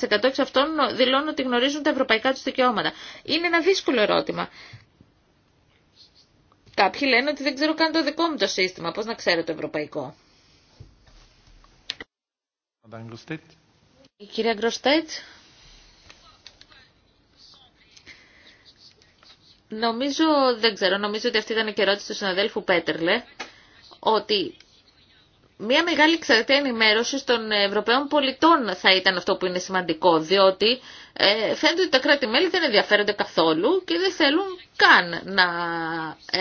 12% εξ αυτών δηλώνουν ότι γνωρίζουν τα ευρωπαϊκά τους δικαιώματα. Είναι ένα δύσκολο ερώτημα. Κάποιοι λένε ότι δεν ξέρω καν το δικό μου το σύστημα, πώς να ξέρω το ευρωπαϊκό. Η κυρία Γκροστέτ. Νομίζω, δεν ξέρω, νομίζω ότι αυτή ήταν και ερώτηση του συναδέλφου Πέτερλε, ότι μια μεγάλη εξαρτή ενημέρωση των Ευρωπαίων πολιτών θα ήταν αυτό που είναι σημαντικό, διότι ε, φαίνεται ότι τα κράτη-μέλη δεν ενδιαφέρονται καθόλου και δεν θέλουν καν να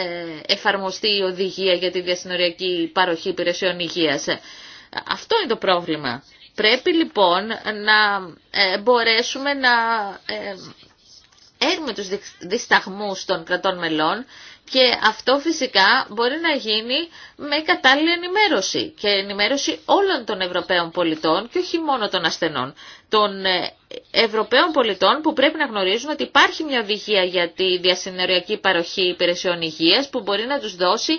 ε, εφαρμοστεί η οδηγία για τη διασυνοριακή παροχή υπηρεσιών υγείας. Αυτό είναι το πρόβλημα. Πρέπει λοιπόν να ε, μπορέσουμε να ε, έρουμε τους δισταγμούς των κρατών μελών και αυτό φυσικά μπορεί να γίνει με κατάλληλη ενημέρωση και ενημέρωση όλων των Ευρωπαίων πολιτών και όχι μόνο των ασθενών. Των ε, Ευρωπαίων πολιτών που πρέπει να γνωρίζουν ότι υπάρχει μια οδηγία για τη διασυνοριακή παροχή υπηρεσιών υγείας που μπορεί να τους δώσει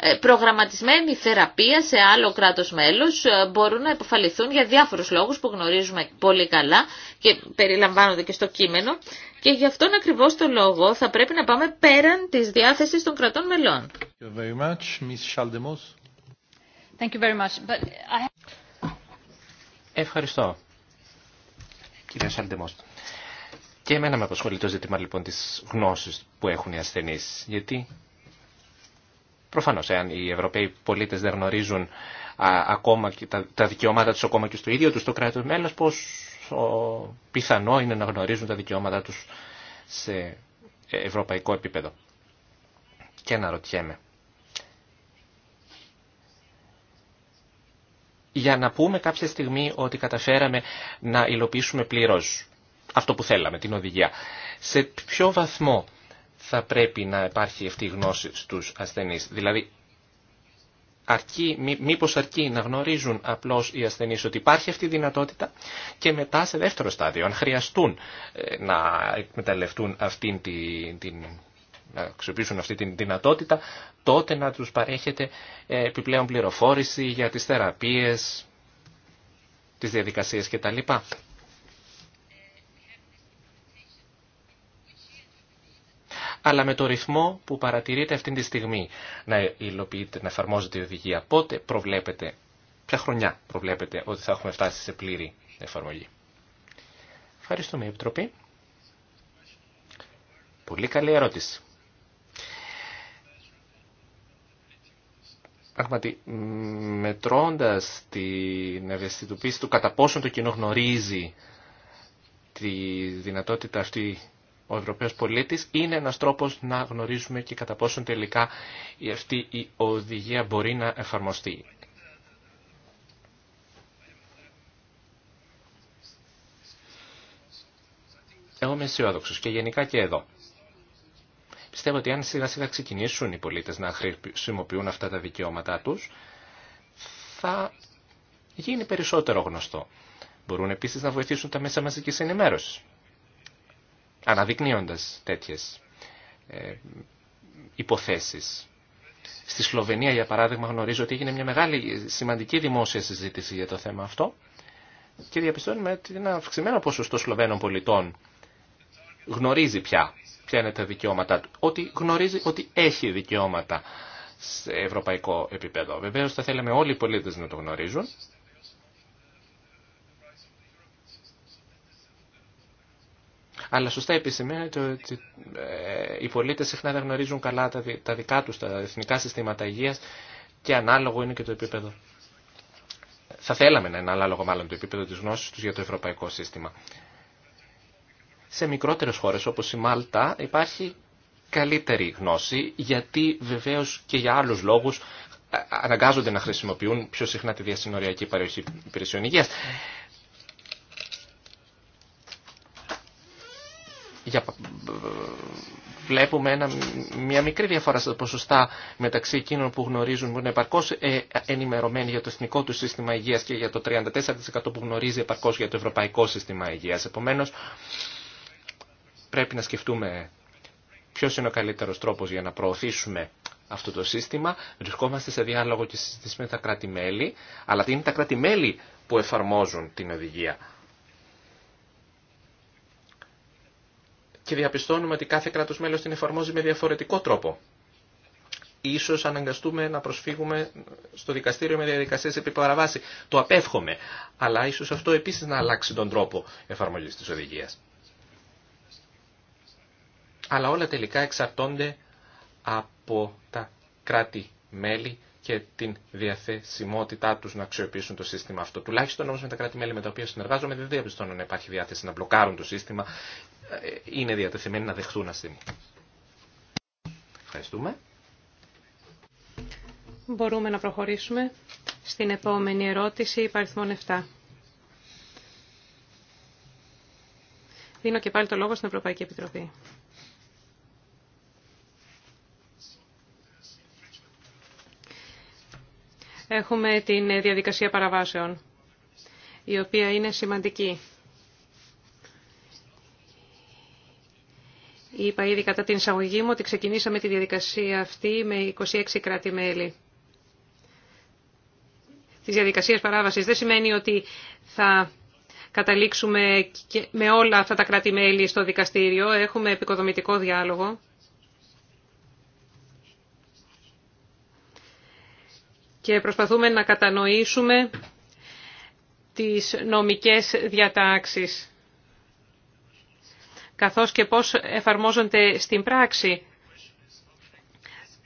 ε, προγραμματισμένη θεραπεία σε άλλο κράτος μέλος ε, μπορούν να υποφαληθούν για διάφορους λόγους που γνωρίζουμε πολύ καλά και περιλαμβάνονται και στο κείμενο και γι' αυτόν ακριβώς το λόγο θα πρέπει να πάμε πέραν της διάθεση των κρατών μελών. Ευχαριστώ, Κύριε Σαλντεμός. Και εμένα με απασχολεί το ζήτημα λοιπόν της γνώσης που έχουν οι ασθενείς. Γιατί προφανώς εάν οι Ευρωπαίοι πολίτες δεν γνωρίζουν ακόμα τα, δικαιώματα τους ακόμα και στο ίδιο τους το κράτος μέλος, πώς ο, πιθανό είναι να γνωρίζουν τα δικαιώματα τους σε ευρωπαϊκό επίπεδο και να ρωτιέμαι, Για να πούμε κάποια στιγμή ότι καταφέραμε να υλοποιήσουμε πλήρως αυτό που θέλαμε, την οδηγία. Σε ποιο βαθμό θα πρέπει να υπάρχει αυτή η γνώση στους ασθενείς. Δηλαδή, αρκεί, μήπως αρκεί να γνωρίζουν απλώς οι ασθενείς ότι υπάρχει αυτή η δυνατότητα και μετά σε δεύτερο στάδιο, αν χρειαστούν ε, να εκμεταλλευτούν αυτήν την να αξιοποιήσουν αυτή τη δυνατότητα, τότε να τους παρέχετε επιπλέον πληροφόρηση για τις θεραπείες, τις διαδικασίες κτλ. αλλά με το ρυθμό που παρατηρείται αυτή τη στιγμή να υλοποιείται, να εφαρμόζεται η οδηγία. Πότε προβλέπετε, ποια χρονιά προβλέπετε ότι θα έχουμε φτάσει σε πλήρη εφαρμογή. Ευχαριστούμε, Επιτροπή. Πολύ καλή ερώτηση. Πραγματι, μετρώντας την ευαισθητοποίηση του κατά πόσον το κοινό γνωρίζει τη δυνατότητα αυτή ο Ευρωπαίος πολίτης είναι ένας τρόπος να γνωρίζουμε και κατά πόσον τελικά αυτή η οδηγία μπορεί να εφαρμοστεί. Εγώ είμαι αισιόδοξο και γενικά και εδώ. Πιστεύω ότι αν σιγά σιγά ξεκινήσουν οι πολίτες να χρησιμοποιούν αυτά τα δικαιώματά τους, θα γίνει περισσότερο γνωστό. Μπορούν επίσης να βοηθήσουν τα μέσα μαζικής ενημέρωσης, αναδεικνύοντας τέτοιες ε, υποθέσεις. Στη Σλοβενία, για παράδειγμα, γνωρίζω ότι έγινε μια μεγάλη σημαντική δημόσια συζήτηση για το θέμα αυτό και διαπιστώνουμε ότι ένα αυξημένο ποσοστό Σλοβαίνων πολιτών γνωρίζει πια ποια είναι τα δικαιώματά του. Ότι γνωρίζει ότι έχει δικαιώματα σε ευρωπαϊκό επίπεδο. Βεβαίω θα θέλαμε όλοι οι πολίτες να το γνωρίζουν. Αλλά σωστά επισημαίνεται ότι ε, οι πολίτες συχνά δεν γνωρίζουν καλά τα δικά του τα εθνικά συστήματα υγείας και ανάλογο είναι και το επίπεδο. Θα θέλαμε να είναι ανάλογο μάλλον το επίπεδο τη γνώση του για το ευρωπαϊκό σύστημα σε μικρότερες χώρες όπως η Μάλτα υπάρχει καλύτερη γνώση γιατί βεβαίως και για άλλους λόγους ε, αναγκάζονται να χρησιμοποιούν πιο συχνά τη διασυνοριακή παροχή υπηρεσιών υγείας. Για... Ε, βλέπουμε μια μικρή διαφορά στα ποσοστά μεταξύ εκείνων που γνωρίζουν που είναι επαρκώ ε, ενημερωμένοι για το εθνικό του σύστημα υγεία και για το 34% που γνωρίζει επαρκώ για το ευρωπαϊκό σύστημα υγεία. Επομένω πρέπει να σκεφτούμε ποιο είναι ο καλύτερο τρόπο για να προωθήσουμε αυτό το σύστημα. Βρισκόμαστε σε διάλογο και συζήτηση με τα κράτη-μέλη, αλλά είναι τα κράτη-μέλη που εφαρμόζουν την οδηγία. Και διαπιστώνουμε ότι κάθε κράτος μέλος την εφαρμόζει με διαφορετικό τρόπο. Ίσως αναγκαστούμε να προσφύγουμε στο δικαστήριο με διαδικασίες επί παραβάση. Το απέφχομαι, αλλά ίσως αυτό επίσης να αλλάξει τον τρόπο εφαρμογής της οδηγίας αλλά όλα τελικά εξαρτώνται από τα κράτη-μέλη και την διαθεσιμότητά τους να αξιοποιήσουν το σύστημα αυτό. Τουλάχιστον όμως με τα κράτη-μέλη με τα οποία συνεργάζομαι δεν διαπιστώνω να υπάρχει διάθεση να μπλοκάρουν το σύστημα. Ε, είναι διατεθειμένοι να δεχθούν ασθενή. Ευχαριστούμε. Μπορούμε να προχωρήσουμε στην επόμενη ερώτηση υπαριθμών 7. Δίνω και πάλι το λόγο στην Ευρωπαϊκή Επιτροπή. έχουμε την διαδικασία παραβάσεων, η οποία είναι σημαντική. Είπα ήδη κατά την εισαγωγή μου ότι ξεκινήσαμε τη διαδικασία αυτή με 26 κράτη-μέλη. Της διαδικασίας παράβασης δεν σημαίνει ότι θα καταλήξουμε με όλα αυτά τα κράτη-μέλη στο δικαστήριο. Έχουμε επικοδομητικό διάλογο και προσπαθούμε να κατανοήσουμε τις νομικές διατάξεις, καθώς και πώς εφαρμόζονται στην πράξη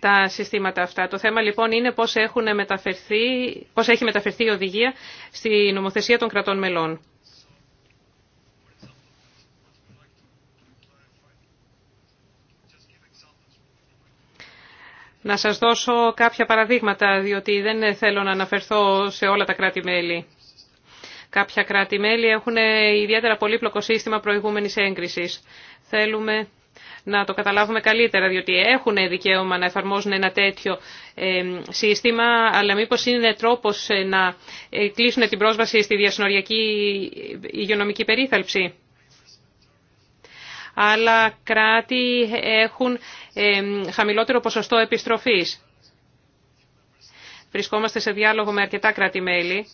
τα συστήματα αυτά. Το θέμα λοιπόν είναι πώς, έχουν μεταφερθεί, πώς έχει μεταφερθεί η οδηγία στη νομοθεσία των κρατών μελών. Να σας δώσω κάποια παραδείγματα, διότι δεν θέλω να αναφερθώ σε όλα τα κράτη-μέλη. Κάποια κράτη-μέλη έχουν ιδιαίτερα πολύπλοκο σύστημα προηγούμενης έγκρισης. Θέλουμε να το καταλάβουμε καλύτερα, διότι έχουν δικαίωμα να εφαρμόζουν ένα τέτοιο ε, σύστημα, αλλά μήπως είναι τρόπος ε, να ε, κλείσουν την πρόσβαση στη διασυνοριακή υγειονομική περίθαλψη. Άλλα κράτη έχουν χαμηλότερο ποσοστό επιστροφής. Βρισκόμαστε σε διάλογο με αρκετά κράτη-μέλη.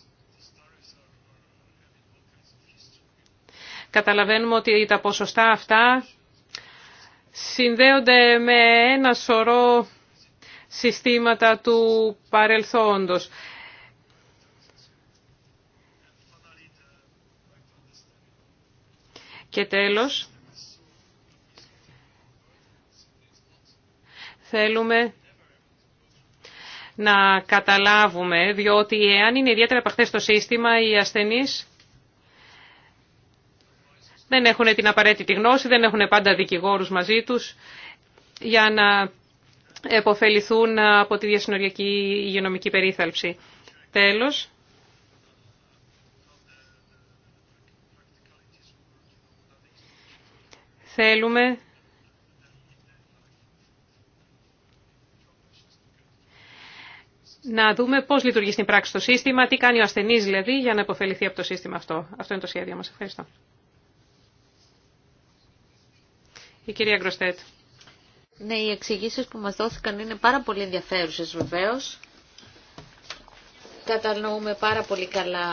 Καταλαβαίνουμε ότι τα ποσοστά αυτά συνδέονται με ένα σωρό συστήματα του παρελθόντος. Και τέλος, θέλουμε να καταλάβουμε, διότι εάν είναι ιδιαίτερα επαχθές το σύστημα, οι ασθενείς δεν έχουν την απαραίτητη γνώση, δεν έχουν πάντα δικηγόρους μαζί τους για να εποφεληθούν από τη διασυνοριακή υγειονομική περίθαλψη. Τέλος, θέλουμε να δούμε πώς λειτουργεί στην πράξη το σύστημα, τι κάνει ο ασθενή δηλαδή για να υποφεληθεί από το σύστημα αυτό. Αυτό είναι το σχέδιο μα. Ευχαριστώ. Η κυρία Γκροστέτ. Ναι, οι εξηγήσει που μας δόθηκαν είναι πάρα πολύ ενδιαφέρουσέ βεβαίω. Κατανοούμε πάρα πολύ καλά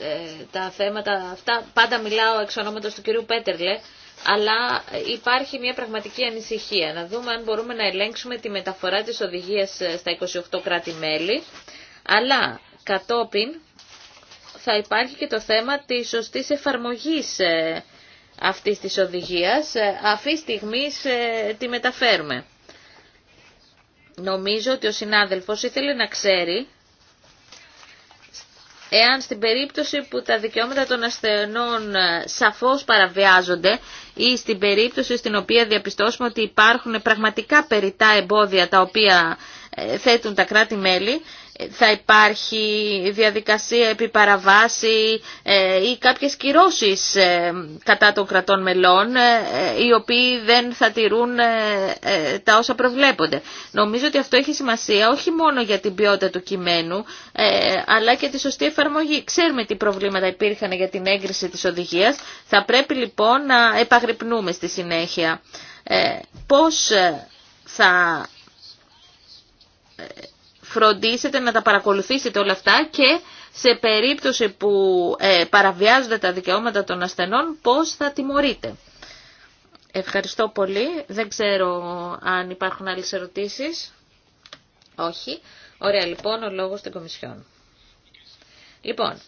ε, τα θέματα αυτά. Πάντα μιλάω εξ ονόματο του κυρίου Πέτερλε, αλλά υπάρχει μια πραγματική ανησυχία. Να δούμε αν μπορούμε να ελέγξουμε τη μεταφορά της οδηγίας ε, στα 28 κράτη-μέλη, αλλά κατόπιν θα υπάρχει και το θέμα της σωστής εφαρμογής ε, αυτής της οδηγίας. Ε, Αυτή τη στιγμή τη μεταφέρουμε. Νομίζω ότι ο συνάδελφος ήθελε να ξέρει εάν στην περίπτωση που τα δικαιώματα των ασθενών ε, σαφώς παραβιάζονται ή στην περίπτωση στην οποία διαπιστώσουμε ότι υπάρχουν πραγματικά περιτά εμπόδια τα οποία ε, θέτουν τα κράτη-μέλη, θα υπάρχει διαδικασία επιπαραβάση ε, ή κάποιες κυρώσεις ε, κατά των κρατών μελών ε, οι οποίοι δεν θα τηρούν τα όσα προβλέπονται. Νομίζω ότι αυτό έχει σημασία όχι μόνο για την ποιότητα του κειμένου αλλά και τη σωστή εφαρμογή. Ξέρουμε τι προβλήματα υπήρχαν για την έγκριση της οδηγίας. Θα πρέπει λοιπόν να επαγρυπνούμε στη συνέχεια. Πώς θα φροντίσετε να τα παρακολουθήσετε όλα αυτά και σε περίπτωση που ε, παραβιάζονται τα δικαιώματα των ασθενών πώς θα τιμωρείτε. Ευχαριστώ πολύ. Δεν ξέρω αν υπάρχουν άλλες ερωτήσεις. Όχι. Ωραία λοιπόν ο λόγος των Κομισιόν. Λοιπόν,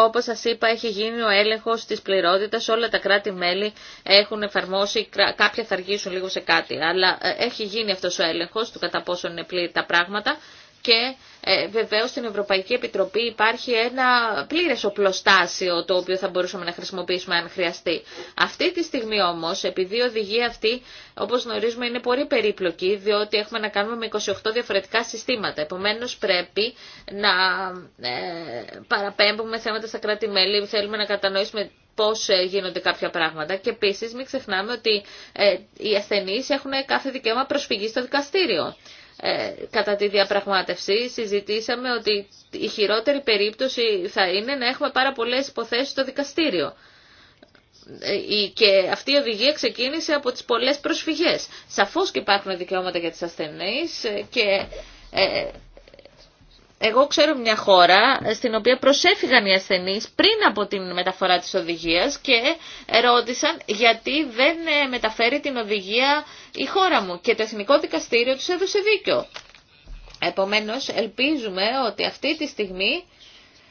όπως σας είπα, έχει γίνει ο έλεγχος της πληρότητας. Όλα τα κράτη-μέλη έχουν εφαρμόσει, κάποια θα αργήσουν λίγο σε κάτι, αλλά ε, έχει γίνει αυτός ο έλεγχος του κατά πόσο είναι πλήρη τα πράγματα και ε, βεβαίως στην Ευρωπαϊκή Επιτροπή υπάρχει ένα πλήρες οπλοστάσιο το οποίο θα μπορούσαμε να χρησιμοποιήσουμε αν χρειαστεί. Αυτή τη στιγμή όμως, επειδή η οδηγία αυτή, όπως γνωρίζουμε, είναι πολύ περίπλοκη, διότι έχουμε να κάνουμε με 28 διαφορετικά συστήματα. Επομένως πρέπει να ε, παραπέμπουμε θέματα στα κράτη-μέλη, θέλουμε να κατανοήσουμε πώς ε, γίνονται κάποια πράγματα και επίσης μην ξεχνάμε ότι ε, οι ασθενείς έχουν κάθε δικαίωμα προσφυγή στο δικαστήριο. Ε, κατά τη διαπραγμάτευση συζητήσαμε ότι η χειρότερη περίπτωση θα είναι να έχουμε πάρα πολλές υποθέσεις στο δικαστήριο. Ε, και αυτή η οδηγία ξεκίνησε από τις πολλές προσφυγές. Σαφώς και υπάρχουν δικαιώματα για τις ασθενείς ε, και εγώ ξέρω μια χώρα στην οποία προσέφυγαν οι ασθενείς πριν από την μεταφορά της οδηγίας και ρώτησαν γιατί δεν ε, μεταφέρει την οδηγία η χώρα μου και το Εθνικό Δικαστήριο τους έδωσε δίκιο. Επομένως, ελπίζουμε ότι αυτή τη στιγμή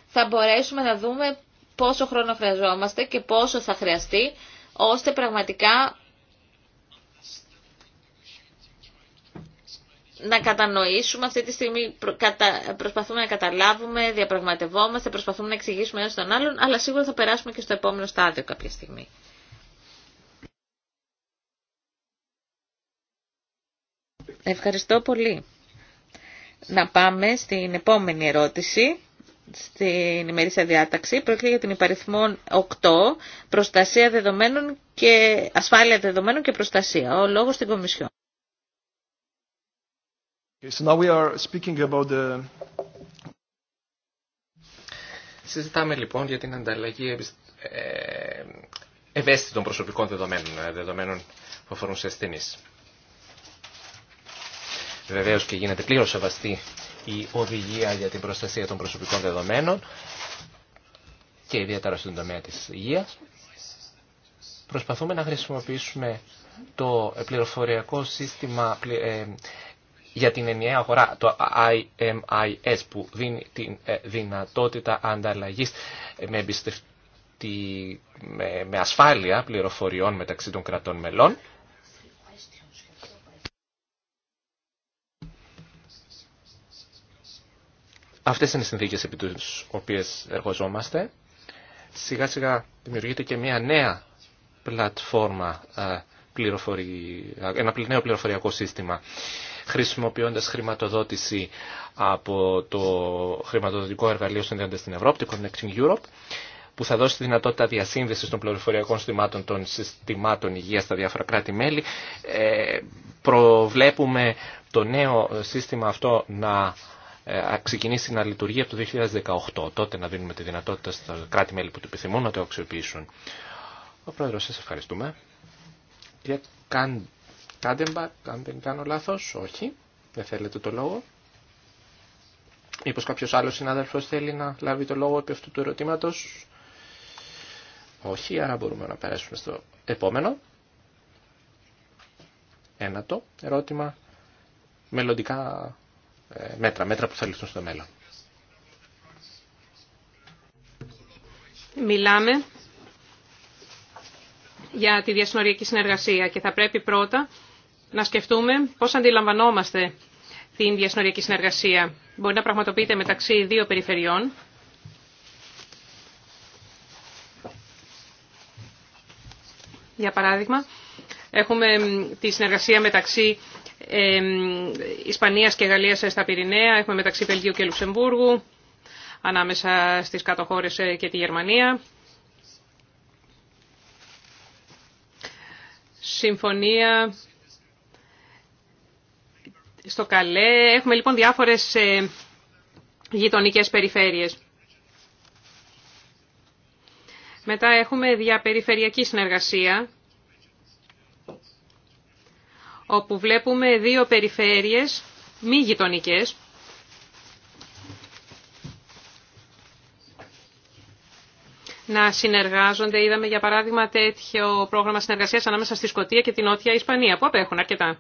θα μπορέσουμε να δούμε πόσο χρόνο χρειαζόμαστε και πόσο θα χρειαστεί, ώστε πραγματικά να κατανοήσουμε αυτή τη στιγμή, προσπαθούμε να καταλάβουμε, διαπραγματευόμαστε, προσπαθούμε να εξηγήσουμε ένα τον άλλον, αλλά σίγουρα θα περάσουμε και στο επόμενο στάδιο κάποια στιγμή. Ευχαριστώ πολύ. Να πάμε στην επόμενη ερώτηση, στην ημερήσια διάταξη. Πρόκειται για την υπαριθμό 8, προστασία δεδομένων και ασφάλεια δεδομένων και προστασία. Ο λόγος στην Κομισιόν. Συζητάμε λοιπόν για την ανταλλαγή ε, ευαίσθητων προσωπικών δεδομένων, ε, δεδομένων που αφορούν σε ασθενείς. Βεβαίως και γίνεται πλήρως σεβαστή η οδηγία για την προστασία των προσωπικών δεδομένων και ιδιαίτερα στον τομέα της υγείας. Προσπαθούμε να χρησιμοποιήσουμε το πληροφοριακό σύστημα ε, για την ενιαία αγορά, το IMIS που δίνει τη ε, δυνατότητα ανταλλαγής με, με ασφάλεια πληροφοριών μεταξύ των κρατών μελών. Αυτές είναι οι συνθήκες επί τους οποίες εργοζόμαστε. Σιγά σιγά δημιουργείται και μια νέα πλατφόρμα, ε, ένα νέο πληροφοριακό σύστημα χρησιμοποιώντας χρηματοδότηση από το χρηματοδοτικό εργαλείο συνδέοντας στην Ευρώπη, το Connecting Europe, που θα δώσει τη δυνατότητα διασύνδεση των πληροφοριακών συστημάτων των συστημάτων υγείας στα διάφορα κράτη-μέλη. Ε, προβλέπουμε το νέο σύστημα αυτό να ε, ξεκινήσει να λειτουργεί από το 2018. Τότε να δίνουμε τη δυνατότητα στα κράτη-μέλη που το επιθυμούν να το αξιοποιήσουν. Ο Πρόεδρος, σας ευχαριστούμε. Για Κάντεμπακ, αν δεν κάνω λάθο. όχι, δεν θέλετε το λόγο. Μήπω κάποιο άλλο συνάδελφο θέλει να λάβει το λόγο επί αυτού του ερωτήματο. Όχι, άρα μπορούμε να περάσουμε στο επόμενο. Ένατο ερώτημα. Μελλοντικά ε, μέτρα, μέτρα που θα ληφθούν στο μέλλον. Μιλάμε για τη διασυνοριακή συνεργασία και θα πρέπει πρώτα να σκεφτούμε πώς αντιλαμβανόμαστε την διασυνοριακή συνεργασία. Μπορεί να πραγματοποιείται μεταξύ δύο περιφερειών. Για παράδειγμα, έχουμε τη συνεργασία μεταξύ ε, Ισπανίας και Γαλλίας στα Πυρηναία, έχουμε μεταξύ Βελγίου και Λουξεμβούργου, ανάμεσα στις κάτω χώρες ε, και τη Γερμανία. Συμφωνία στο Καλέ. Έχουμε λοιπόν διάφορες ε, γειτονικές περιφέρειες. Μετά έχουμε διαπεριφερειακή συνεργασία, όπου βλέπουμε δύο περιφέρειες μη γειτονικές, να συνεργάζονται. Είδαμε για παράδειγμα τέτοιο πρόγραμμα συνεργασίας ανάμεσα στη Σκωτία και την Νότια Ισπανία που απέχουν αρκετά.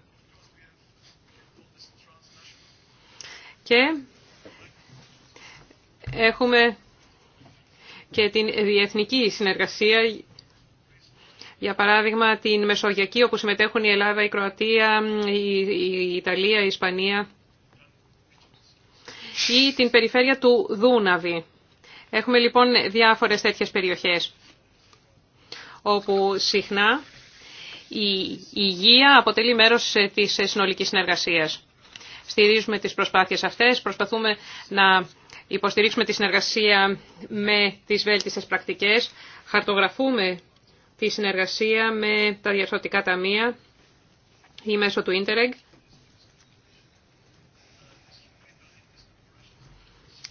Και έχουμε και την διεθνική συνεργασία, για παράδειγμα την Μεσογειακή, όπου συμμετέχουν η Ελλάδα, η Κροατία, η Ιταλία, η Ισπανία ή την περιφέρεια του Δούναβη. Έχουμε λοιπόν διάφορες τέτοιες περιοχές όπου συχνά η υγεία αποτελεί μέρος της συνολικής συνεργασίας στηρίζουμε τις προσπάθειες αυτές, προσπαθούμε να υποστηρίξουμε τη συνεργασία με τις βέλτιστες πρακτικές, χαρτογραφούμε τη συνεργασία με τα διαρθρωτικά ταμεία ή μέσω του Ίντερεγ.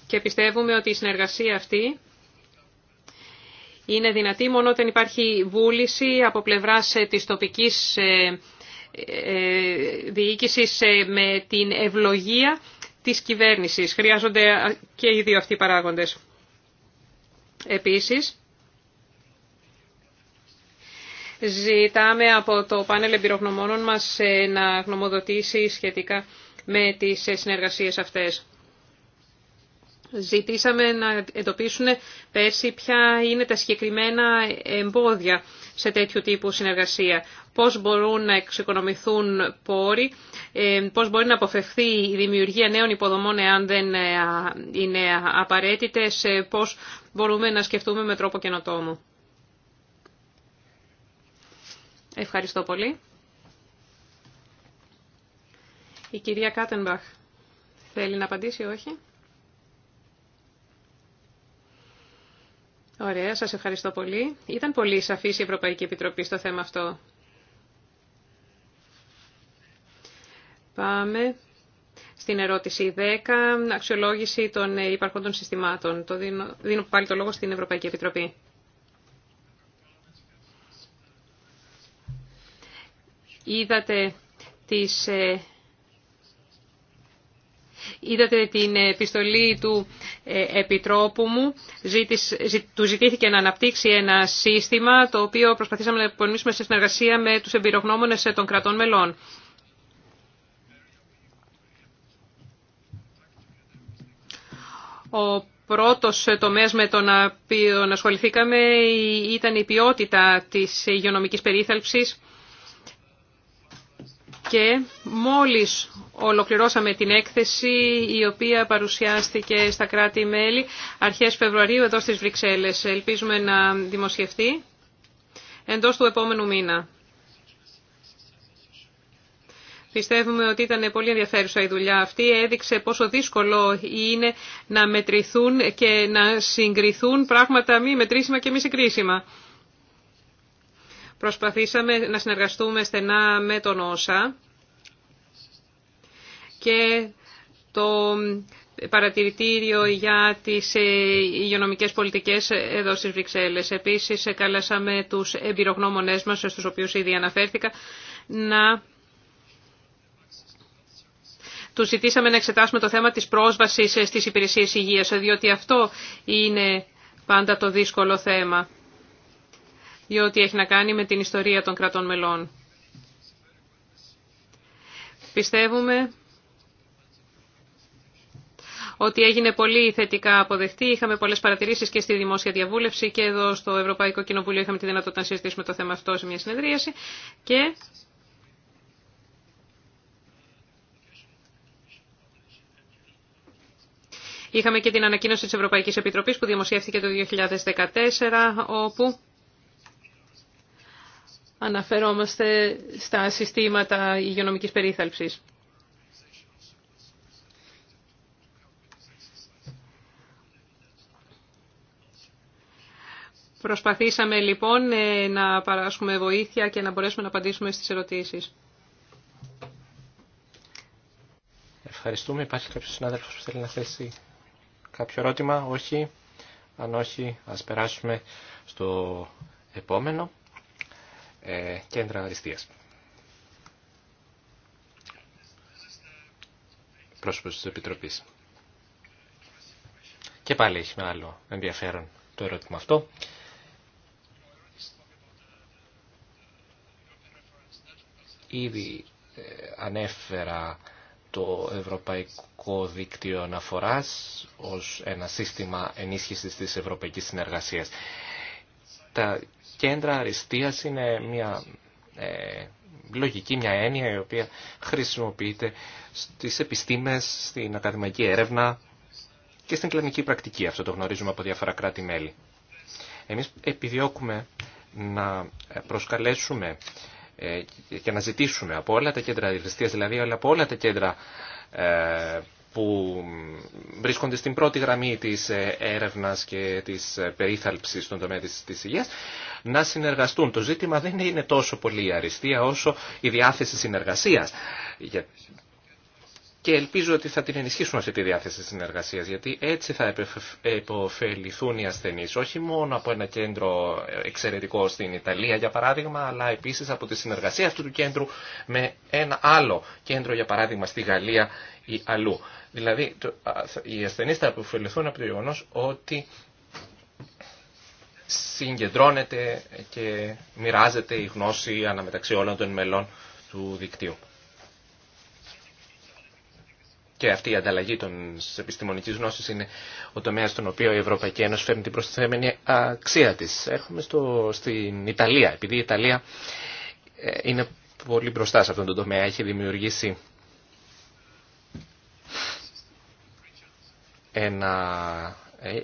Και πιστεύουμε ότι η συνεργασία αυτή είναι δυνατή μόνο όταν υπάρχει βούληση από πλευράς ε, της τοπικής ε, ε, διοίκησης ε, με την ευλογία της κυβέρνησης. Χρειάζονται και οι δύο αυτοί παράγοντες. Επίσης, ζητάμε από το πάνελ εμπειρογνωμόνων μας ε, να γνωμοδοτήσει σχετικά με τις συνεργασίες αυτές. Ζητήσαμε να εντοπίσουν πέρσι ποια είναι τα συγκεκριμένα εμπόδια σε τέτοιου τύπου συνεργασία. Πώς μπορούν να εξοικονομηθούν πόροι, ε, πώς μπορεί να αποφευθεί η δημιουργία νέων υποδομών εάν δεν ε, είναι απαραίτητες, ε, πώς μπορούμε να σκεφτούμε με τρόπο καινοτόμο. Ευχαριστώ πολύ. Η κυρία Κάτενμπαχ θέλει να απαντήσει, όχι. Ωραία, σας ευχαριστώ πολύ. Ήταν πολύ σαφής η Ευρωπαϊκή Επιτροπή στο θέμα αυτό. Πάμε στην ερώτηση 10, αξιολόγηση των υπαρχόντων συστημάτων. Το δίνω, δίνω πάλι το λόγο στην Ευρωπαϊκή Επιτροπή. Είδατε τις ε, Είδατε την επιστολή του ε, Επιτρόπου μου. Του ζητήθηκε να αναπτύξει ένα σύστημα το οποίο προσπαθήσαμε να υπονοήσουμε σε συνεργασία με τους εμπειρογνώμονες των κρατών μελών. Ο πρώτος τομέας με τον οποίο ασχοληθήκαμε ήταν η ποιότητα της υγειονομικής περίθαλψης και μόλις ολοκληρώσαμε την έκθεση η οποία παρουσιάστηκε στα κράτη-μέλη αρχές Φεβρουαρίου εδώ στις Βρυξέλλες. Ελπίζουμε να δημοσιευτεί εντός του επόμενου μήνα. Πιστεύουμε ότι ήταν πολύ ενδιαφέρουσα η δουλειά αυτή. Έδειξε πόσο δύσκολο είναι να μετρηθούν και να συγκριθούν πράγματα μη μετρήσιμα και μη συγκρίσιμα. Προσπαθήσαμε να συνεργαστούμε στενά με τον ΩΣΑ και το παρατηρητήριο για τις ε, υγειονομικές πολιτικές εδώ στις Βρυξέλλες. Επίσης, καλέσαμε τους εμπειρογνώμονές μας, στους οποίους ήδη αναφέρθηκα, να του ζητήσαμε να εξετάσουμε το θέμα της πρόσβασης στις υπηρεσίες υγείας, διότι αυτό είναι πάντα το δύσκολο θέμα για ό,τι έχει να κάνει με την ιστορία των κρατών μελών. Πιστεύουμε ότι έγινε πολύ θετικά αποδεχτή. Είχαμε πολλές παρατηρήσεις και στη δημόσια διαβούλευση και εδώ στο Ευρωπαϊκό Κοινοβούλιο είχαμε τη δυνατότητα να συζητήσουμε το θέμα αυτό σε μια συνεδρίαση. Και Είχαμε και την ανακοίνωση της Ευρωπαϊκής Επιτροπής που δημοσιεύθηκε το 2014, όπου αναφερόμαστε στα συστήματα υγειονομικής περίθαλψης. Προσπαθήσαμε λοιπόν ε, να παράσχουμε βοήθεια και να μπορέσουμε να απαντήσουμε στις ερωτήσεις. Ευχαριστούμε. Υπάρχει κάποιος συνάδελφος που θέλει να θέσει κάποιο ερώτημα. Όχι. Αν όχι, ας περάσουμε στο επόμενο. Ε, κέντρα αριστείας. Πρόσωπος της Επιτροπής. Και πάλι έχει με άλλο ενδιαφέρον το ερώτημα αυτό. Ήδη ε, ανέφερα το Ευρωπαϊκό Δίκτυο Αναφοράς ως ένα σύστημα ενίσχυσης της ευρωπαϊκής συνεργασίας. Τα κέντρα αριστείας είναι μια ε, λογική, μια έννοια η οποία χρησιμοποιείται στις επιστήμες, στην ακαδημαϊκή έρευνα και στην κλινική πρακτική. Αυτό το γνωρίζουμε από διάφορα κράτη-μέλη. Εμείς επιδιώκουμε να προσκαλέσουμε ε, και να ζητήσουμε από όλα τα κέντρα αριστείας, δηλαδή από όλα τα κέντρα ε, που βρίσκονται στην πρώτη γραμμή της ε, έρευνας και της περίθαλψης στον τομέα της υγείας, να συνεργαστούν. Το ζήτημα δεν είναι τόσο πολύ η αριστεία όσο η διάθεση συνεργασίας. Και ελπίζω ότι θα την ενισχύσουμε αυτή τη διάθεση συνεργασία, γιατί έτσι θα υποφεληθούν οι ασθενεί όχι μόνο από ένα κέντρο εξαιρετικό στην Ιταλία, για παράδειγμα, αλλά επίση από τη συνεργασία αυτού του κέντρου με ένα άλλο κέντρο, για παράδειγμα, στη Γαλλία ή αλλού. Δηλαδή, οι ασθενεί θα υποφεληθούν από το γεγονό ότι συγκεντρώνεται και μοιράζεται η γνώση αναμεταξύ όλων των μελών του δικτύου. Και αυτή η ανταλλαγή των επιστημονική γνώση είναι ο τομέα στον οποίο η Ευρωπαϊκή Ένωση φέρνει την προστιθέμενη αξία τη. έχουμε στο, στην Ιταλία, επειδή η Ιταλία ε, είναι πολύ μπροστά σε αυτόν τον τομέα. Έχει δημιουργήσει ένα ε,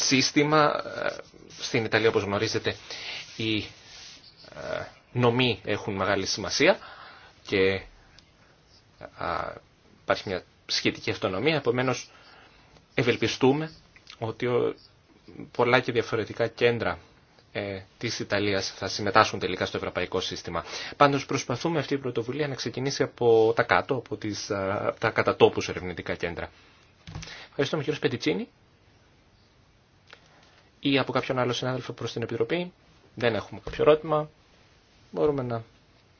σύστημα. Ε, στην Ιταλία, όπως γνωρίζετε, οι ε, νομοί έχουν μεγάλη σημασία και ε, υπάρχει μια σχετική αυτονομία. Επομένως, ευελπιστούμε ότι πολλά και διαφορετικά κέντρα της Ιταλίας θα συμμετάσχουν τελικά στο ευρωπαϊκό σύστημα. Πάντως προσπαθούμε αυτή η πρωτοβουλία να ξεκινήσει από τα κάτω, από, τις, τα κατατόπους ερευνητικά κέντρα. Ευχαριστούμε κύριο Πετιτσίνη ή από κάποιον άλλο συνάδελφο προς την Επιτροπή. Δεν έχουμε κάποιο ερώτημα. Μπορούμε να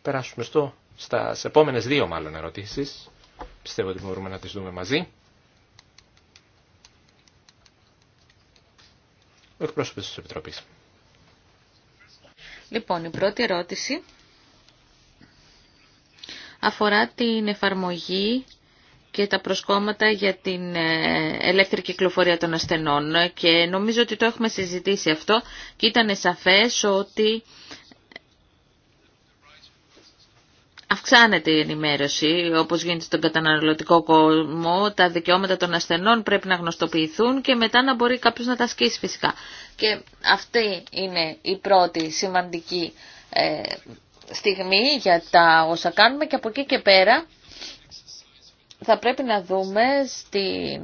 περάσουμε στο, στα επόμενες δύο μάλλον ερωτήσεις. Πιστεύω ότι μπορούμε να τις δούμε μαζί. Ο εκπρόσωπος της Επιτροπής. Λοιπόν, η πρώτη ερώτηση αφορά την εφαρμογή και τα προσκόμματα για την ε, ελεύθερη κυκλοφορία των ασθενών και νομίζω ότι το έχουμε συζητήσει αυτό και ήταν σαφές ότι Αυξάνεται η ενημέρωση, όπως γίνεται στον καταναλωτικό κόσμο, τα δικαιώματα των ασθενών πρέπει να γνωστοποιηθούν και μετά να μπορεί κάποιος να τα ασκήσει φυσικά. Και αυτή είναι η πρώτη σημαντική ε, στιγμή για τα όσα κάνουμε και από εκεί και πέρα θα πρέπει να δούμε στη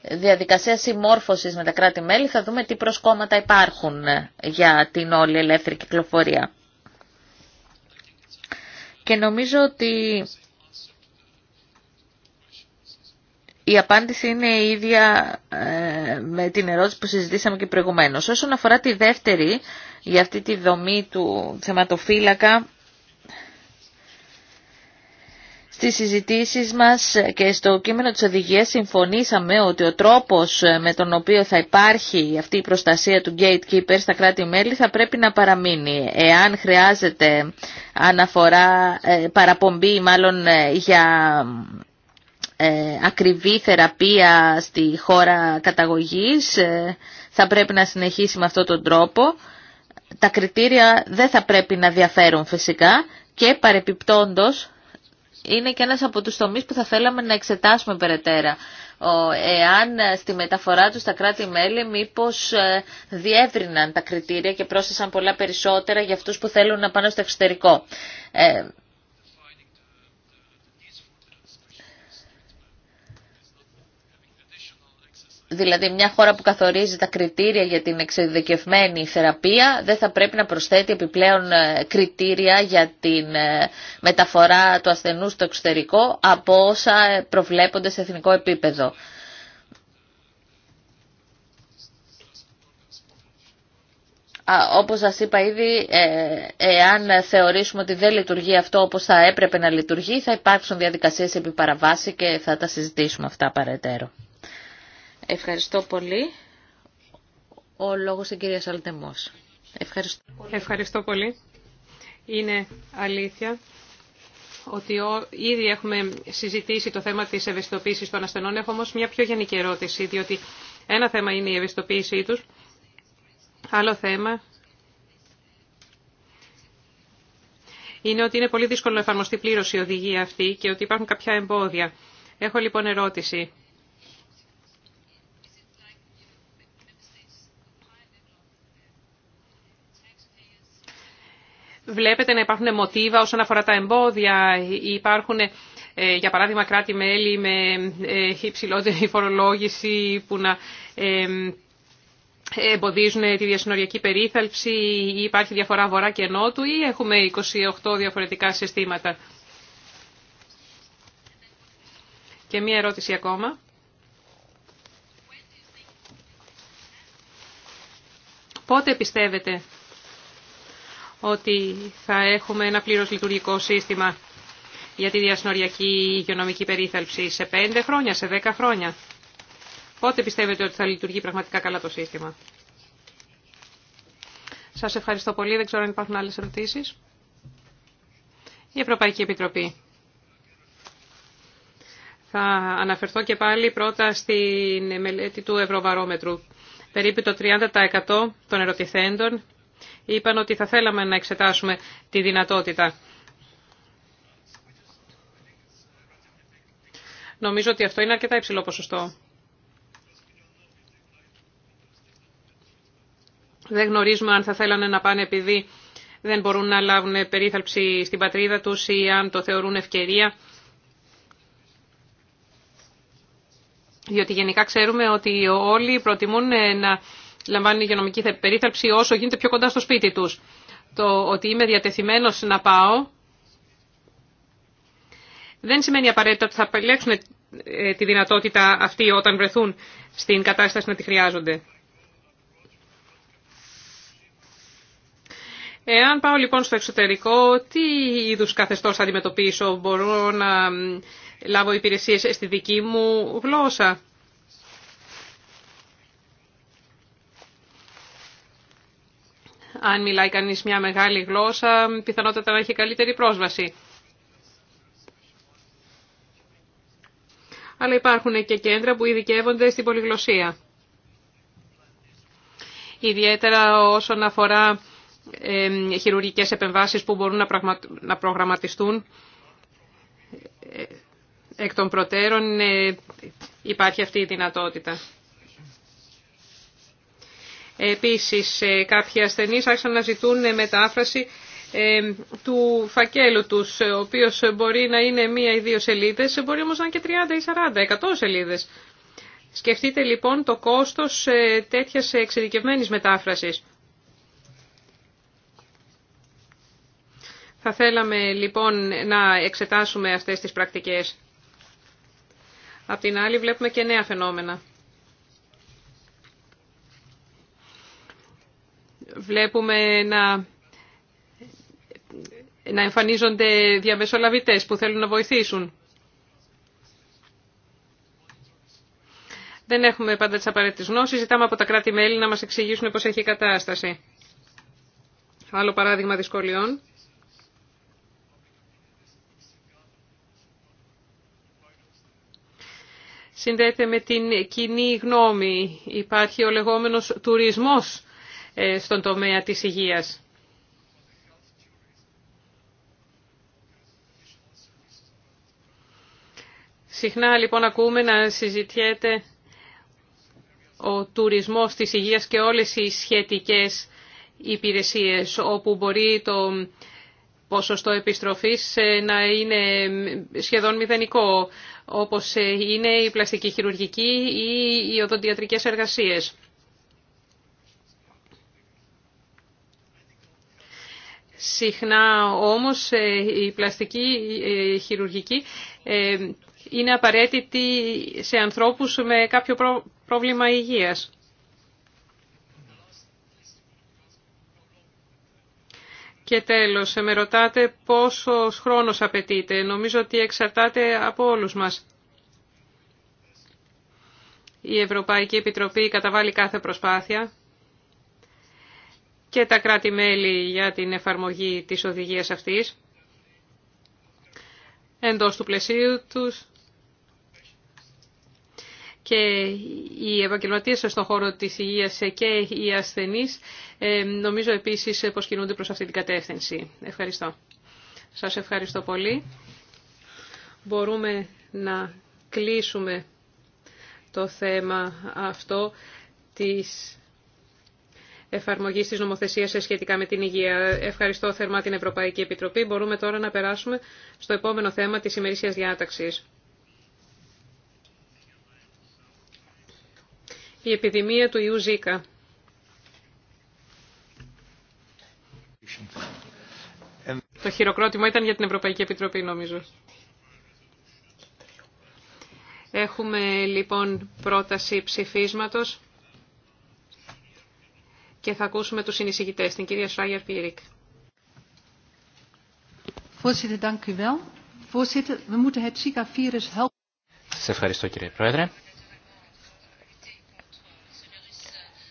ε, διαδικασία συμμόρφωσης με τα κράτη-μέλη, θα δούμε τι προσκόμματα υπάρχουν ε, για την όλη ελεύθερη κυκλοφορία. Και νομίζω ότι η απάντηση είναι η ίδια ε, με την ερώτηση που συζητήσαμε και προηγουμένως. Όσον αφορά τη δεύτερη, για αυτή τη δομή του θεματοφύλακα, στις συζητήσεις μας και στο κείμενο της οδηγίας συμφωνήσαμε ότι ο τρόπος ε, με τον οποίο θα υπάρχει αυτή η προστασία του gatekeeper στα κράτη-μέλη θα πρέπει να παραμείνει. Εάν χρειάζεται αναφορά, ε, παραπομπή μάλλον ε, για ακριβή θεραπεία στη χώρα καταγωγής, θα πρέπει να συνεχίσει με αυτόν τον τρόπο. Τα κριτήρια δεν θα πρέπει να διαφέρουν φυσικά και παρεπιπτόντος είναι και ένας από τους τομείς που θα θέλαμε να εξετάσουμε περαιτέρα. Εάν ε, στη μεταφορά τους τα κράτη-μέλη μήπως ε, διεύρυναν τα κριτήρια και πρόσθεσαν πολλά περισσότερα για αυτούς που θέλουν να πάνε στο εξωτερικό. Ε, Δηλαδή μια χώρα που καθορίζει τα κριτήρια για την εξειδικευμένη θεραπεία δεν θα πρέπει να προσθέτει επιπλέον ε, κριτήρια για την ε, μεταφορά του ασθενού στο εξωτερικό από όσα ε, προβλέπονται σε εθνικό επίπεδο. Όπως σας είπα ήδη, εάν θεωρήσουμε ότι δεν λειτουργεί αυτό όπως θα έπρεπε να λειτουργεί, θα υπάρξουν διαδικασίες επί και θα τα συζητήσουμε αυτά παρετέρω. Ευχαριστώ πολύ. Ο λόγος στην κυρία Σαλτεμός. Ευχαριστώ πολύ. Είναι αλήθεια ότι ήδη έχουμε συζητήσει το θέμα της ευαισθητοποίησης των ασθενών. Έχω όμως μια πιο γενική ερώτηση, διότι ένα θέμα είναι η ευαισθητοποίησή τους, άλλο θέμα είναι ότι είναι πολύ δύσκολο να εφαρμοστεί πλήρως η οδηγία αυτή και ότι υπάρχουν κάποια εμπόδια. Έχω λοιπόν ερώτηση. βλέπετε να υπάρχουν μοτίβα όσον αφορά τα εμπόδια. Υπάρχουν, ε, για παράδειγμα, κράτη-μέλη με ε, υψηλότερη φορολόγηση που να ε, εμποδίζουν τη διασυνοριακή περίθαλψη ή υπάρχει διαφορά βορρά και νότου ή έχουμε 28 διαφορετικά συστήματα. Και μία ερώτηση ακόμα. Πότε πιστεύετε ότι θα έχουμε ένα πλήρως λειτουργικό σύστημα για τη διασνοριακή υγειονομική περίθαλψη σε 5 χρόνια, σε 10 χρόνια. Πότε πιστεύετε ότι θα λειτουργεί πραγματικά καλά το σύστημα. Σας ευχαριστώ πολύ. Δεν ξέρω αν υπάρχουν άλλες ερωτήσεις. Η Ευρωπαϊκή Επιτροπή. Θα αναφερθώ και πάλι πρώτα στην μελέτη του Ευρωβαρόμετρου. Περίπου το 30% των ερωτηθέντων είπαν ότι θα θέλαμε να εξετάσουμε τη δυνατότητα. Νομίζω ότι αυτό είναι αρκετά υψηλό ποσοστό. Δεν γνωρίζουμε αν θα θέλανε να πάνε επειδή δεν μπορούν να λάβουν περίθαλψη στην πατρίδα τους ή αν το θεωρούν ευκαιρία. Διότι γενικά ξέρουμε ότι όλοι προτιμούν να λαμβάνουν υγειονομική περίθαλψη όσο γίνεται πιο κοντά στο σπίτι τους. Το ότι είμαι διατεθειμένος να πάω δεν σημαίνει απαραίτητα ότι θα επιλέξουν ε, τη δυνατότητα αυτή όταν βρεθούν στην κατάσταση να τη χρειάζονται. Εάν πάω λοιπόν στο εξωτερικό, τι είδους καθεστώς θα αντιμετωπίσω, μπορώ να λάβω υπηρεσίες στη δική μου γλώσσα. αν μιλάει κανείς μια μεγάλη γλώσσα, πιθανότατα να έχει καλύτερη πρόσβαση. Αλλά υπάρχουν και κέντρα που ειδικεύονται στην πολυγλωσία. Ιδιαίτερα όσον αφορά χειρουργικές επεμβάσεις που μπορούν να προγραμματιστούν ε, εκ των προτέρων ε, υπάρχει αυτή η δυνατότητα. Επίσης, ε, κάποιοι ασθενείς άρχισαν να ζητούν ε, μετάφραση ε, του φακέλου τους, ο οποίος μπορεί να είναι μία ή δύο σελίδες, μπορεί όμως να είναι και 30 ή 40, 100 σελίδες. Σκεφτείτε λοιπόν το κόστος τέτοιας εξειδικευμένης μετάφρασης. Θα θέλαμε λοιπόν να εξετάσουμε αυτές τις πρακτικές. Απ' την άλλη βλέπουμε και νέα φαινόμενα. βλέπουμε να, εμφανίζονται διαμεσολαβητές που θέλουν να βοηθήσουν. Δεν έχουμε πάντα τις απαραίτητες γνώσεις, ζητάμε από τα κράτη-μέλη να μας εξηγήσουν πώς έχει η κατάσταση. Άλλο παράδειγμα δυσκολιών. Συνδέεται με την κοινή γνώμη. Υπάρχει ο λεγόμενος τουρισμός ε, στον τομέα της υγείας. Συχνά λοιπόν ακούμε να συζητιέται ο τουρισμός της υγείας και όλες οι σχετικές υπηρεσίες όπου μπορεί το ποσοστό επιστροφής ε, να είναι σχεδόν μηδενικό όπως ε, είναι η πλαστική χειρουργική ή οι οδοντιατρικές εργασίες. Συχνά όμως ε, η πλαστική ε, χειρουργική ε, είναι απαραίτητη σε ανθρώπους με κάποιο πρόβλημα υγείας. Και τέλος, με ρωτάτε πόσος χρόνος απαιτείται. Νομίζω ότι εξαρτάται από όλους μας. Η Ευρωπαϊκή Επιτροπή καταβάλει κάθε προσπάθεια και τα κράτη-μέλη για την εφαρμογή της οδηγίας αυτής εντός του πλαισίου τους και οι επαγγελματίες στον χώρο της υγείας και οι ασθενείς ε, νομίζω επίσης ε, πως κινούνται προς αυτή την κατεύθυνση. Ευχαριστώ. Σας ευχαριστώ πολύ. Μπορούμε να κλείσουμε το θέμα αυτό της εφαρμογή τη νομοθεσία σχετικά με την υγεία. Ευχαριστώ θερμά την Ευρωπαϊκή Επιτροπή. Μπορούμε τώρα να περάσουμε στο επόμενο θέμα τη ημερήσιας διάταξη. Η επιδημία του ιού Ζήκα. Το χειροκρότημα ήταν για την Ευρωπαϊκή Επιτροπή, νομίζω. Έχουμε λοιπόν πρόταση ψηφίσματος και θα ακούσουμε τους συνεισηγητές, την κυρία Σράγερ Πίρικ. Σε ευχαριστώ κύριε Πρόεδρε.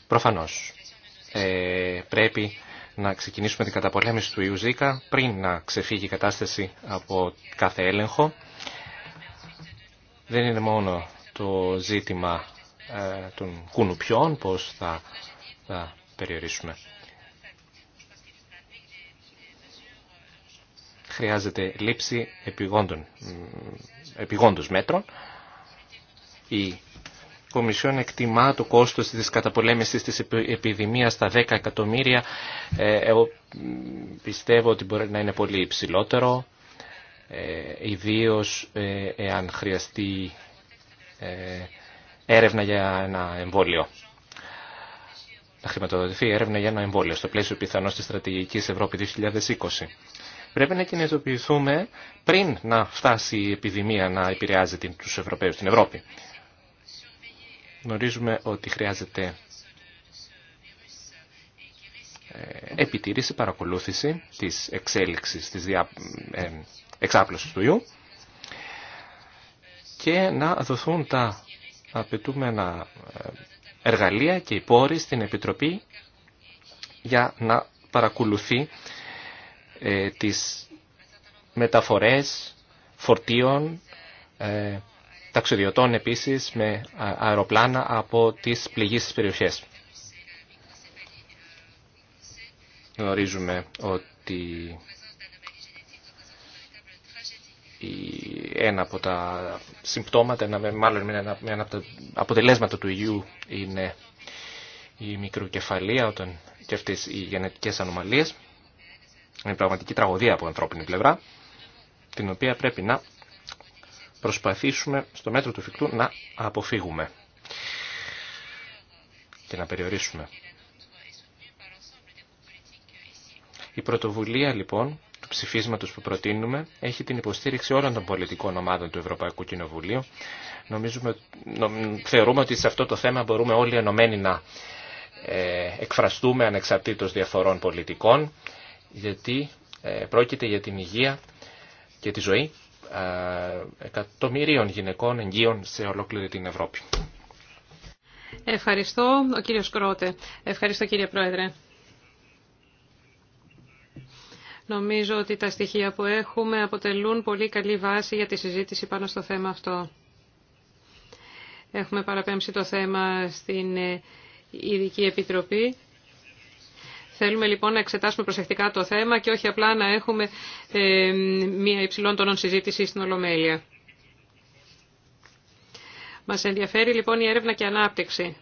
Προφανώς ε, πρέπει να ξεκινήσουμε την καταπολέμηση του ιού Ζήκα πριν να ξεφύγει η κατάσταση από κάθε έλεγχο. Δεν είναι μόνο το ζήτημα ε, των κουνουπιών, πώς θα, θα περιορίσουμε. Χρειάζεται λήψη επιγόντων, επιγόντως μέτρων. Η Κομισιόν εκτιμά το κόστος της καταπολέμησης της επιδημίας στα 10 εκατομμύρια. Ε, εγώ πιστεύω ότι μπορεί να είναι πολύ υψηλότερο, ε, ιδίως ε, εάν χρειαστεί έρευνα για ένα εμβόλιο να χρηματοδοτηθεί έρευνα για ένα εμβόλιο στο πλαίσιο πιθανώ τη στρατηγική Ευρώπη 2020. Πρέπει να κινητοποιηθούμε πριν να φτάσει η επιδημία να επηρεάζει του Ευρωπαίου στην Ευρώπη. Γνωρίζουμε ότι χρειάζεται ε, επιτήρηση, παρακολούθηση της εξέλιξης, της διά, ε, εξάπλωσης του ιού και να δοθούν τα απαιτούμενα ε, εργαλεία και οι στην Επιτροπή για να παρακολουθεί ε, τις μεταφορές φορτίων, ε, ταξιδιωτών επίσης με αεροπλάνα από τις πληγήσεις περιοχές. Γνωρίζουμε ότι ένα από τα συμπτώματα, ένα, μάλλον ένα, ένα από τα αποτελέσματα του ιού είναι η μικροκεφαλία όταν και αυτές οι γενετικές ανομαλίες. Είναι πραγματική τραγωδία από ανθρώπινη πλευρά, την οποία πρέπει να προσπαθήσουμε στο μέτρο του φυκτού να αποφύγουμε και να περιορίσουμε. Η πρωτοβουλία λοιπόν ψηφίσματος που προτείνουμε έχει την υποστήριξη όλων των πολιτικών ομάδων του Ευρωπαϊκού Κοινοβουλίου. Νομίζουμε, νο, θεωρούμε ότι σε αυτό το θέμα μπορούμε όλοι ενωμένοι να ε, εκφραστούμε ανεξαρτήτως διαφορών πολιτικών, γιατί ε, πρόκειται για την υγεία και τη ζωή ε, εκατομμυρίων γυναικών εγγύων σε ολόκληρη την Ευρώπη. Ευχαριστώ, ο κύριος Ευχαριστώ, κύριε Πρόεδρε. Νομίζω ότι τα στοιχεία που έχουμε αποτελούν πολύ καλή βάση για τη συζήτηση πάνω στο θέμα αυτό. Έχουμε παραπέμψει το θέμα στην ε, Ειδική Επιτροπή. Θέλουμε λοιπόν να εξετάσουμε προσεκτικά το θέμα και όχι απλά να έχουμε ε, μία υψηλών τόνων συζήτηση στην Ολομέλεια. Μας ενδιαφέρει λοιπόν η έρευνα και η ανάπτυξη.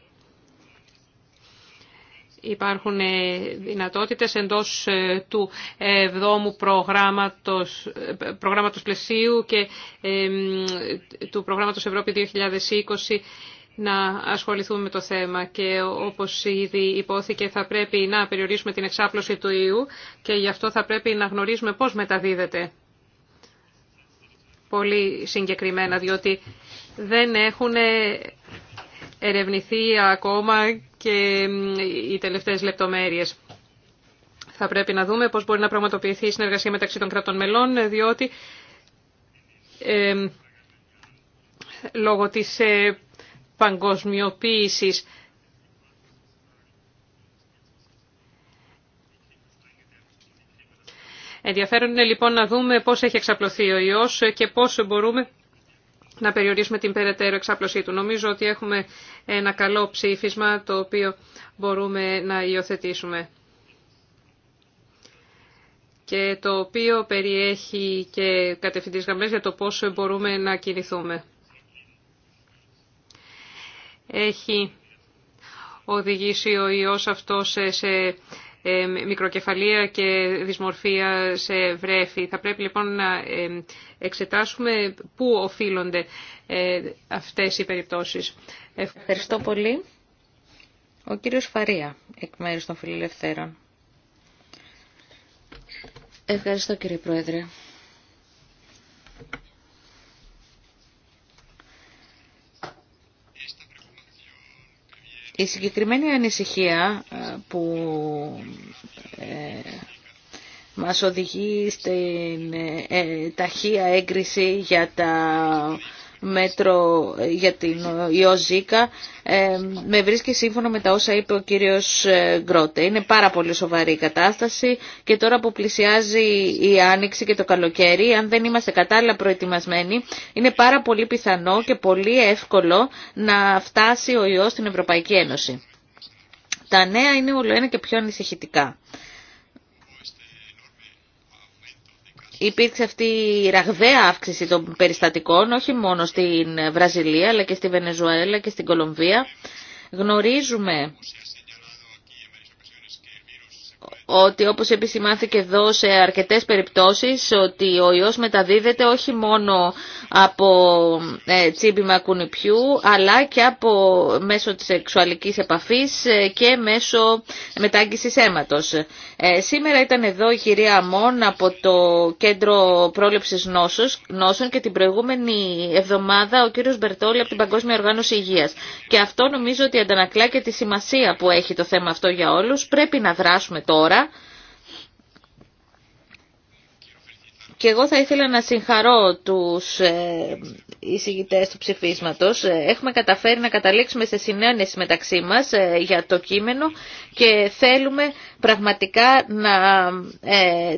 Υπάρχουν ε, δυνατότητες εντός ε, του εβδόμου προγράμματος, ε, προγράμματος πλαισίου και του προγράμματος Ευρώπη 2020 να ασχοληθούμε με το θέμα και όπως ήδη υπόθηκε θα πρέπει να περιορίσουμε την εξάπλωση του ιού και γι' αυτό θα πρέπει να γνωρίζουμε πώς μεταδίδεται. Πολύ συγκεκριμένα, διότι δεν έχουν ερευνηθεί ακόμα και οι τελευταίες λεπτομέρειες. Θα πρέπει να δούμε πώς μπορεί να πραγματοποιηθεί η συνεργασία μεταξύ των κρατών μελών, διότι λόγω της ε, παγκοσμιοποίησης Ενδιαφέρον είναι λοιπόν να δούμε πώς έχει εξαπλωθεί ο ιός και πώς μπορούμε να περιορίσουμε την περαιτέρω εξάπλωσή του. Νομίζω ότι έχουμε ένα καλό ψήφισμα το οποίο μπορούμε να υιοθετήσουμε και το οποίο περιέχει και κατευθυντής γραμμές για το πώς μπορούμε να κινηθούμε. Έχει οδηγήσει ο ιός αυτός σε μικροκεφαλία και δυσμορφία σε βρέφη. Θα πρέπει λοιπόν να εξετάσουμε πού οφείλονται ε, αυτές οι περιπτώσεις. Ευχαριστώ πολύ. Ο κύριος Φαρία, εκ μέρους των Φιλελευθέρων. Ευχαριστώ κύριε Πρόεδρε. Η συγκεκριμένη ανησυχία ε, που ε, μας οδηγεί στην ε, ταχεία έγκριση για τα μέτρο για την ε, με βρίσκει σύμφωνο με τα όσα είπε ο κύριος ε, Γκρότε. Είναι πάρα πολύ σοβαρή η κατάσταση και τώρα που πλησιάζει η Άνοιξη και το καλοκαίρι, αν δεν είμαστε κατάλληλα προετοιμασμένοι, είναι πάρα πολύ πιθανό και πολύ εύκολο να φτάσει ο ιός στην Ευρωπαϊκή Ένωση. Τα νέα είναι όλο ένα και πιο ανησυχητικά. υπήρξε αυτή η ραγδαία αύξηση των περιστατικών όχι μόνο στην Βραζιλία αλλά και στη Βενεζουέλα και στην Κολομβία. Γνωρίζουμε ότι όπως επισημάθηκε εδώ σε αρκετές περιπτώσεις ότι ο ιός μεταδίδεται όχι μόνο από ε, τσίπη αλλά και από μέσω της σεξουαλικής επαφής ε, και μέσω μετάγγισης αίματος. Ε, σήμερα ήταν εδώ η κυρία Αμών από το Κέντρο Πρόληψης νόσους, Νόσων και την προηγούμενη εβδομάδα ο κύριος Μπερτόλη από την Παγκόσμια Οργάνωση Υγείας. Και αυτό νομίζω ότι αντανακλά και τη σημασία που έχει το θέμα αυτό για όλους. Πρέπει να δράσουμε τώρα και εγώ θα ήθελα να συγχαρώ τους ε, εισηγητές του ψηφίσματος. Ε, έχουμε καταφέρει να καταλήξουμε σε συνένεση μεταξύ μας ε, για το κείμενο και θέλουμε πραγματικά να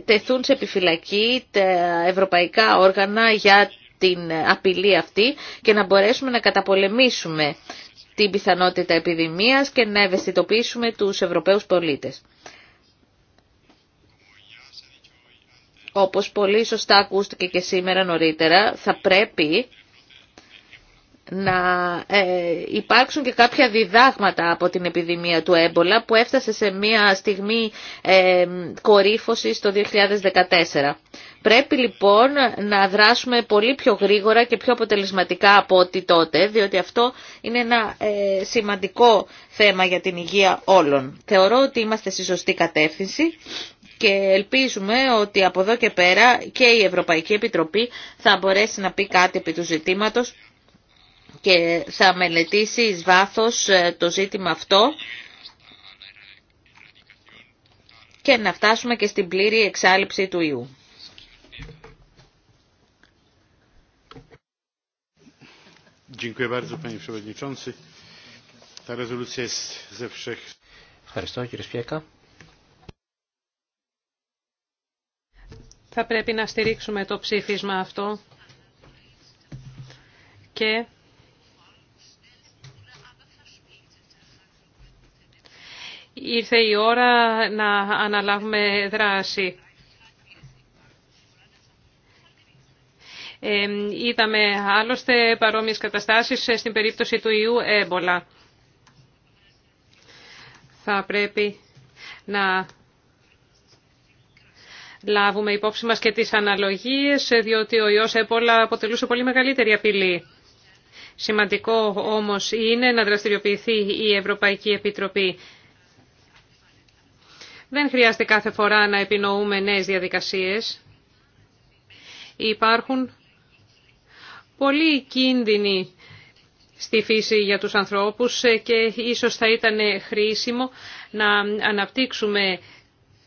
τεθούν σε επιφυλακή τα ευρωπαϊκά όργανα για την απειλή αυτή και να μπορέσουμε να καταπολεμήσουμε την πιθανότητα επιδημίας και να ευαισθητοποιήσουμε τους Ευρωπαίους πολίτες. όπως πολύ σωστά ακούστηκε και σήμερα νωρίτερα, θα πρέπει να ε, υπάρξουν και κάποια διδάγματα από την επιδημία του έμπολα που έφτασε σε μια στιγμή ε, το 2014. Πρέπει λοιπόν να δράσουμε πολύ πιο γρήγορα και πιο αποτελεσματικά από ό,τι τότε, διότι αυτό είναι ένα ε, σημαντικό θέμα για την υγεία όλων. Θεωρώ ότι είμαστε στη σωστή κατεύθυνση και ελπίζουμε ότι από εδώ και πέρα και η Ευρωπαϊκή Επιτροπή θα μπορέσει να πει κάτι επί του ζητήματος και θα μελετήσει εις βάθος ε, το ζήτημα αυτό και να φτάσουμε και στην πλήρη εξάλληψη του ιού. Ευχαριστώ κύριε Σπιέκα. Θα πρέπει να στηρίξουμε το ψήφισμα αυτό και ήρθε η ώρα να αναλάβουμε δράση. Ε, είδαμε άλλωστε παρόμοιες καταστάσεις στην περίπτωση του ιού έμπολα. Θα πρέπει να λάβουμε υπόψη μας και τις αναλογίες, ε, διότι ο ιός έπολα αποτελούσε πολύ μεγαλύτερη απειλή. Σημαντικό όμως είναι να δραστηριοποιηθεί η Ευρωπαϊκή Επιτροπή. Δεν χρειάζεται κάθε φορά να επινοούμε νέες διαδικασίες. Υπάρχουν πολύ κίνδυνοι στη φύση για τους ανθρώπους ε, και ίσως θα ήταν χρήσιμο να αναπτύξουμε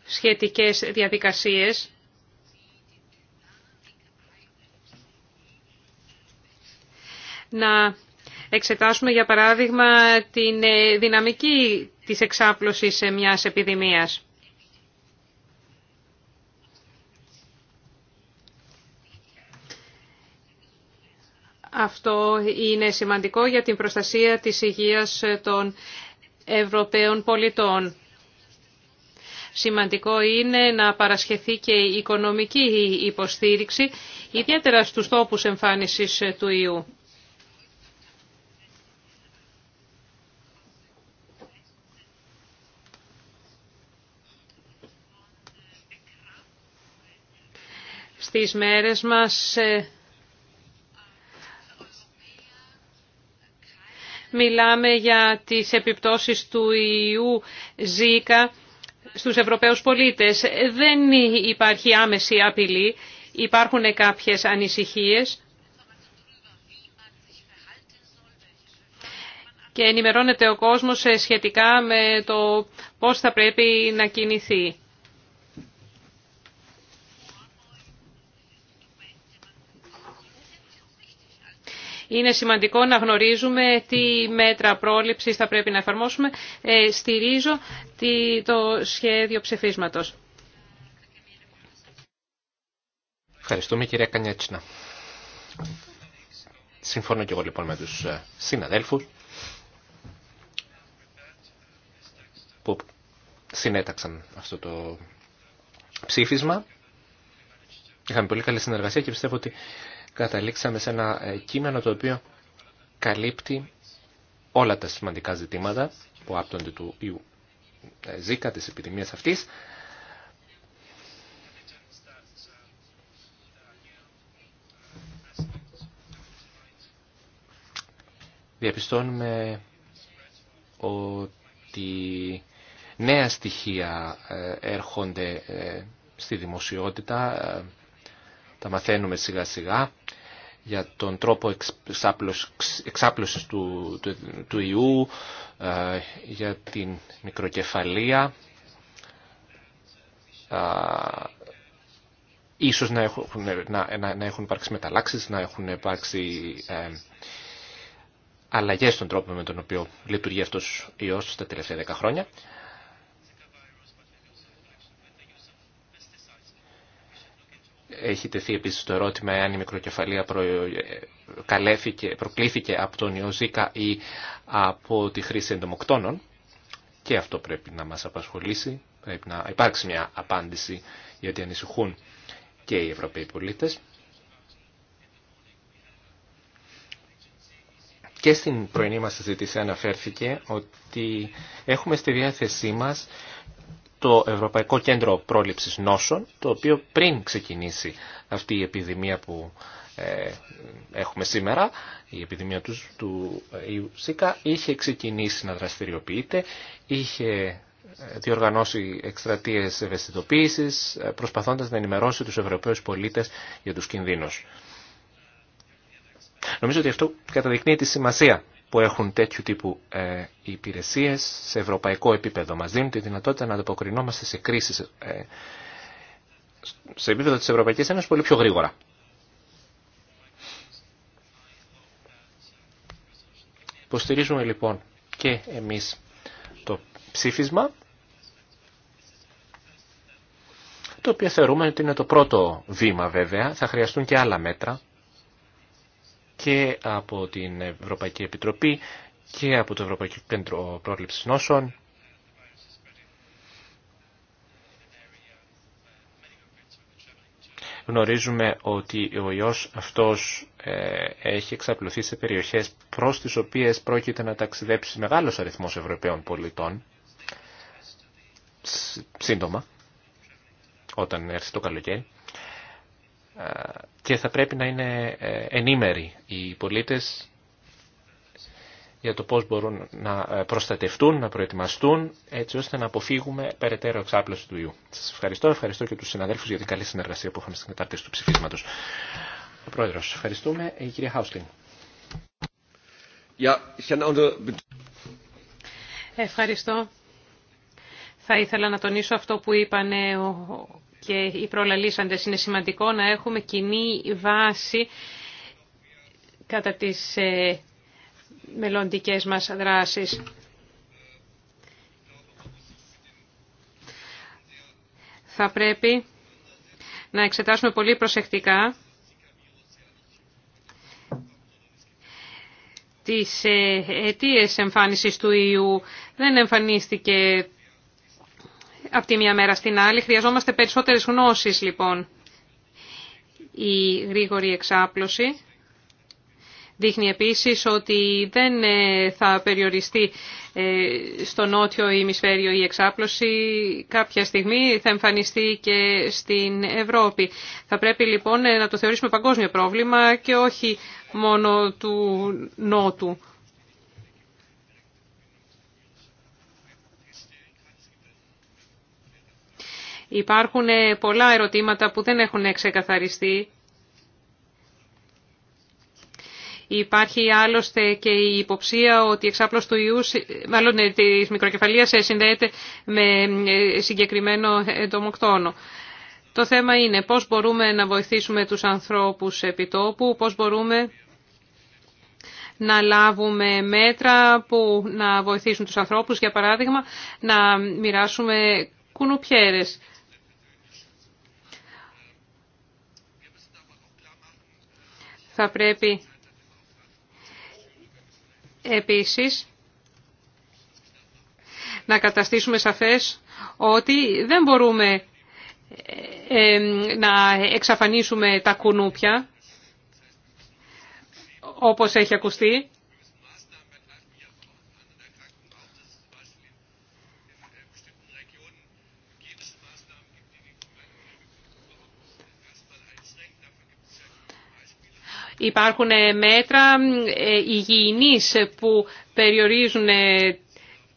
σχετικές διαδικασίες. Να εξετάσουμε, για παράδειγμα, την ε, δυναμική της εξάπλωσης μιας επιδημίας. Αυτό είναι σημαντικό για την προστασία της υγείας των Ευρωπαίων πολιτών. Σημαντικό είναι να παρασχεθεί και η οικονομική υποστήριξη, ιδιαίτερα στους τόπους εμφάνισης του ιού. Στις μέρες μας ε, μιλάμε για τις επιπτώσεις του ιού Ζήκα στους Ευρωπαίους πολίτες. Δεν υπάρχει άμεση απειλή, υπάρχουν κάποιες ανησυχίες και ενημερώνεται ο κόσμος ε, σχετικά με το πώς θα πρέπει να κινηθεί. Είναι σημαντικό να γνωρίζουμε τι μέτρα πρόληψης θα πρέπει να εφαρμόσουμε. Ε, στηρίζω το σχέδιο ψηφίσματος. Ευχαριστούμε κυρία Κανιάτσινα. Συμφωνώ και εγώ λοιπόν με τους ε, συναδέλφους που συνέταξαν αυτό το ψήφισμα. Είχαμε πολύ καλή συνεργασία και πιστεύω ότι καταλήξαμε σε ένα ε, κείμενο το οποίο καλύπτει όλα τα σημαντικά ζητήματα που άπτονται του ιού ζήκα ε, της επιδημίας αυτής. Διαπιστώνουμε ότι νέα στοιχεία ε, έρχονται στη δημοσιότητα, τα μαθαίνουμε σιγά σιγά για τον τρόπο εξάπλωσης του, ιού, ε, για την μικροκεφαλία. Ε, ίσως να έχουν, να, έχουν υπάρξει μεταλλάξεις, να έχουν υπάρξει ε, αλλαγές στον τρόπο με τον οποίο λειτουργεί αυτός ο ιός τα τελευταία δέκα χρόνια. έχει τεθεί επίσης το ερώτημα εάν η μικροκεφαλία προκλήθηκε από τον Ιωζίκα ή από τη χρήση εντομοκτώνων. Και αυτό πρέπει να μας απασχολήσει, πρέπει να υπάρξει μια απάντηση γιατί ανησυχούν και οι Ευρωπαίοι πολίτες. Και στην πρωινή μας συζήτηση αναφέρθηκε ότι έχουμε στη διάθεσή μας το Ευρωπαϊκό Κέντρο Πρόληψης Νόσων, το οποίο πριν ξεκινήσει αυτή η επιδημία που ε, έχουμε σήμερα, η επιδημία του, του ε, ΣΥΚΑ, είχε ξεκινήσει να δραστηριοποιείται, είχε ε, διοργανώσει εκστρατείες ευαισθητοποίησης, προσπαθώντας να ενημερώσει τους Ευρωπαίους πολίτες για τους κινδύνους. Νομίζω ότι αυτό καταδεικνύει τη σημασία που έχουν τέτοιου τύπου ε, υπηρεσίες σε ευρωπαϊκό επίπεδο. Μας δίνουν τη δυνατότητα να ανταποκρινόμαστε σε κρίσεις ε, σε επίπεδο της Ευρωπαϊκής Ένωσης πολύ πιο γρήγορα. Υποστηρίζουμε λοιπόν και εμείς το ψήφισμα, το οποίο θεωρούμε ότι είναι το πρώτο βήμα βέβαια, θα χρειαστούν και άλλα μέτρα και από την Ευρωπαϊκή Επιτροπή και από το Ευρωπαϊκό Κέντρο Πρόληψης Νόσων. Γνωρίζουμε ότι ο ιός αυτός ε, έχει εξαπλωθεί σε περιοχές προς τις οποίες πρόκειται να ταξιδέψει μεγάλος αριθμός Ευρωπαίων πολιτών σύντομα, όταν έρθει το καλοκαίρι. Ε, και θα πρέπει να είναι ε, ενήμεροι οι πολίτες για το πώς μπορούν να ε, προστατευτούν, να προετοιμαστούν, έτσι ώστε να αποφύγουμε περαιτέρω εξάπλωση του ιού. Σας ευχαριστώ, ευχαριστώ και τους συναδέλφους για την καλή συνεργασία που είχαμε στην κατάρτιση του ψηφίσματος. Ο Πρόεδρος, ευχαριστούμε. Η κυρία Χάουσλιν. Ευχαριστώ. Θα ήθελα να τονίσω αυτό που είπαν ο και οι προλαλήσαντες. Είναι σημαντικό να έχουμε κοινή βάση κατά τις ε, μελλοντικές μας δράσεις. Θα πρέπει να εξετάσουμε πολύ προσεκτικά τις ε, αιτίες εμφάνισης του ιού. Δεν εμφανίστηκε από τη μία μέρα στην άλλη. Χρειαζόμαστε περισσότερες γνώσεις λοιπόν. Η γρήγορη εξάπλωση δείχνει επίσης ότι δεν ε, θα περιοριστεί ε, στο νότιο ημισφαίριο η εξάπλωση κάποια στιγμή θα εμφανιστεί και στην Ευρώπη. Θα πρέπει λοιπόν ε, να το θεωρήσουμε παγκόσμιο πρόβλημα και όχι μόνο του νότου. Υπάρχουν ε, πολλά ερωτήματα που δεν έχουν ξεκαθαριστεί. Υπάρχει άλλωστε και η υποψία ότι η εξάπλωση του ιού, μάλλον ε, της μικροκεφαλίας, ε, συνδέεται με συγκεκριμένο εντομοκτόνο. Το θέμα είναι πώς μπορούμε να βοηθήσουμε τους ανθρώπους επιτόπου, πώς μπορούμε να λάβουμε μέτρα που να βοηθήσουν τους ανθρώπους, για παράδειγμα, να μοιράσουμε κουνουπιέρες. Θα πρέπει επίσης να καταστήσουμε σαφές ότι δεν μπορούμε ε, ε, να εξαφανίσουμε τα κουνούπια, όπως έχει ακουστεί. Υπάρχουν ε, μέτρα ε, υγιεινής που περιορίζουν ε,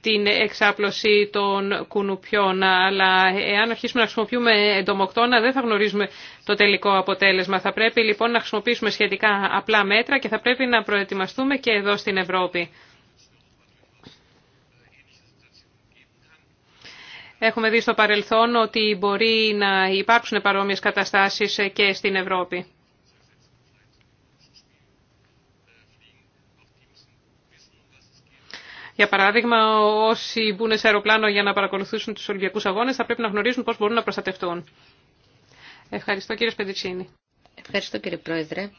την εξάπλωση των κουνουπιών. Αλλά εάν αρχίσουμε να χρησιμοποιούμε εντομοκτώνα δεν θα γνωρίζουμε το τελικό αποτέλεσμα. Θα πρέπει λοιπόν να χρησιμοποιήσουμε σχετικά απλά μέτρα και θα πρέπει να προετοιμαστούμε και εδώ στην Ευρώπη. Έχουμε δει στο παρελθόν ότι μπορεί να υπάρξουν παρόμοιες καταστάσεις και στην Ευρώπη. Για παράδειγμα, όσοι μπουν σε αεροπλάνο για να παρακολουθήσουν τους Ολυμπιακούς Αγώνες θα πρέπει να γνωρίζουν πώς μπορούν να προστατευτούν. Ευχαριστώ κύριε Σπεντιτσίνη. Ευχαριστώ κύριε Πρόεδρε.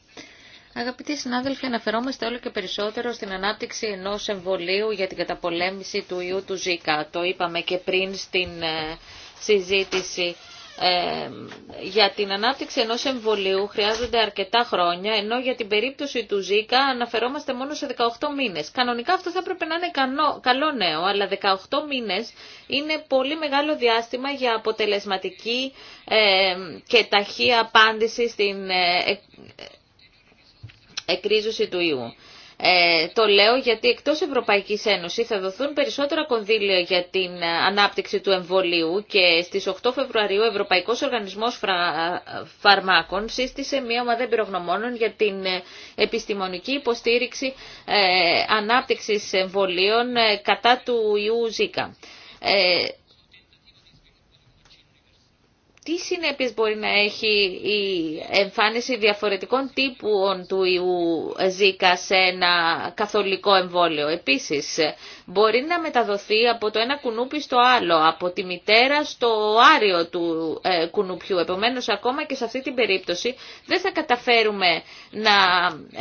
Αγαπητοί συνάδελφοι, αναφερόμαστε όλο και περισσότερο στην ανάπτυξη ενός εμβολίου για την καταπολέμηση του ιού του ΖΙΚΑ. Το είπαμε και πριν στην ε, συζήτηση για την ανάπτυξη ενός εμβολίου χρειάζονται αρκετά χρόνια, ενώ για την περίπτωση του ΖΙΚΑ αναφερόμαστε μόνο σε 18 μήνες. Κανονικά αυτό θα έπρεπε να είναι καλό νέο, αλλά 18 μήνες είναι πολύ μεγάλο διάστημα για αποτελεσματική και ταχεία απάντηση στην ε, ε, εκρίζωση του ιού. Ε, το λέω γιατί εκτός Ευρωπαϊκής Ένωσης θα δοθούν περισσότερα κονδύλια για την ε, ανάπτυξη του εμβολίου και στις 8 Φεβρουαρίου ο Ευρωπαϊκός Οργανισμός Φαρμάκων σύστησε μια ομάδα εμπειρογνωμόνων για την ε, επιστημονική υποστήριξη ε, ανάπτυξης εμβολίων κατά του ιού Ζήκα τι συνέπειες μπορεί να έχει η εμφάνιση διαφορετικών τύπων του ιού Ζήκα σε ένα καθολικό εμβόλιο. Επίσης, μπορεί να μεταδοθεί από το ένα κουνούπι στο άλλο, από τη μητέρα στο άριο του ε, κουνουπιού. Επομένως, ακόμα και σε αυτή την περίπτωση δεν θα καταφέρουμε να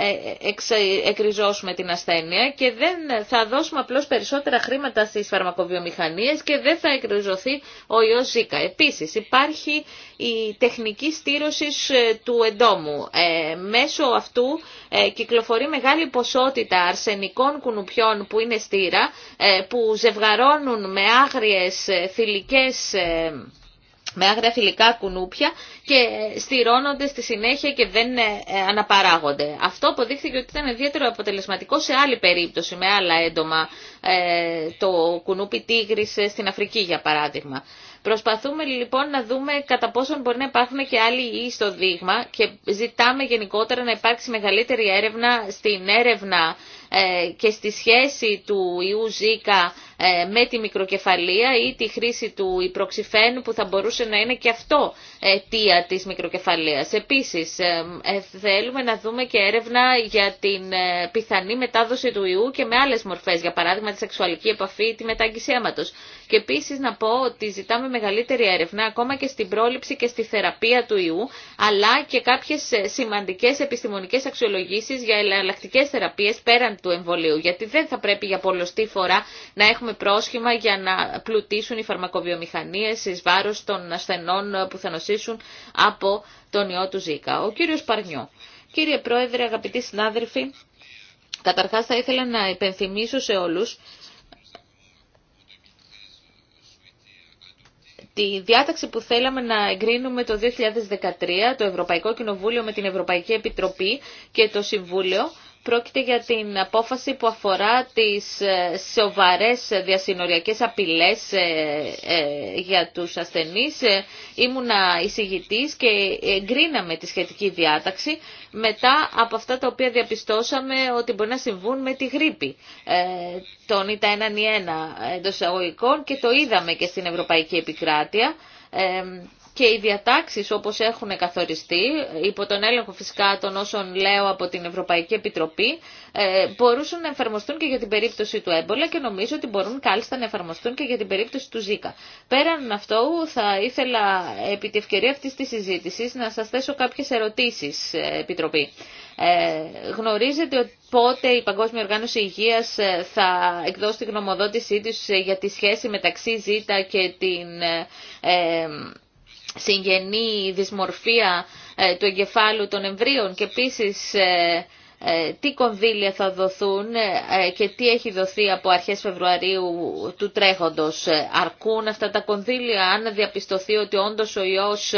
ε, εκριζώσουμε την ασθένεια και δεν θα δώσουμε απλώς περισσότερα χρήματα στις φαρμακοβιομηχανίες και δεν θα εκριζωθεί ο ιός Ζήκα. Επίσης, υπάρχει η τεχνική στήρωση ε, του εντόμου. Ε, μέσω αυτού ε, κυκλοφορεί μεγάλη ποσότητα αρσενικών κουνουπιών που είναι στήρα, που ζευγαρώνουν με άγριες θηλυκές με άγρια φιλικά κουνούπια και στηρώνονται στη συνέχεια και δεν αναπαράγονται. Αυτό αποδείχθηκε ότι ήταν ιδιαίτερο αποτελεσματικό σε άλλη περίπτωση, με άλλα έντομα, το κουνούπι τίγρης στην Αφρική για παράδειγμα. Προσπαθούμε λοιπόν να δούμε κατά πόσον μπορεί να υπάρχουν και άλλοι ή στο δείγμα και ζητάμε γενικότερα να υπάρξει μεγαλύτερη έρευνα στην έρευνα ε, και στη σχέση του ιού Ζήκα ε, με τη μικροκεφαλία ή τη χρήση του υπροξυφένου που θα μπορούσε να είναι και αυτό αιτία της μικροκεφαλίας. Επίσης, ε, ε, θέλουμε να δούμε και έρευνα για την πιθανή μετάδοση του ιού και με άλλες μορφές, για παράδειγμα τη σεξουαλική επαφή ή τη μετάγγιση αίματος. Και επίσης να πω ότι ζητάμε μεγαλύτερη έρευνα ακόμα και στην πρόληψη και στη θεραπεία του ιού, αλλά και κάποιες σημαντικές επιστημονικές αξιολογήσεις για ελαλλακτικές θεραπείες πέραν του εμβολίου, γιατί δεν θα πρέπει για πολλωστή φορά να έχουμε πρόσχημα για να πλουτίσουν οι φαρμακοβιομηχανίες εις βάρος των ασθενών που θα νοσήσουν από τον ιό του Ζήκα. Ο κύριος Παρνιό. Κύριε Πρόεδρε, αγαπητοί συνάδελφοι, καταρχάς θα ήθελα να υπενθυμίσω σε όλους τη διάταξη που θέλαμε να εγκρίνουμε το 2013, το Ευρωπαϊκό Κοινοβούλιο με την Ευρωπαϊκή Επιτροπή και το Συμβούλιο, Πρόκειται για την απόφαση που αφορά τις ε, σοβαρές διασυνοριακές απειλές ε, ε, για τους ασθενείς. Ήμουνα εισηγητής και εγκρίναμε τη σχετική διάταξη μετά από αυτά τα οποία διαπιστώσαμε ότι μπορεί να συμβούν με τη γρήπη. των ΙΤΑ 1 εντός εισαγωγικών και το είδαμε και στην Ευρωπαϊκή Επικράτεια και οι διατάξεις όπως έχουν καθοριστεί, υπό τον έλεγχο φυσικά των όσων λέω από την Ευρωπαϊκή Επιτροπή, ε, μπορούσαν να εφαρμοστούν και για την περίπτωση του έμπολα και νομίζω ότι μπορούν κάλλιστα να εφαρμοστούν και για την περίπτωση του Ζήκα. Πέραν αυτό θα ήθελα επί τη ευκαιρία αυτής της συζήτησης να σας θέσω κάποιες ερωτήσεις, ε, Επιτροπή. Ε, γνωρίζετε ότι πότε η Παγκόσμια Οργάνωση Υγείας ε, θα εκδώσει τη γνωμοδότησή της για τη σχέση μεταξύ ΖΙΤΑ και την ε, συγγενή δυσμορφία ε, του εγκεφάλου των εμβρίων και επίσης ε, ε, τι κονδύλια θα δοθούν και τι έχει δοθεί από αρχές Φεβρουαρίου του τρέχοντος. Αρκούν αυτά τα κονδύλια αν διαπιστωθεί ότι όντως ο ιός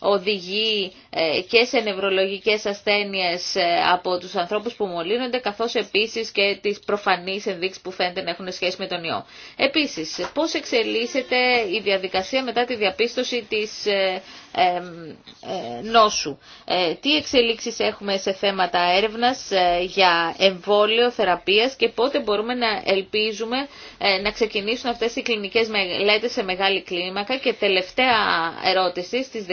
οδηγεί ε, και σε νευρολογικές ασθένειες ε, από τους ανθρώπους που μολύνονται, καθώς επίσης και τις προφανείς ενδείξεις που φαίνεται να έχουν σχέση με τον ιό. Επίσης, πώς εξελίσσεται η διαδικασία μετά τη διαπίστωση της ε, νόσου. Τι εξελίξεις έχουμε σε θέματα έρευνας για εμβόλιο, θεραπείας και πότε μπορούμε να ελπίζουμε να ξεκινήσουν αυτές οι κλινικές μελέτες σε μεγάλη κλίμακα. Και τελευταία ερώτηση, στις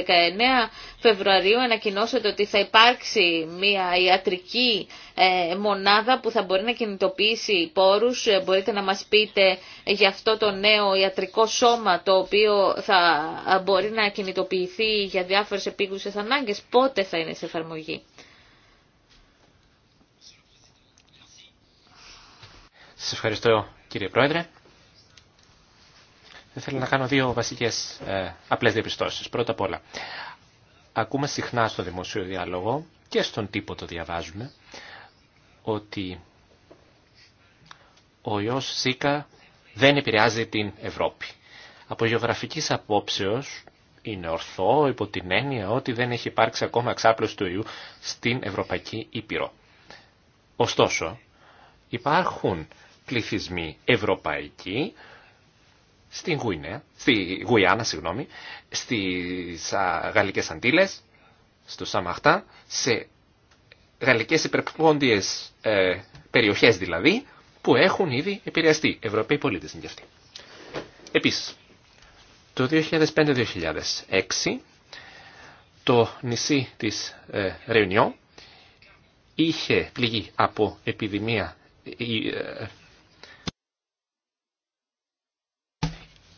Φεβρουαρίου ανακοινώσατε ότι θα υπάρξει μια ιατρική ε, μονάδα που θα μπορεί να κινητοποιήσει πόρους. Ε, μπορείτε να μας πείτε για αυτό το νέο ιατρικό σώμα το οποίο θα ε, μπορεί να κινητοποιηθεί για διάφορες επίγουσες ανάγκες. Πότε θα είναι σε εφαρμογή. Σας ευχαριστώ κύριε Πρόεδρε. Θέλω να κάνω δύο βασικές ε, απλές διαπιστώσεις. Πρώτα απ' όλα, ακούμε συχνά στο δημοσίο διάλογο και στον τύπο το διαβάζουμε ότι ο ιός Σίκα δεν επηρεάζει την Ευρώπη. Από γεωγραφικής απόψεως είναι ορθό υπό την έννοια ότι δεν έχει υπάρξει ακόμα εξάπλωση του ιού στην Ευρωπαϊκή Ήπειρο. Ωστόσο, υπάρχουν πληθυσμοί ευρωπαϊκοί στην Γουινέα, στη Γουιάννα, συγγνώμη, στις Γαλλικές Αντίλες, στο Σαμαχτά, σε γαλλικές υπερπόντιες ε, περιοχές δηλαδή, που έχουν ήδη επηρεαστεί. Ευρωπαίοι πολίτες είναι και αυτοί. Επίσης, το 2005-2006 το νησί της ε, Ρεουνιό είχε πληγεί από επιδημία ε, ε,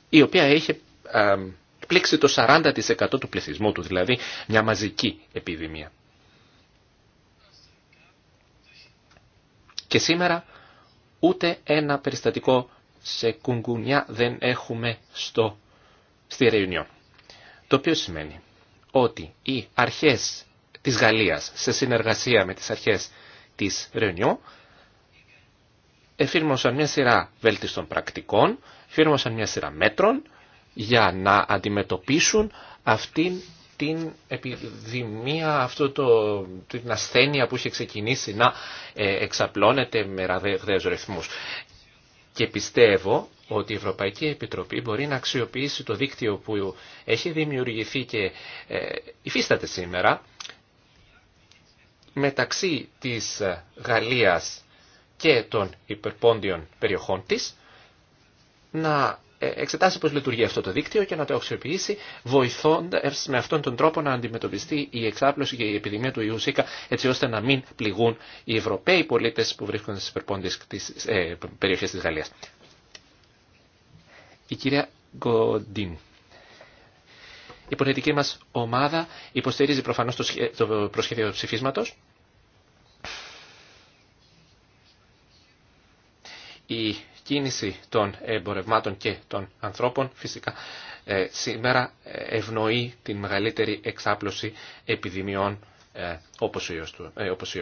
η οποία έχει πλήξει το 40% του πληθυσμού του, δηλαδή μια μαζική επιδημία. Και σήμερα ούτε ένα περιστατικό σε κουνκουνιά δεν έχουμε στο, στη Ρεϊουνιόν. Το οποίο σημαίνει ότι οι αρχές της Γαλλίας σε συνεργασία με τις αρχές της Ρεϊουνιόν εφήρμοσαν μια σειρά βέλτιστων πρακτικών, εφήρμοσαν μια σειρά μέτρων για να αντιμετωπίσουν αυτήν την επιδημία, αυτό το, την ασθένεια που είχε ξεκινήσει να ε, εξαπλώνεται με ραδεύδες ρυθμούς. Και πιστεύω ότι η Ευρωπαϊκή Επιτροπή μπορεί να αξιοποιήσει το δίκτυο που έχει δημιουργηθεί και ε, υφίσταται σήμερα μεταξύ της ε, Γαλλίας και των υπερπόντιων περιοχών της, να ε, εξετάσει πώς λειτουργεί αυτό το δίκτυο και να το αξιοποιήσει βοηθώντας με αυτόν τον τρόπο να αντιμετωπιστεί η εξάπλωση και η επιδημία του ιού ΣΥΚΑ έτσι ώστε να μην πληγούν οι Ευρωπαίοι πολίτες που βρίσκονται στις υπερπόντιες ε, περιοχές της Γαλλίας. Η κυρία Γκοντίν. Η πολιτική μας ομάδα υποστηρίζει προφανώς το προσχέδιο ψηφίσματος η κίνηση των εμπορευμάτων και των ανθρώπων φυσικά ε, σήμερα ε, ευνοεί την μεγαλύτερη εξάπλωση επιδημιών ε, όπως ο ιός, του, όπως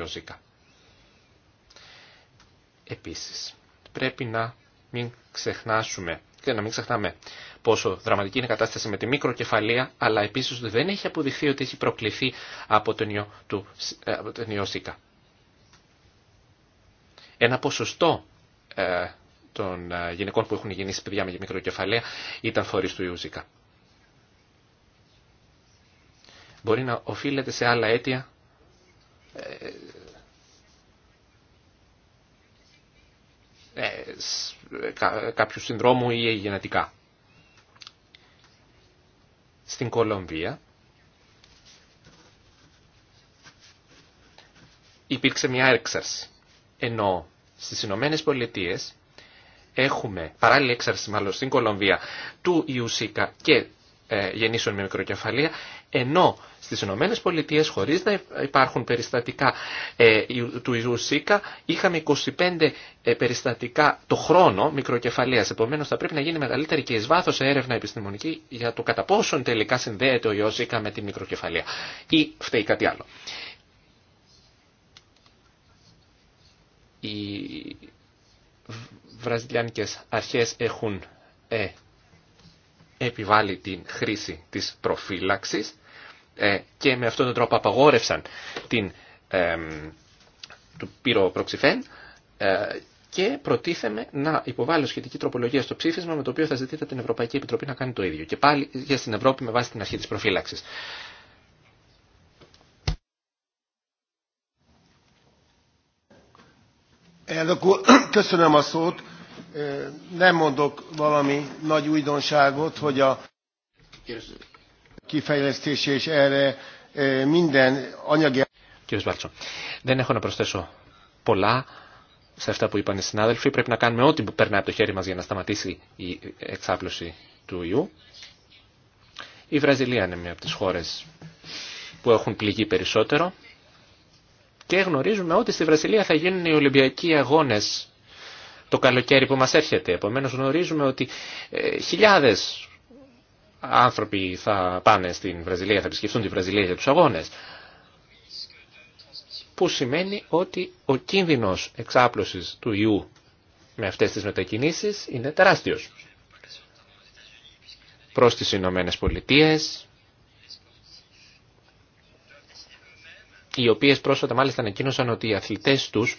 Επίσης, πρέπει να μην ξεχνάσουμε και να μην ξεχνάμε πόσο δραματική είναι η κατάσταση με τη μικροκεφαλία, αλλά επίσης δεν έχει αποδειχθεί ότι έχει προκληθεί από τον ιό, του, από Ένα ποσοστό ε, των ε, γυναικών που έχουν γεννήσει παιδιά με μικροκεφαλαία ήταν φορείς του Ιούζικα. Μπορεί να οφείλεται σε άλλα αίτια. Ε, κάποιου συνδρόμου ή γενετικά. Στην Κολομβία υπήρξε μια έξαρση ενώ στις Ηνωμένε Πολιτείε έχουμε παράλληλη έξαρση μάλλον στην Κολομβία του Ιουσίκα και ε, γεννήσεων με μικροκεφαλία, ενώ στις Ηνωμένε Πολιτείε χωρίς να υπάρχουν περιστατικά ε, του Ιουσίκα είχαμε 25 ε, περιστατικά το χρόνο μικροκεφαλίας. Επομένως θα πρέπει να γίνει μεγαλύτερη και εις βάθος έρευνα επιστημονική για το κατά πόσον τελικά συνδέεται ο ιουσίκα με τη μικροκεφαλία ή φταίει κάτι άλλο. Οι βραζιλιάνικες αρχές έχουν ε, επιβάλει την χρήση της προφύλαξης ε, και με αυτόν τον τρόπο απαγόρευσαν την, ε, του και προτίθεμε να υποβάλω σχετική τροπολογία στο ψήφισμα με το οποίο θα ζητήσετε την Ευρωπαϊκή Επιτροπή να κάνει το ίδιο. Και πάλι για στην Ευρώπη με βάση την αρχή της προφύλαξης. Κύριε δεν έχω να προσθέσω πολλά σε αυτά που είπαν οι συνάδελφοι. Πρέπει να κάνουμε ό,τι περνάει από το χέρι μας για να σταματήσει η εξάπλωση του ιού. Η Βραζιλία είναι μια από τις χώρες που έχουν πληγεί περισσότερο και γνωρίζουμε ότι στη Βραζιλία θα γίνουν οι Ολυμπιακοί Αγώνες το καλοκαίρι που μας έρχεται. Επομένως γνωρίζουμε ότι ε, χιλιάδες άνθρωποι θα πάνε στην Βραζιλία, θα επισκεφτούν τη Βραζιλία για τους αγώνες. Που σημαίνει ότι ο κίνδυνος εξάπλωσης του ιού με αυτές τις μετακινήσεις είναι τεράστιος. Προς τις Ηνωμένε Πολιτείες, οι οποίες πρόσφατα μάλιστα ανακοίνωσαν ότι οι αθλητές τους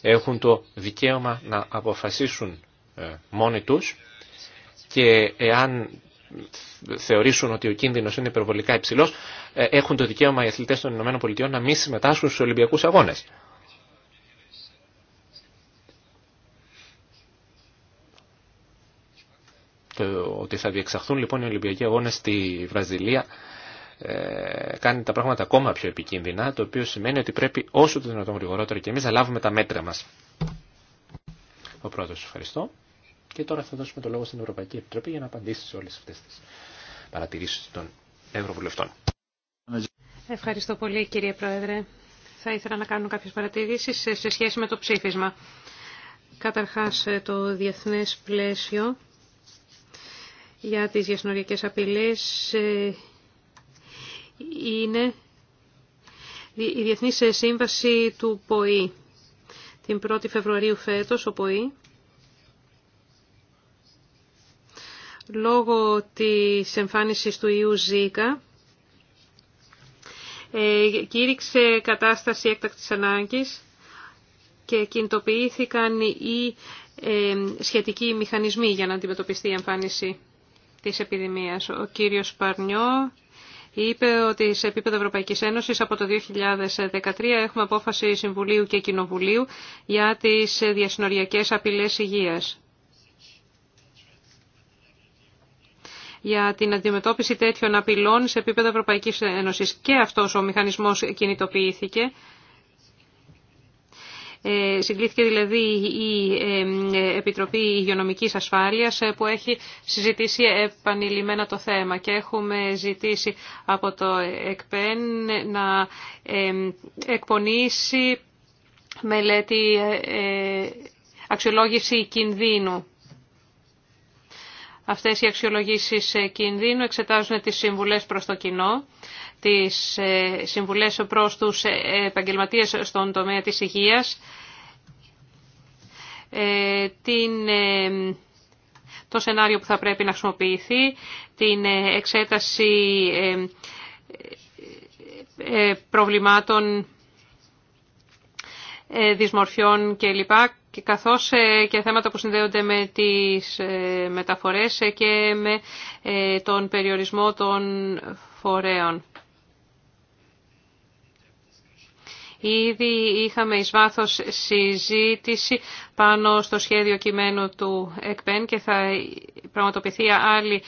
έχουν το δικαίωμα να αποφασίσουν ε, μόνοι τους και εάν θεωρήσουν ότι ο κίνδυνος είναι υπερβολικά υψηλός, ε, έχουν το δικαίωμα οι αθλητές των ΗΠΑ να μην συμμετάσχουν στους Ολυμπιακούς Αγώνες. Το ότι θα διεξαχθούν λοιπόν οι Ολυμπιακοί Αγώνες στη Βραζιλία ε, κάνει τα πράγματα ακόμα πιο επικίνδυνα, το οποίο σημαίνει ότι πρέπει όσο το δυνατόν γρηγορότερα και εμείς να λάβουμε τα μέτρα μας. Ο πρώτος, ευχαριστώ. Και τώρα θα δώσουμε το λόγο στην Ευρωπαϊκή Επιτροπή για να απαντήσει σε όλες αυτές τις παρατηρήσεις των Ευρωβουλευτών. Ευχαριστώ πολύ κύριε Πρόεδρε. Θα ήθελα να κάνω κάποιες παρατηρήσεις σε σχέση με το ψήφισμα. Καταρχάς το διεθνές πλαίσιο για τις διασυνοριακές απειλές ε, είναι η Διεθνής Σύμβαση του ΠΟΗ. Την 1η Φεβρουαρίου φέτος ο ΠΟΗ λόγω της εμφάνισης του ιού ε, κήρυξε κατάσταση έκτακτης ανάγκης και κινητοποιήθηκαν οι ε, σχετικοί μηχανισμοί για να αντιμετωπιστεί η εμφάνιση της επιδημίας. Ο κύριος Παρνιό είπε ότι σε επίπεδο Ευρωπαϊκής Ένωσης από το 2013 έχουμε απόφαση Συμβουλίου και Κοινοβουλίου για τις διασυνοριακές απειλές υγείας. για την αντιμετώπιση τέτοιων απειλών σε επίπεδο Ευρωπαϊκής Ένωσης. Και αυτός ο μηχανισμός κινητοποιήθηκε ε, Συγκλήθηκε δηλαδή η ε, Επιτροπή Υγειονομικής Ασφάλειας ε, που έχει συζητήσει επανειλημμένα το θέμα και έχουμε ζητήσει από το ΕΚΠΕΝ να εκπονήσει μελέτη αξιολόγηση κινδύνου Αυτές οι αξιολογήσεις ε, κινδύνου εξετάζουν τις συμβουλές προς το κοινό, τις ε, συμβουλές προς τους ε, επαγγελματίες στον τομέα της υγείας, την, το σενάριο που θα πρέπει να χρησιμοποιηθεί, την εξέταση προβλημάτων δυσμορφιών κλπ και καθώς ε, και θέματα που συνδέονται με τις ε, μεταφορές ε, και με τον περιορισμό των φορέων. Ήδη είχαμε εις βάθος συζήτηση πάνω στο σχέδιο κειμένου του ΕΚΠΕΝ και θα πραγματοποιηθεί άλλη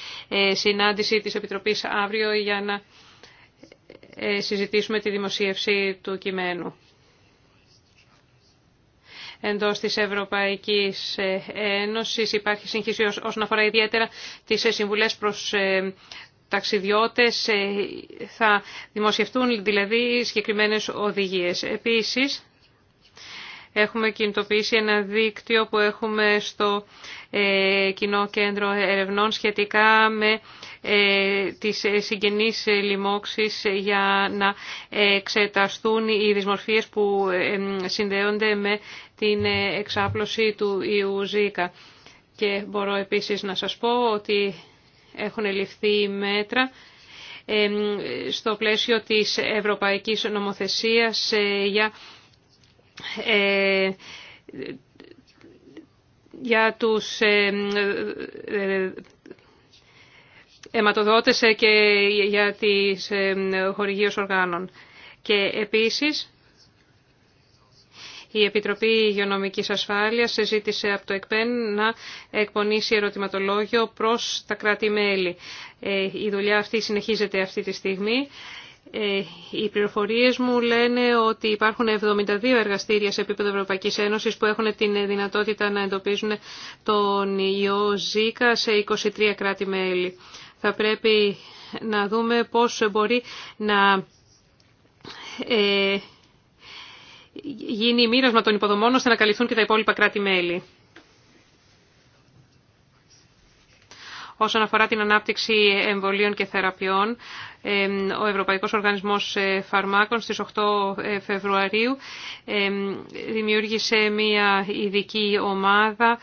συνάντηση της Επιτροπής αύριο για να συζητήσουμε τη δημοσίευση του κειμένου εντός της Ευρωπαϊκής ε, Ένωσης. Υπάρχει σύγχυση όσον αφορά ιδιαίτερα τις ε, συμβουλές προς ε, ταξιδιώτες. Θα δημοσιευτούν δηλαδή συγκεκριμένες οδηγίες. Επίσης, Έχουμε κινητοποιήσει ένα δίκτυο που έχουμε στο ε, Κοινό Κέντρο Ερευνών σχετικά με ε, τις ε, συγγενείς λοιμώξεις για να εξεταστούν οι δυσμορφίες που συνδέονται με την εξάπλωση του ιού Και μπορώ επίσης να σας πω ότι έχουν ληφθεί μέτρα στο πλαίσιο της ευρωπαϊκής νομοθεσίας για ε, για τους ε, ε, αιματοδότες και για τις χορηγίες οργάνων. Και επίσης, η Επιτροπή Υγειονομικής Ασφάλειας ζήτησε από το ΕΚΠΕΝ να εκπονήσει ερωτηματολόγιο προς τα κράτη-μέλη. Η δουλειά αυτή συνεχίζεται αυτή τη στιγμή. Ε, οι πληροφορίες μου λένε ότι υπάρχουν 72 εργαστήρια σε επίπεδο Ευρωπαϊκής Ένωσης που έχουν την δυνατότητα να εντοπίζουν τον ιό Ζήκα σε 23 κράτη-μέλη. Θα πρέπει να δούμε πώς μπορεί να ε, γίνει μοίρασμα των υποδομών ώστε να καλυφθούν και τα υπόλοιπα κράτη-μέλη. Όσον αφορά την ανάπτυξη εμβολίων και θεραπείων, ο Ευρωπαϊκός Οργανισμός ε, Φαρμάκων στις 8 ε, Φεβρουαρίου δημιούργησε μια ειδική ομάδα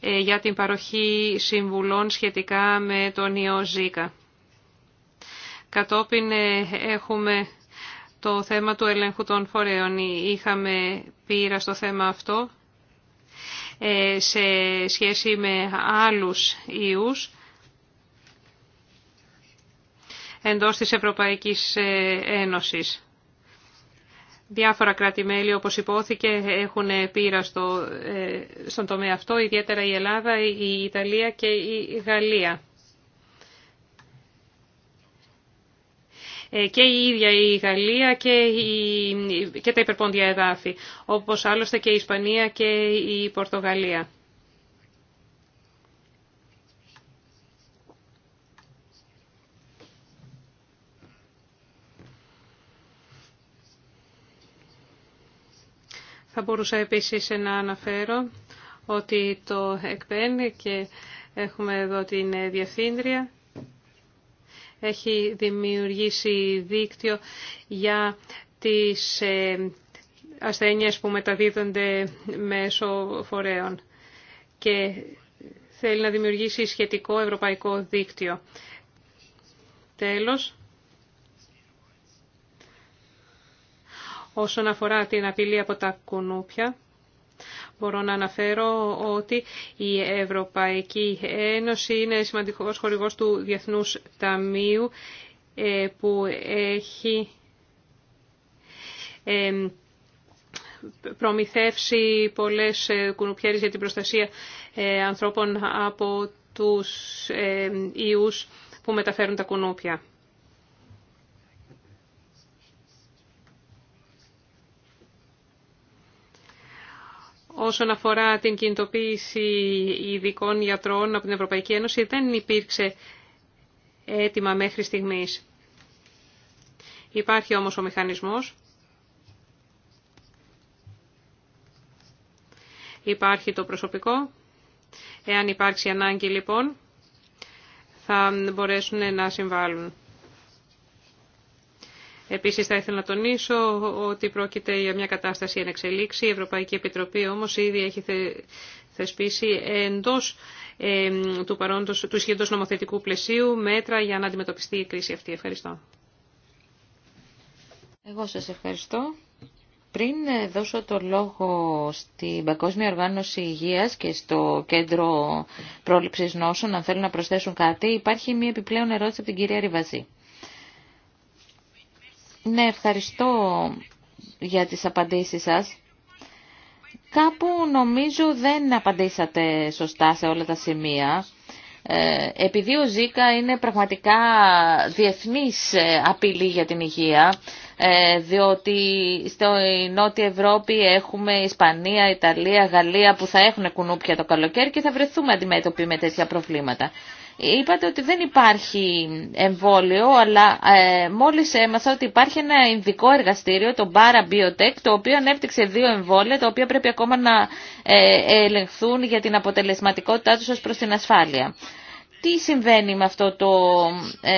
ε, για την παροχή συμβουλών σχετικά με τον ιό Ζήκα. Κατόπιν έχουμε το θέμα του ελέγχου των φορέων. Είχαμε πείρα στο θέμα αυτό σε σχέση με άλλους ιούς εντός της Ευρωπαϊκής ε, Ένωσης. Διάφορα κράτη-μέλη, όπως υπόθηκε, έχουν πείρα στο, ε, στον τομέα αυτό, ιδιαίτερα η Ελλάδα, η Ιταλία και η Γαλλία. Ε, και η ίδια η Γαλλία και, η, και τα υπερπόντια εδάφη, όπως άλλωστε και η Ισπανία και η Πορτογαλία. Θα μπορούσα επίσης να αναφέρω ότι το ΕΚΠΕΝ και έχουμε εδώ την Διευθύντρια έχει δημιουργήσει δίκτυο για τις ε, ασθένειες που μεταδίδονται μέσω φορέων και θέλει να δημιουργήσει σχετικό ευρωπαϊκό δίκτυο. Τέλος, Όσον αφορά την απειλή από τα κουνούπια, μπορώ να αναφέρω ότι η Ευρωπαϊκή Ένωση είναι σημαντικός χορηγός του Διεθνούς Ταμείου ε, που έχει ε, προμηθεύσει πολλές ε, κουνουπιέρες για την προστασία ανθρώπων από τους ιούς που μεταφέρουν τα κουνούπια. Όσον αφορά την κινητοποίηση ειδικών γιατρών από την Ευρωπαϊκή Ένωση, δεν υπήρξε έτοιμα μέχρι στιγμής. Υπάρχει όμως ο μηχανισμός. Υπάρχει το προσωπικό. Εάν υπάρξει ανάγκη λοιπόν, θα μπορέσουν να συμβάλλουν. Επίσης θα ήθελα να τονίσω ότι πρόκειται για μια κατάσταση εν εξελίξη. Η Ευρωπαϊκή Επιτροπή όμως ήδη έχει θεσπίσει εντός του, παρόντος, του νομοθετικού πλαισίου μέτρα για να αντιμετωπιστεί η κρίση αυτή. Ευχαριστώ. Εγώ σας ευχαριστώ. Πριν ε, δώσω το λόγο στην Παγκόσμια Οργάνωση Υγείας και στο Κέντρο Πρόληψης Νόσων, αν θέλουν να προσθέσουν κάτι, υπάρχει μια επιπλέον ερώτηση από την κυρία Ριβαζή. Ναι, ευχαριστώ για τις απαντήσεις σας. Κάπου νομίζω δεν απαντήσατε σωστά σε όλα τα σημεία. Ε, επειδή ο Ζήκα είναι πραγματικά διεθνής ε, απειλή για την υγεία, ε, διότι στο Νότια Ευρώπη έχουμε Ισπανία, Ιταλία, Γαλλία που θα έχουν κουνούπια το καλοκαίρι και θα βρεθούμε αντιμέτωποι με τέτοια προβλήματα. Είπατε ότι δεν υπάρχει εμβόλιο, αλλά ε, μόλις έμαθα ότι υπάρχει ένα ειδικό εργαστήριο, το Bara Biotech, το οποίο ανέπτυξε δύο εμβόλια, τα οποία πρέπει ακόμα να ε, ελεγχθούν για την αποτελεσματικότητά τους ως προς την ασφάλεια. Τι συμβαίνει με αυτό το ε,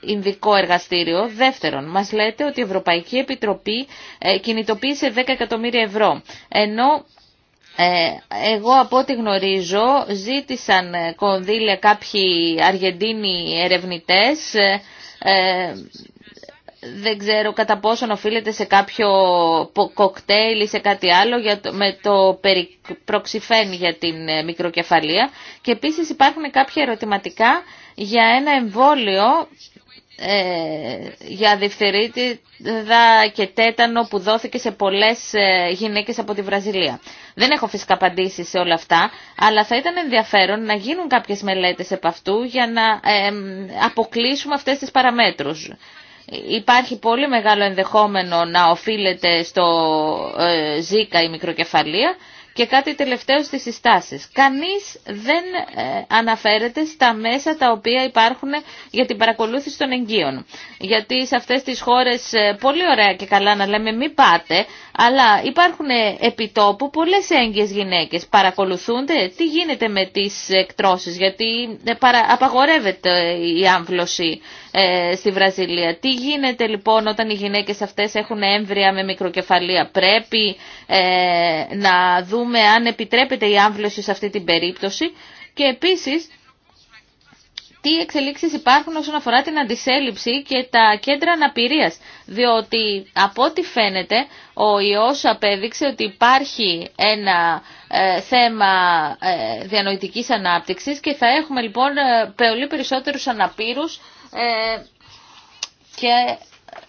ειδικό εργαστήριο. Δεύτερον, μας λέτε ότι η Ευρωπαϊκή Επιτροπή ε, κινητοποίησε 10 εκατομμύρια ευρώ, ενώ ε, εγώ από ό,τι γνωρίζω ζήτησαν κονδύλια κάποιοι Αργεντίνοι ερευνητές ε, ε, δεν ξέρω κατά πόσον οφείλεται σε κάποιο κοκτέιλ ή σε κάτι άλλο για με το περι, για την μικροκεφαλία. Και επίσης υπάρχουν κάποια ερωτηματικά για ένα εμβόλιο ε, για διφθερίτιδα και τέτανο που δόθηκε σε πολλές ε, γυναίκες από τη Βραζιλία. Δεν έχω φυσικά απαντήσει σε όλα αυτά, αλλά θα ήταν ενδιαφέρον να γίνουν κάποιες μελέτες επ' αυτού για να ε, αποκλείσουμε αυτές τις παραμέτρους. Υπάρχει πολύ μεγάλο ενδεχόμενο να οφείλεται στο ζήκα η μικροκεφαλία και κάτι τελευταίο στις συστάσεις. Κανείς δεν ε, αναφέρεται στα μέσα τα οποία υπάρχουν για την παρακολούθηση των εγγύων. Γιατί σε αυτές τις χώρες ε, πολύ ωραία και καλά να λέμε μη πάτε, αλλά υπάρχουν επιτόπου πολλές έγκυες γυναίκες. Παρακολουθούνται τι γίνεται με τις εκτρώσεις, γιατί ε, απαγορεύεται η άμβλωση ε, στη Βραζιλία. Τι γίνεται λοιπόν όταν οι γυναίκες αυτές έχουν έμβρια με μικροκεφαλία. Πρέπει ε, να δούμε αν επιτρέπεται η άμβλωση σε αυτή την περίπτωση και επίσης τι εξελίξεις υπάρχουν όσον αφορά την αντισέλιψη και τα κέντρα αναπηρίας. Διότι από ό,τι φαίνεται ο ιός απέδειξε ότι υπάρχει ένα ε, θέμα ε, διανοητικής ανάπτυξης και θα έχουμε λοιπόν πολύ περισσότερους αναπήρους ε, και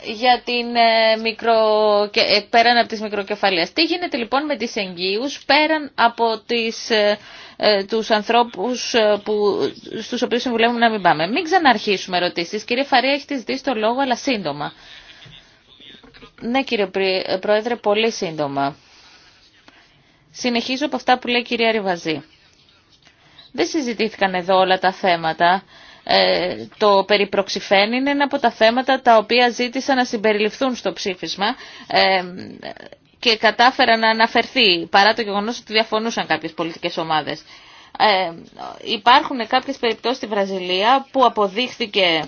για την ε, μικρο... Ε, πέραν από τις μικροκεφαλίες. Τι γίνεται λοιπόν με τις εγγύους πέραν από τις, ε, τους ανθρώπους που, στους οποίους συμβουλεύουμε να μην πάμε. Μην ξαναρχίσουμε ερωτήσεις. Κύριε Φαρία, έχετε δει το λόγο, αλλά σύντομα. Ναι κύριε Πρόεδρε, πολύ σύντομα. Συνεχίζω από αυτά που λέει η κυρία Ριβαζή. Δεν συζητήθηκαν εδώ όλα τα θέματα. Ε, το περιπροξηφέν είναι ένα από τα θέματα τα οποία ζήτησαν να συμπεριληφθούν στο ψήφισμα ε, και κατάφερα να αναφερθεί παρά το γεγονός ότι διαφωνούσαν κάποιες πολιτικές ομάδες. Ε, υπάρχουν κάποιες περιπτώσεις στη Βραζιλία που αποδείχθηκε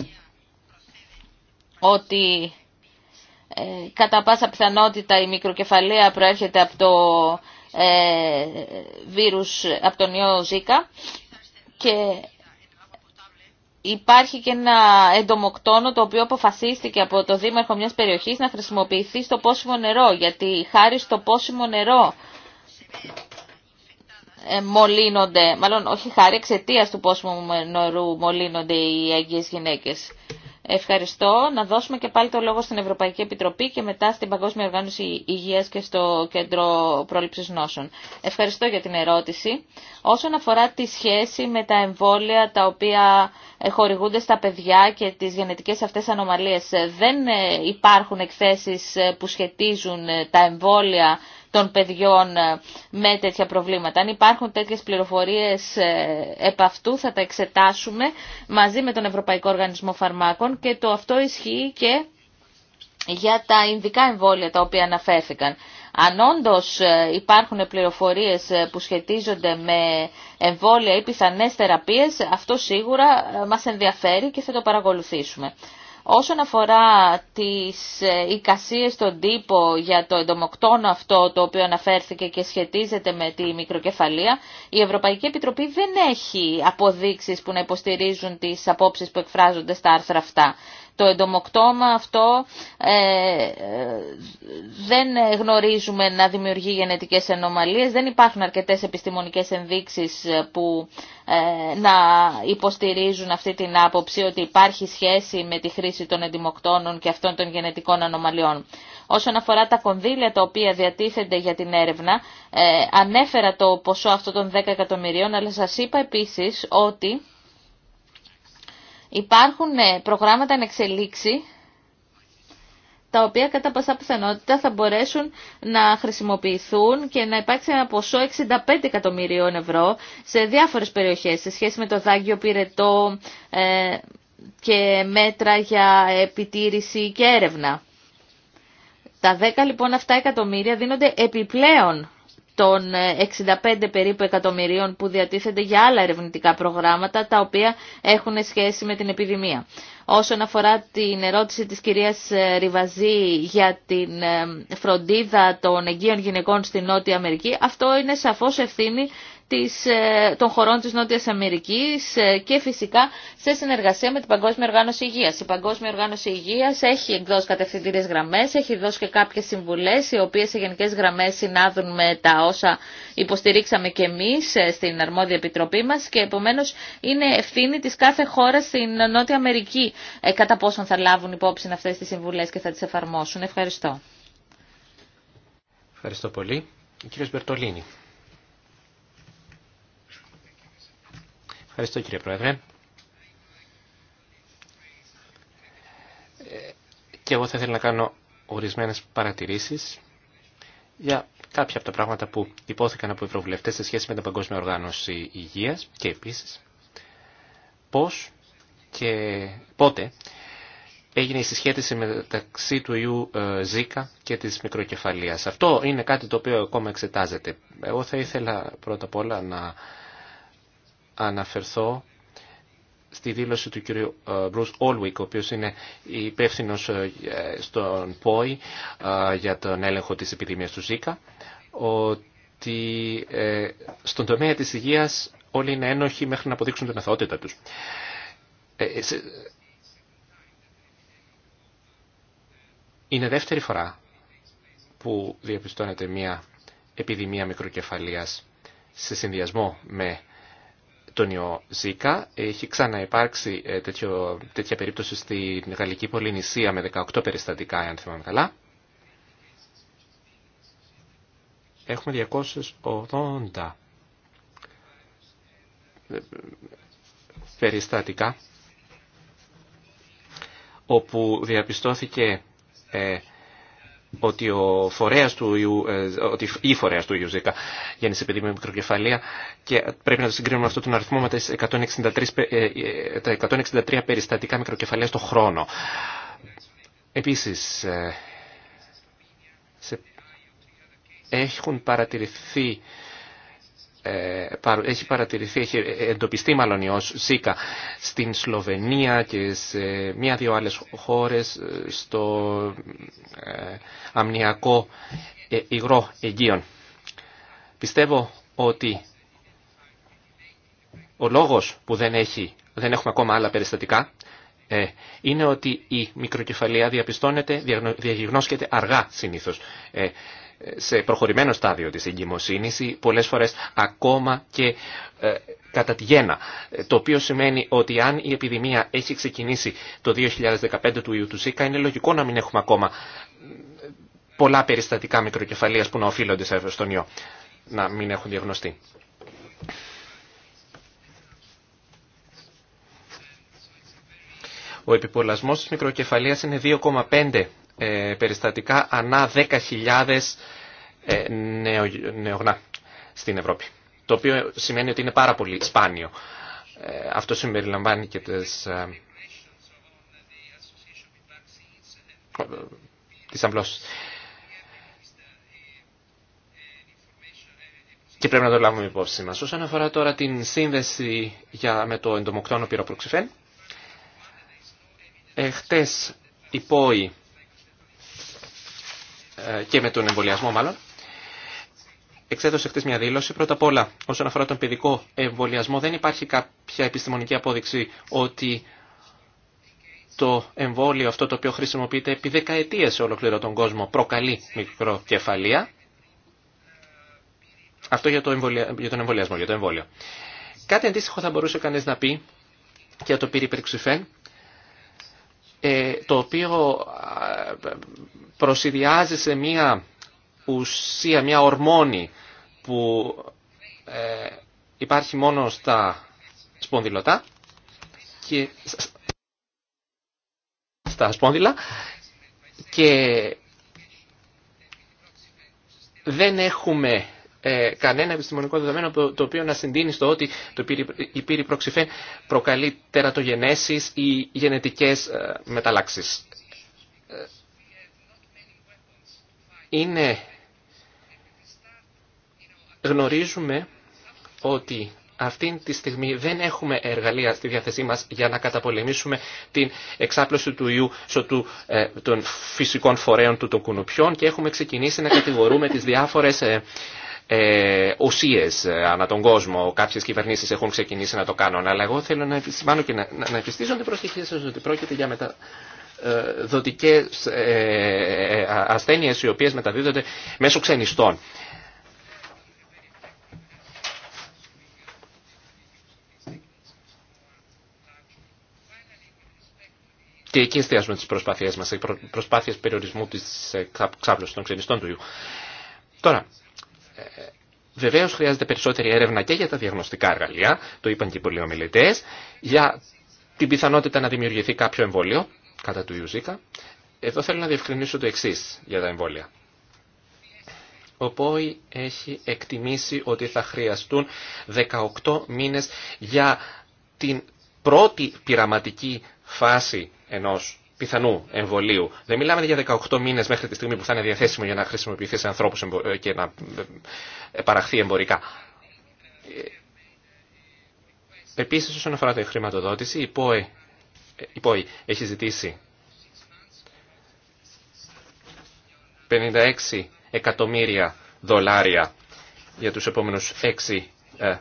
ότι ε, κατά πάσα πιθανότητα η μικροκεφαλαία προέρχεται από το ε, βίρους, από τον ιό Ζήκα και Υπάρχει και ένα εντομοκτόνο το οποίο αποφασίστηκε από το δήμαρχο μιας περιοχής να χρησιμοποιηθεί στο πόσιμο νερό, γιατί χάρη στο πόσιμο νερό ε, μολύνονται, μάλλον όχι χάρη εξαιτία του πόσιμου νερού μολύνονται οι αγίες γυναίκες. Ευχαριστώ. Να δώσουμε και πάλι το λόγο στην Ευρωπαϊκή Επιτροπή και μετά στην Παγκόσμια Οργάνωση Υγείας και στο Κέντρο Πρόληψης Νόσων. Ευχαριστώ για την ερώτηση. Όσον αφορά τη σχέση με τα εμβόλια τα οποία ε, χορηγούνται στα παιδιά και τις γενετικές αυτές ανομαλίες, ε, δεν ε, υπάρχουν εκθέσεις που σχετίζουν τα εμβόλια των παιδιών ε, με τέτοια προβλήματα. Αν υπάρχουν τέτοιες πληροφορίες ε, επ' αυτού θα τα εξετάσουμε μαζί με τον Ευρωπαϊκό Οργανισμό Φαρμάκων και το αυτό ισχύει και για τα ειδικά εμβόλια τα οποία αναφέρθηκαν. Αν όντω ε, υπάρχουν πληροφορίε που σχετίζονται με εμβόλια ή πιθανέ θεραπείε, αυτό σίγουρα μα ενδιαφέρει και θα το παρακολουθήσουμε. Όσον αφορά τις ε, εικασίες στον τύπο για το εντομοκτόνο αυτό το οποίο αναφέρθηκε και σχετίζεται με τη μικροκεφαλία, η Ευρωπαϊκή Επιτροπή δεν έχει αποδείξεις που να υποστηρίζουν τις απόψεις που εκφράζονται στα άρθρα αυτά το εντομοκτώμα αυτό ε, δεν γνωρίζουμε να δημιουργεί γενετικές ανομαλίες, δεν υπάρχουν αρκετές επιστημονικές ενδείξεις ε, που ε, να υποστηρίζουν αυτή την άποψη ότι υπάρχει σχέση με τη χρήση των εντομοκτώνων και αυτών των γενετικών ανομαλιών. Όσον αφορά τα κονδύλια τα οποία διατίθενται για την έρευνα, ανέφερα το ποσό αυτό των 10 εκατομμυρίων, αλλά σας είπα επίσης ότι Υπάρχουν ναι, προγράμματα εξελίξη τα οποία κατά πάσα πιθανότητα θα μπορέσουν να χρησιμοποιηθούν και να υπάρξει ένα ποσό 65 εκατομμυρίων ευρώ σε διάφορες περιοχές σε σχέση με το δάγκιο πυρετό ε, και μέτρα για επιτήρηση και έρευνα. Τα 10 λοιπόν αυτά εκατομμύρια δίνονται επιπλέον των 65 ε, περίπου εκατομμυρίων που διατίθενται για άλλα ερευνητικά προγράμματα τα οποία έχουν σχέση με την επιδημία. Όσον αφορά την ερώτηση της κυρίας ε, Ριβαζή για την ε, φροντίδα των εγγύων γυναικών στην Νότια Αμερική, αυτό είναι σαφώς ευθύνη της, ε, των χωρών της Νότιας Αμερικής ε, και φυσικά σε συνεργασία με την Παγκόσμια Οργάνωση Υγείας. Η Παγκόσμια Οργάνωση Υγείας έχει εκδώσει κατευθυντήριες γραμμές, έχει δώσει και κάποιες συμβουλές οι οποίες σε γενικές γραμμές συνάδουν με τα όσα υποστηρίξαμε και εμείς ε, στην αρμόδια επιτροπή μας και επομένως είναι ευθύνη της κάθε χώρας στην Νότια Αμερική κατά πόσον θα λάβουν υπόψη αυτές τις συμβουλές και θα τις εφαρμόσουν. Ευχαριστώ. Ευχαριστώ πολύ. κύριος Μπερτολίνη. Ευχαριστώ κύριε Πρόεδρε. Και εγώ θα ήθελα να κάνω ορισμένες παρατηρήσεις για κάποια από τα πράγματα που υπόθηκαν από ευρωβουλευτές σε σχέση με την Παγκόσμια Οργάνωση Υγείας και επίσης πώς και πότε έγινε η συσχέτιση μεταξύ του ιού Ζήκα ε, και της μικροκεφαλίας. Αυτό είναι κάτι το οποίο ακόμα εξετάζεται. Εγώ θα ήθελα πρώτα απ' όλα να αναφερθώ στη δήλωση του κ. Ε, Bruce Όλουικ, ο οποίος είναι υπεύθυνο ε, στον ΠΟΗ ε, για τον έλεγχο της επιδημίας του ΖΙΚΑ, ότι στον τομέα της υγείας όλοι είναι ένοχοι μέχρι να αποδείξουν την αθωότητα τους. Είναι δεύτερη φορά που διαπιστώνεται μια επιδημία μικροκεφαλίας σε συνδυασμό με τον ιό Ζήκα. Έχει ξαναυπάρξει ε, τέτοιο, τέτοια περίπτωση στη Γαλλική Πολυνησία με 18 περιστατικά, αν θυμάμαι καλά. Έχουμε 280 ε, περιστατικά όπου διαπιστώθηκε ε, ότι, ο φορέας του ιού, ε, ότι η φορέας του ιού γέννησε παιδί με μικροκεφαλία και πρέπει να το συγκρίνουμε αυτό τον αριθμό με τα 163, 163 ε, ε, περιστατικά μικροκεφαλία στον χρόνο. Επίσης, έχουν παρατηρηθεί ε, έχει παρατηρηθεί, έχει εντοπιστεί μάλλον η ΩΣΥΚΑ στην Σλοβενία και σε μία-δύο άλλες χώρες ε, στο ε, αμνιακό υγρό εγγύων. Πιστεύω ότι ο λόγος που δεν, έχει, δεν έχουμε ακόμα άλλα περιστατικά είναι ότι η μικροκεφαλία διαπιστώνεται, διαγνώσκεται αργά συνήθως σε προχωρημένο στάδιο της εγκυμοσύνης πολλές φορές ακόμα και ε, κατά τη γέννα. Το οποίο σημαίνει ότι αν η επιδημία έχει ξεκινήσει το 2015 του ιού του ΣΥΚΑ είναι λογικό να μην έχουμε ακόμα ε, πολλά περιστατικά μικροκεφαλίας που να οφείλονται σε ιό να μην έχουν διαγνωστεί. Ο επιπολασμός της μικροκεφαλίας είναι 2,5 ε, περιστατικά ανά 10.000 ε, νεογνά στην Ευρώπη. Το οποίο σημαίνει ότι είναι πάρα πολύ σπάνιο. Ε, αυτό συμπεριλαμβάνει και τις, τις αμπλώσεις. Και πρέπει να το λάβουμε υπόψη μας. Όσον αφορά τώρα την σύνδεση για, με το εντομοκτόνο πυροπροξυφέν, εχθές οι πόοι ε, και με τον εμβολιασμό μάλλον, εξέδωσε χτε μια δήλωση. Πρώτα απ' όλα, όσον αφορά τον παιδικό εμβολιασμό, δεν υπάρχει κάποια επιστημονική απόδειξη ότι το εμβόλιο αυτό το οποίο χρησιμοποιείται επί δεκαετίε σε ολόκληρο τον κόσμο προκαλεί μικροκεφαλία. Αυτό για, το για τον εμβολιασμό, για το εμβόλιο. Κάτι αντίστοιχο θα μπορούσε κανεί να πει για το ε, το οποίο προσυδειάζει σε μία ουσία, μία ορμόνη που ε, υπάρχει μόνο στα σπονδυλωτά και στα σπόνδυλα και δεν έχουμε ε, κανένα επιστημονικό δεδομένο το, οποίο να συντείνει στο ότι το η πύρη προξηφέν προκαλεί τερατογενέσεις ή γενετικές ε, μεταλλάξεις. Ε, είναι... Γνωρίζουμε ότι αυτή τη στιγμή δεν έχουμε εργαλεία στη διάθεσή μας για να καταπολεμήσουμε την εξάπλωση του ιού του, ε, των φυσικών φορέων του τοκουνουπιών και έχουμε ξεκινήσει να κατηγορούμε τις διάφορες ε, ε, ανά τον κόσμο. κάποιε κυβερνήσει έχουν ξεκινήσει να το κάνουν, αλλά εγώ θέλω να επισημάνω και να, να επιστήσω την προσοχή σα ότι πρόκειται για μετα, ε, ε, ασθένειες οι οποίες μεταδίδονται μέσω ξενιστών. Και εκεί εστιάζουμε τις προσπάθειές μας, προσπάθειες περιορισμού της ξάπλωσης των ξενιστών του ιού. Τώρα, Βεβαίω χρειάζεται περισσότερη έρευνα και για τα διαγνωστικά εργαλεία, το είπαν και οι πολλοί ομιλητέ, για την πιθανότητα να δημιουργηθεί κάποιο εμβόλιο κατά του Ιουζίκα. Εδώ θέλω να διευκρινίσω το εξή για τα εμβόλια. Ο ΠΟΗ έχει εκτιμήσει ότι θα χρειαστούν 18 μήνες για την πρώτη πειραματική φάση ενός πιθανού εμβολίου. Δεν μιλάμε για 18 μήνες μέχρι τη στιγμή που θα είναι διαθέσιμο για να χρησιμοποιηθεί σε ανθρώπους ε, και να ε, παραχθεί εμπορικά. Ε, Επίση, όσον αφορά τη χρηματοδότηση, η ΠΟΕ, η έχει ζητήσει 56 εκατομμύρια δολάρια για τους επόμενους 6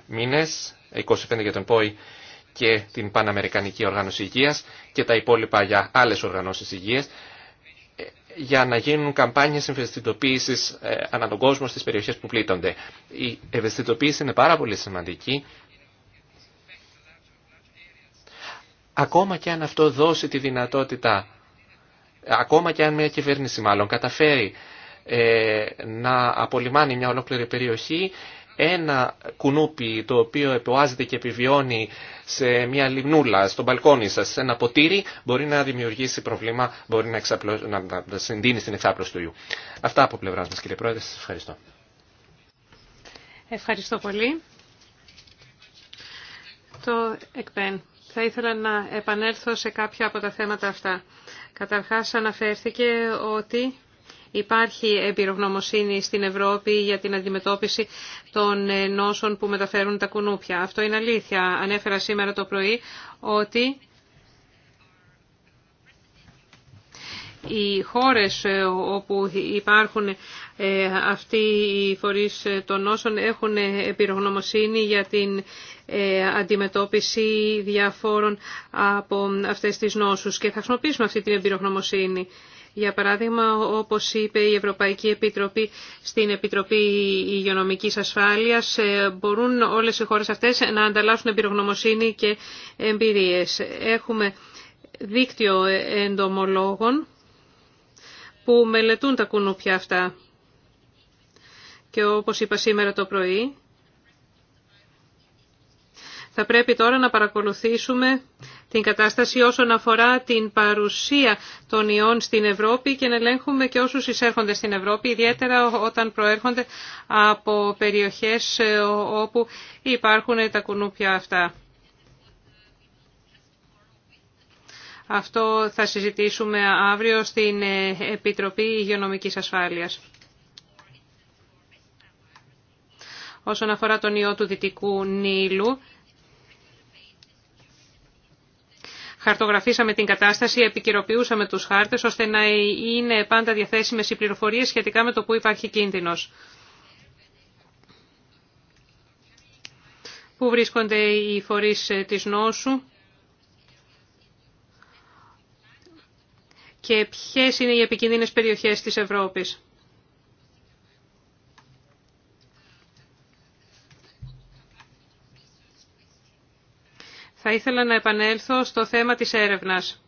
μήνες, 25 για τον ΠΟΗ και την Παναμερικανική Οργάνωση Υγείας και τα υπόλοιπα για άλλες οργανώσεις υγείας ε, για να γίνουν καμπάνιες ευαισθητοποίησης ε, ανά τον κόσμο στις περιοχές που πλήττονται. Η ευαισθητοποίηση είναι πάρα πολύ σημαντική ακόμα και αν αυτό δώσει τη δυνατότητα, ακόμα και αν μια κυβέρνηση μάλλον καταφέρει ε, να απολυμάνει μια ολόκληρη περιοχή, ένα κουνούπι το οποίο επιβάζεται και επιβιώνει σε μια λιμνούλα, στο μπαλκόνι σας, σε ένα ποτήρι, μπορεί να δημιουργήσει προβλήμα, μπορεί να, εξαπλω... να συντείνει στην εξάπλωση του ιού. Αυτά από πλευράς μας κύριε Πρόεδρε, σας ευχαριστώ. Ευχαριστώ πολύ. Το ΕΚΠΕΝ. Θα ήθελα να επανέλθω σε κάποια από τα θέματα αυτά. Καταρχάς αναφέρθηκε ότι Υπάρχει εμπειρογνωμοσύνη στην Ευρώπη για την αντιμετώπιση των νόσων που μεταφέρουν τα κουνούπια. Αυτό είναι αλήθεια. Ανέφερα σήμερα το πρωί ότι οι χώρες όπου υπάρχουν ε, αυτοί οι φορείς των νόσων έχουν επιρογνωμοσύνη για την ε, αντιμετώπιση διαφόρων από αυτές τις νόσους και θα χρησιμοποιήσουμε αυτή την επιρογνωμοσύνη. Για παράδειγμα, όπως είπε η Ευρωπαϊκή Επιτροπή στην Επιτροπή Υγειονομικής Ασφάλειας, ε, μπορούν όλες οι χώρες αυτές να ανταλλάσσουν εμπειρογνωμοσύνη και εμπειρίες. Έχουμε δίκτυο εντομολόγων που μελετούν τα κουνούπια αυτά. Και όπως είπα σήμερα το πρωί, θα πρέπει τώρα να παρακολουθήσουμε την κατάσταση όσον αφορά την παρουσία των ιών στην Ευρώπη και να ελέγχουμε και όσους εισέρχονται στην Ευρώπη, ιδιαίτερα όταν προέρχονται από περιοχές όπου υπάρχουν τα κουνούπια αυτά. Αυτό θα συζητήσουμε αύριο στην Επιτροπή Υγειονομικής Ασφάλειας. Όσον αφορά τον ιό του Δυτικού Νείλου, χαρτογραφήσαμε την κατάσταση, επικαιροποιούσαμε τους χάρτες, ώστε να είναι πάντα διαθέσιμες οι πληροφορίες σχετικά με το που υπάρχει κίνδυνος. Πού βρίσκονται οι φορείς ε, της νόσου και ποιες είναι οι επικίνδυνες περιοχές της Ευρώπης. Θα ήθελα να επανέλθω στο θέμα της έρευνας.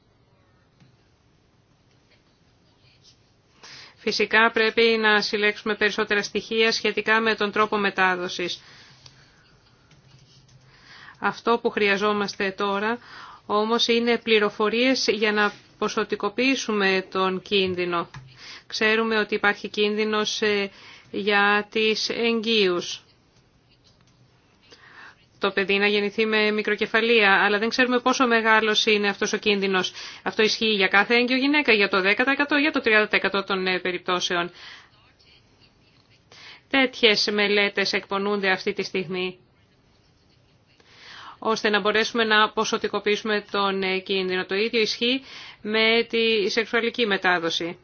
Φυσικά πρέπει να συλλέξουμε περισσότερα στοιχεία σχετικά με τον τρόπο μετάδοσης. Αυτό που χρειαζόμαστε τώρα όμως είναι πληροφορίες για να ποσοτικοποιήσουμε τον κίνδυνο. Ξέρουμε ότι υπάρχει κίνδυνος ε, για τις εγγύους το παιδί να γεννηθεί με μικροκεφαλία, αλλά δεν ξέρουμε πόσο μεγάλο είναι αυτός ο κίνδυνος. Αυτό ισχύει για κάθε έγκυο γυναίκα, για το 10% για το 30% των ε, περιπτώσεων. Τέτοιε μελέτε εκπονούνται αυτή τη στιγμή ώστε να μπορέσουμε να ποσοτικοποιήσουμε τον ε, κίνδυνο. Το ίδιο ισχύει με τη σεξουαλική μετάδοση.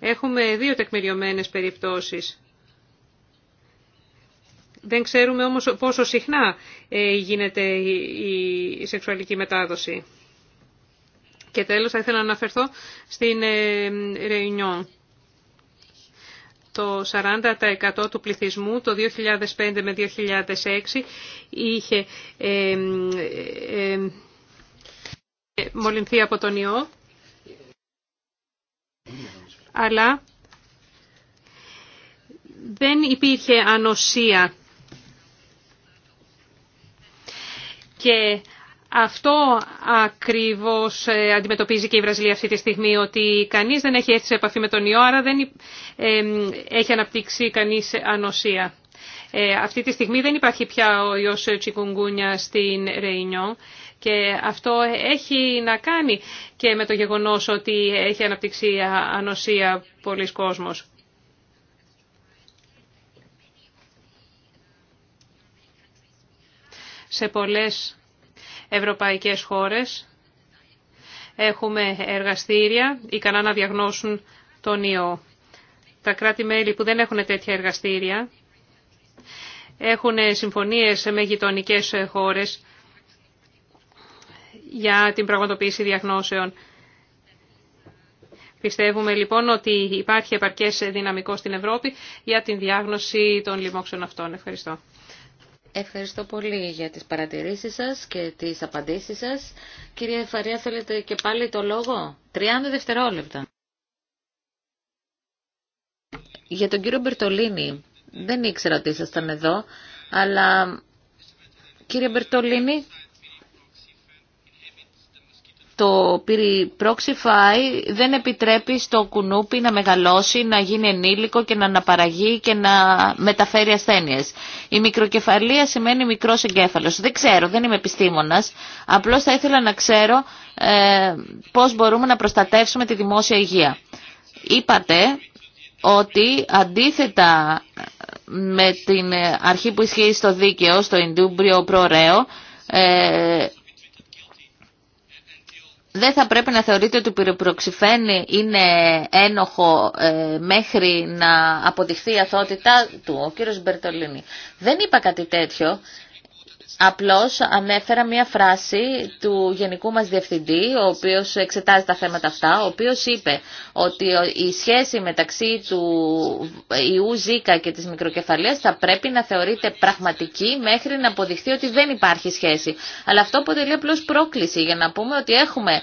Έχουμε δύο τεκμηριωμένες περιπτώσεις. Δεν ξέρουμε όμως πόσο συχνά ε, γίνεται η σεξουαλική μετάδοση. Και τέλος θα ήθελα να αναφερθώ στην Ρεϊνιόν. Το 40% του πληθυσμού το 2005 με 2006 είχε ε, ε, ε, μολυνθεί από τον ιό. Αλλά δεν υπήρχε ανοσία Και αυτό ακριβώς ε, αντιμετωπίζει και η Βραζιλία αυτή τη στιγμή, ότι κανείς δεν έχει έρθει σε επαφή με τον ιό, άρα δεν ε, έχει αναπτύξει κανείς ανοσία. Ε, αυτή τη στιγμή δεν υπάρχει πια ο ιός τσικουγκούνια στην Ρεϊνιό και αυτό έχει να κάνει και με το γεγονός ότι έχει αναπτύξει ανοσία πολλοί κόσμος. σε πολλές ευρωπαϊκές χώρες. Έχουμε εργαστήρια ικανά να διαγνώσουν τον ιό. Τα κράτη-μέλη που δεν έχουν τέτοια εργαστήρια έχουν συμφωνίες με γειτονικέ χώρες για την πραγματοποίηση διαγνώσεων. Πιστεύουμε λοιπόν ότι υπάρχει επαρκές δυναμικό στην Ευρώπη για την διάγνωση των λοιμόξεων αυτών. Ευχαριστώ. Ευχαριστώ πολύ για τις παρατηρήσεις σας και τις απαντήσεις σας. Κυρία Φαρία, θέλετε και πάλι το λόγο. 30 δευτερόλεπτα. Για τον κύριο Μπερτολίνη, δεν ήξερα ότι ήσασταν εδώ, αλλά κύριε Μπερτολίνη, το πυροπρόξιφάι δεν επιτρέπει στο κουνούπι να μεγαλώσει, να γίνει ενήλικο και να αναπαραγεί και να μεταφέρει ασθένειες. Η μικροκεφαλία σημαίνει μικρός εγκέφαλος. Δεν ξέρω, δεν είμαι επιστήμονας. Απλώς θα ήθελα να ξέρω ε, πώς μπορούμε να προστατεύσουμε τη δημόσια υγεία. Είπατε ότι αντίθετα με την αρχή που ισχύει στο δίκαιο, στο Ιντούμπριο Προρέο, ε, δεν θα πρέπει να θεωρείτε ότι ο πυροπροξυφένη είναι ένοχο ε, μέχρι να αποδειχθεί η αθότητα του, ο κύριος Μπερτολίνη. Δεν είπα κάτι τέτοιο. Απλώς ανέφερα μία φράση του γενικού μας διευθυντή, ο οποίος εξετάζει τα θέματα αυτά, ο οποίος είπε ότι η σχέση μεταξύ του ιού Ζήκα και της μικροκεφαλίας θα πρέπει να θεωρείται πραγματική μέχρι να αποδειχθεί ότι δεν υπάρχει σχέση. Αλλά αυτό αποτελεί απλώ πρόκληση για να πούμε ότι έχουμε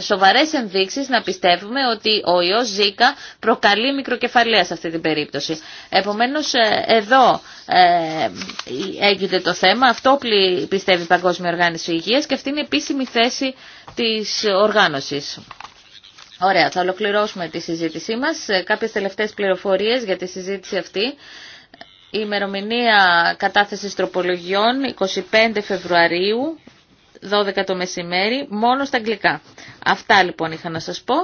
σοβαρές ενδείξεις να πιστεύουμε ότι ο ιός Ζήκα προκαλεί μικροκεφαλία σε αυτή την περίπτωση. Επομένως ε, εδώ ε, έγινε το θέμα, αυτό πιστεύει η Παγκόσμια Οργάνωση Υγείας και αυτή είναι η επίσημη θέση της οργάνωσης. Ωραία, θα ολοκληρώσουμε τη συζήτησή μας. Ε, κάποιες τελευταίες πληροφορίες για τη συζήτηση αυτή. Η ημερομηνία κατάθεσης τροπολογιών 25 Φεβρουαρίου, 12 το μεσημέρι, μόνο στα αγγλικά. Αυτά λοιπόν είχα να σας πω.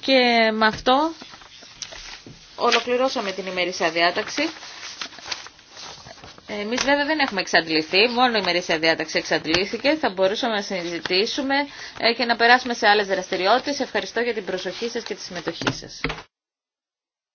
Και με αυτό ολοκληρώσαμε την ημερήσια διάταξη. Εμείς βέβαια δεν έχουμε εξαντληθεί, μόνο η μερίσια διάταξη εξαντλήθηκε. Θα μπορούσαμε να συζητήσουμε ε, και να περάσουμε σε άλλες δραστηριότητες. Ευχαριστώ για την προσοχή σας και τη συμμετοχή σας.